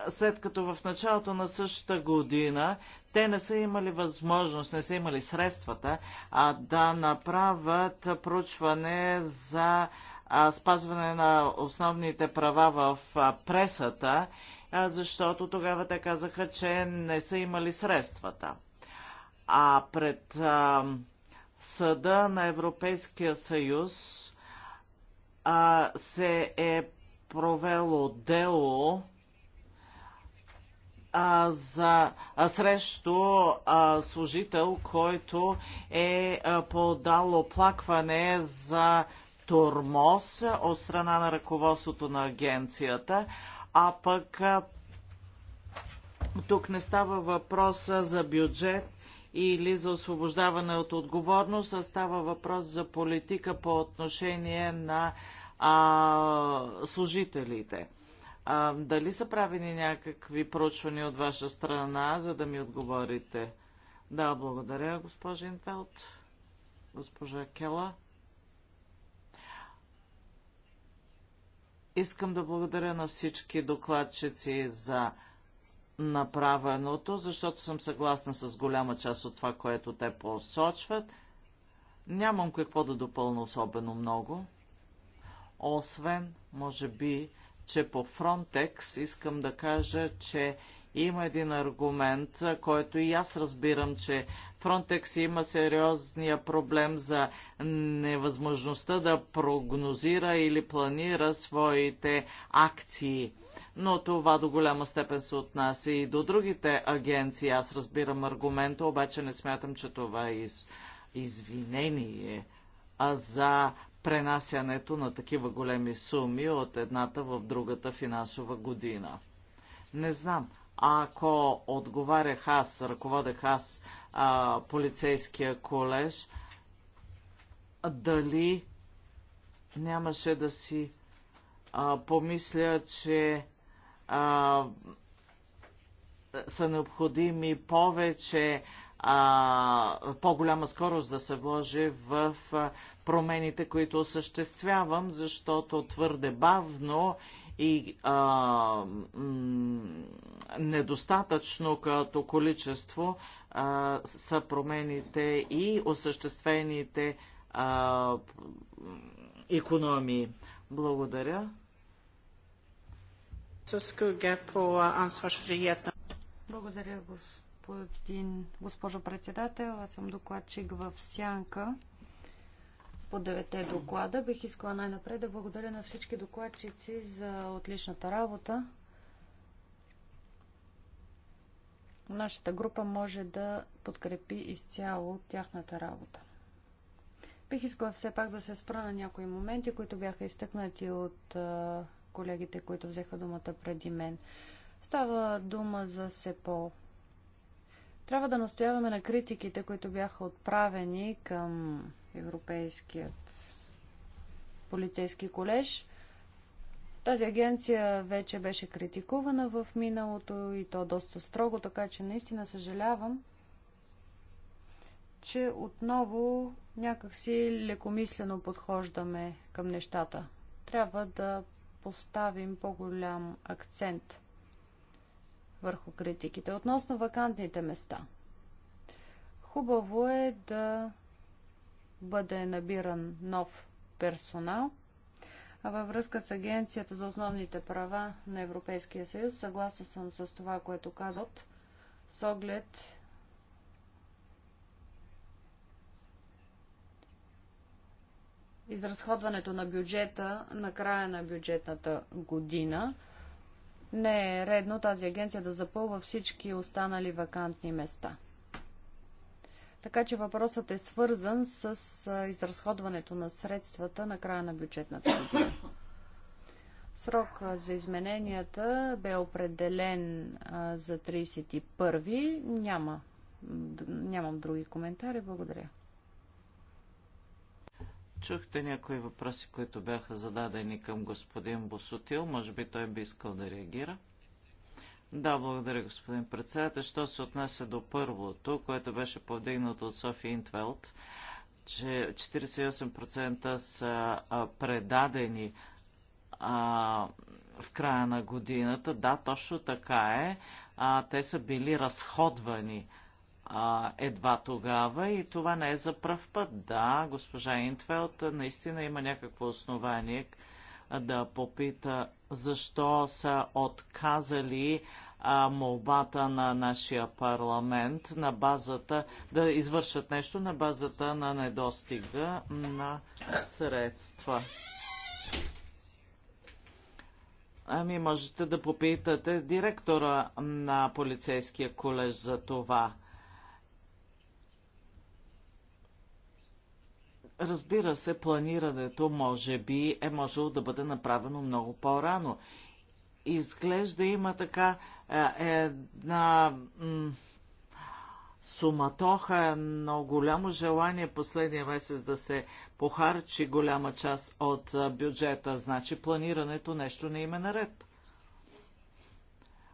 Speaker 1: след като в началото на същата година те не са имали възможност, не са имали средствата а, да направят проучване за спазване на основните права в пресата, защото тогава те казаха, че не са имали средствата. А пред съда на Европейския съюз се е провело дело за, срещу служител, който е подал оплакване за тормоз от страна на ръководството на агенцията, а пък тук не става въпрос за бюджет или за освобождаване от отговорност, а става въпрос за политика по отношение на а, служителите. А, дали са правени някакви проучвания от ваша страна, за да ми отговорите? Да, благодаря, госпожин Фелт. Госпожа Кела. Искам да благодаря на всички докладчици за направеното, защото съм съгласна с голяма част от това, което те посочват. Нямам какво да допълна особено много, освен, може би, че по Frontex искам да кажа, че има един аргумент, който и аз разбирам, че Фронтекс има сериозния проблем за невъзможността да прогнозира или планира своите акции. Но това до голяма степен се отнася и до другите агенции. Аз разбирам аргумента, обаче не смятам, че това е из... извинение за пренасянето на такива големи суми от едната в другата финансова година. Не знам. Ако отговарях аз, ръководех аз а, полицейския колеж, дали нямаше да си а, помисля, че а, са необходими повече по-голяма скорост да се вложи в промените, които осъществявам, защото твърде бавно и а, недостатъчно като количество а, са промените и осъществените а, економии. Благодаря.
Speaker 2: Благодаря, господин, госпожо председател. Аз съм докладчик в Сянка по девете доклада. Бих искала най-напред да благодаря на всички докладчици за отличната работа. Нашата група може да подкрепи изцяло тяхната работа. Бих искала все пак да се спра на някои моменти, които бяха изтъкнати от колегите, които взеха думата преди мен. Става дума за СЕПО. Трябва да настояваме на критиките, които бяха отправени към Европейският полицейски колеж. Тази агенция вече беше критикувана в миналото и то доста строго, така че наистина съжалявам, че отново някакси лекомислено подхождаме към нещата. Трябва да поставим по-голям акцент върху критиките. Относно вакантните места. Хубаво е да бъде набиран нов персонал. А във връзка с Агенцията за основните права на Европейския съюз, съгласен съм с това, което казват, с оглед изразходването на бюджета на края на бюджетната година. Не е редно тази агенция да запълва всички останали вакантни места. Така че въпросът е свързан с изразходването на средствата на края на бюджетната година. Срок за измененията бе определен за 31. Няма. Нямам други коментари. Благодаря.
Speaker 1: Чухте някои въпроси, които бяха зададени към господин Босотил. Може би той би искал да реагира. Да, благодаря, господин председател. Що се отнася до първото, което беше повдигнато от София Интвелт, че 48% са предадени а, в края на годината. Да, точно така е. А, те са били разходвани а, едва тогава и това не е за пръв път. Да, госпожа Интвелт наистина има някакво основание да попита защо са отказали а, молбата на нашия парламент на базата да извършат нещо на базата на недостига на средства. Ами можете да попитате директора на полицейския колеж за това. Разбира се, планирането може би е можело да бъде направено много по-рано. Изглежда има така е, една суматоха, но голямо желание последния месец да се похарчи голяма част от бюджета. Значи планирането нещо не има е наред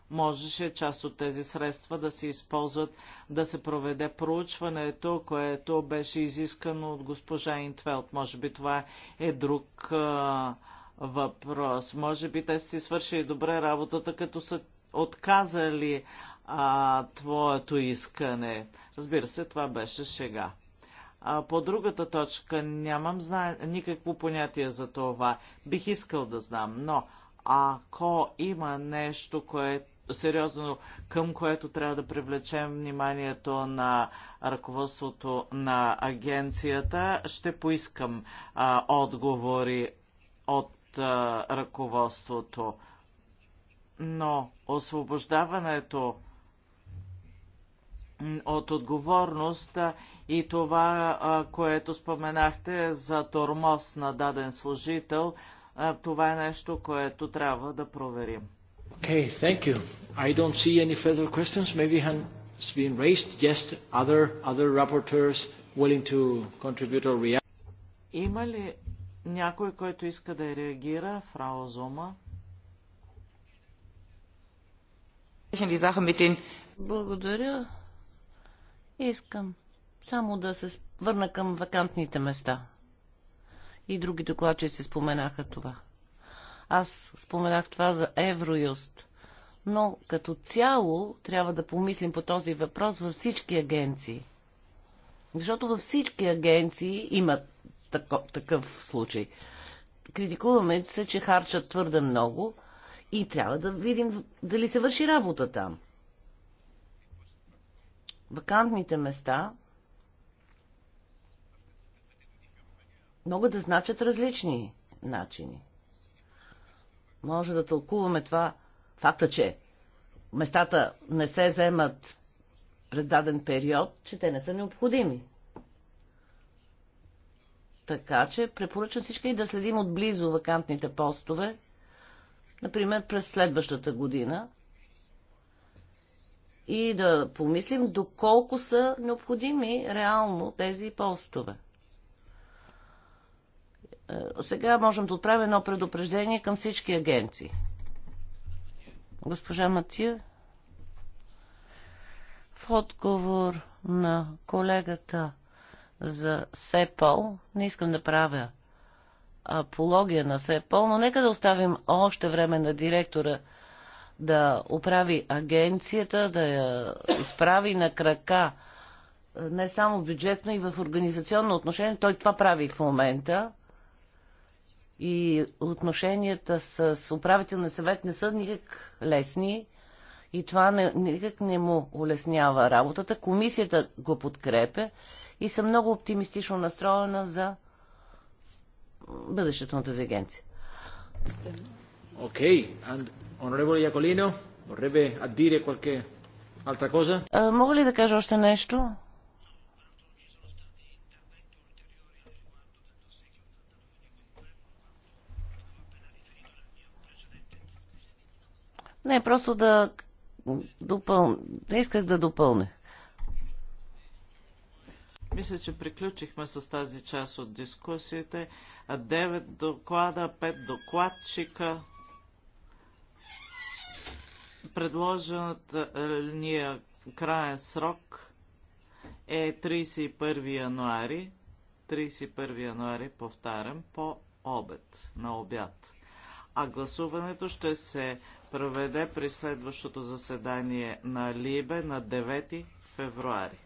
Speaker 1: можеше част от тези средства да се използват да се проведе проучването, което беше изискано от госпожа Интвелт. Може би това е друг а, въпрос. Може би те са си свършили добре работата, като са отказали а, твоето искане. Разбира се, това беше шега. А, по другата точка нямам зна... никакво понятие за това. Бих искал да знам, но ако има нещо, което сериозно, към което трябва да привлечем вниманието на ръководството на агенцията. Ще поискам а, отговори от а, ръководството. Но освобождаването от отговорност и това, което споменахте за тормоз на даден служител, това е нещо, което трябва да проверим. Okay, thank you. I don't see any further questions. Maybe hand has been raised. Yes, other, other rapporteurs willing to contribute or react. Има ли някой, който иска да реагира? Фрау Зома.
Speaker 3: Благодаря. Искам само да се върна към вакантните места. И други докладчици споменаха това. Аз споменах това за Евроюст. Но като цяло трябва да помислим по този въпрос във всички агенции. Защото във всички агенции има тако, такъв случай. Критикуваме се, че харчат твърде много и трябва да видим дали се върши работа там. Вакантните места могат да значат различни начини. Може да тълкуваме това факта, че местата не се вземат през даден период, че те не са необходими. Така че препоръчвам всички да следим отблизо вакантните постове, например през следващата година, и да помислим доколко са необходими реално тези постове. Е, сега можем да отправим едно предупреждение към всички агенции. Госпожа Матия, в отговор на колегата за СЕПОЛ, не искам да правя апология на СЕПОЛ, но нека да оставим още време на директора да оправи агенцията, да я изправи на крака е, не само в бюджетно и в организационно отношение. Той това прави в момента и отношенията с управителния съвет не са никак лесни и това не, никак не му улеснява работата. Комисията го подкрепя и съм много оптимистично настроена за бъдещето на тази агенция.
Speaker 1: Окей. Okay. Яколино,
Speaker 3: мога ли да кажа още нещо? Не, просто да допълня. Не исках да допълня.
Speaker 1: Мисля, че приключихме с тази част от дискусиите. 9 доклада, 5 докладчика. Предложената ния краен срок е 31 януари. 31 януари, повтарям, по обед, на обяд. А гласуването ще се проведе при следващото заседание на Либе на 9 февруари.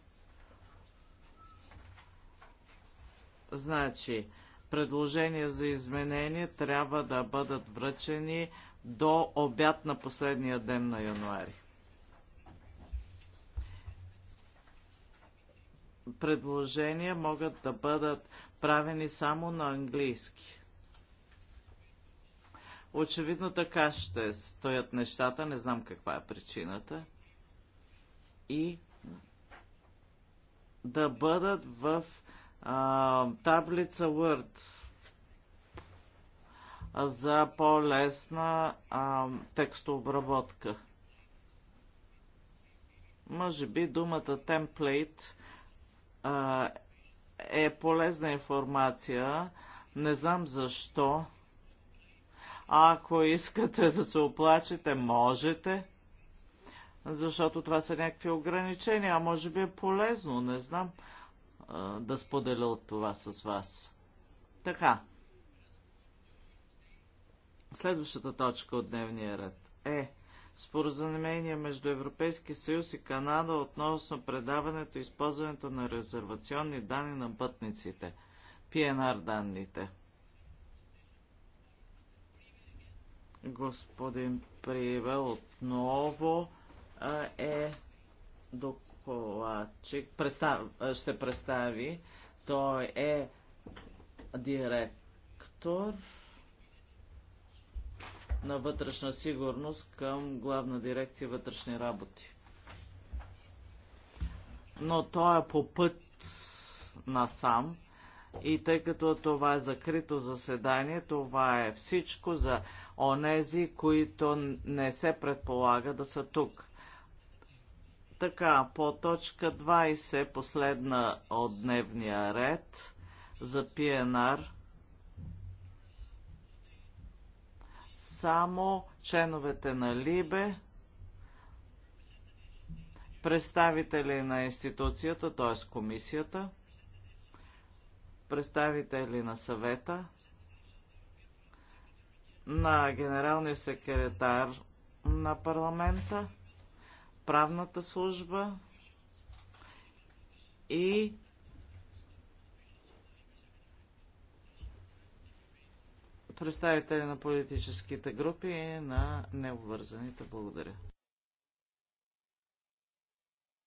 Speaker 1: Значи, предложения за изменение трябва да бъдат връчени до обяд на последния ден на януари. Предложения могат да бъдат правени само на английски. Очевидно така ще стоят нещата, не знам каква е причината. И да бъдат в а, таблица Word за по-лесна текстообработка. Може би думата темплейт а, е полезна информация. Не знам защо ако искате да се оплачете, можете, защото това са някакви ограничения, а може би е полезно, не знам, да споделя от това с вас. Така. Следващата точка от дневния ред е Споразумение между Европейския съюз и Канада относно предаването и използването на резервационни данни на пътниците. PNR данните. господин Приве отново е докладчик. Представ, ще представи. Той е директор на вътрешна сигурност към главна дирекция вътрешни работи. Но той е по път насам и тъй като това е закрито заседание, това е всичко за онези, които не се предполага да са тук. Така, по точка 20, последна от дневния ред за ПНР, само членовете на Либе, представители на институцията, т.е. комисията, представители на съвета, на генералния секретар на парламента, правната служба и представители на политическите групи и на необвързаните. Благодаря.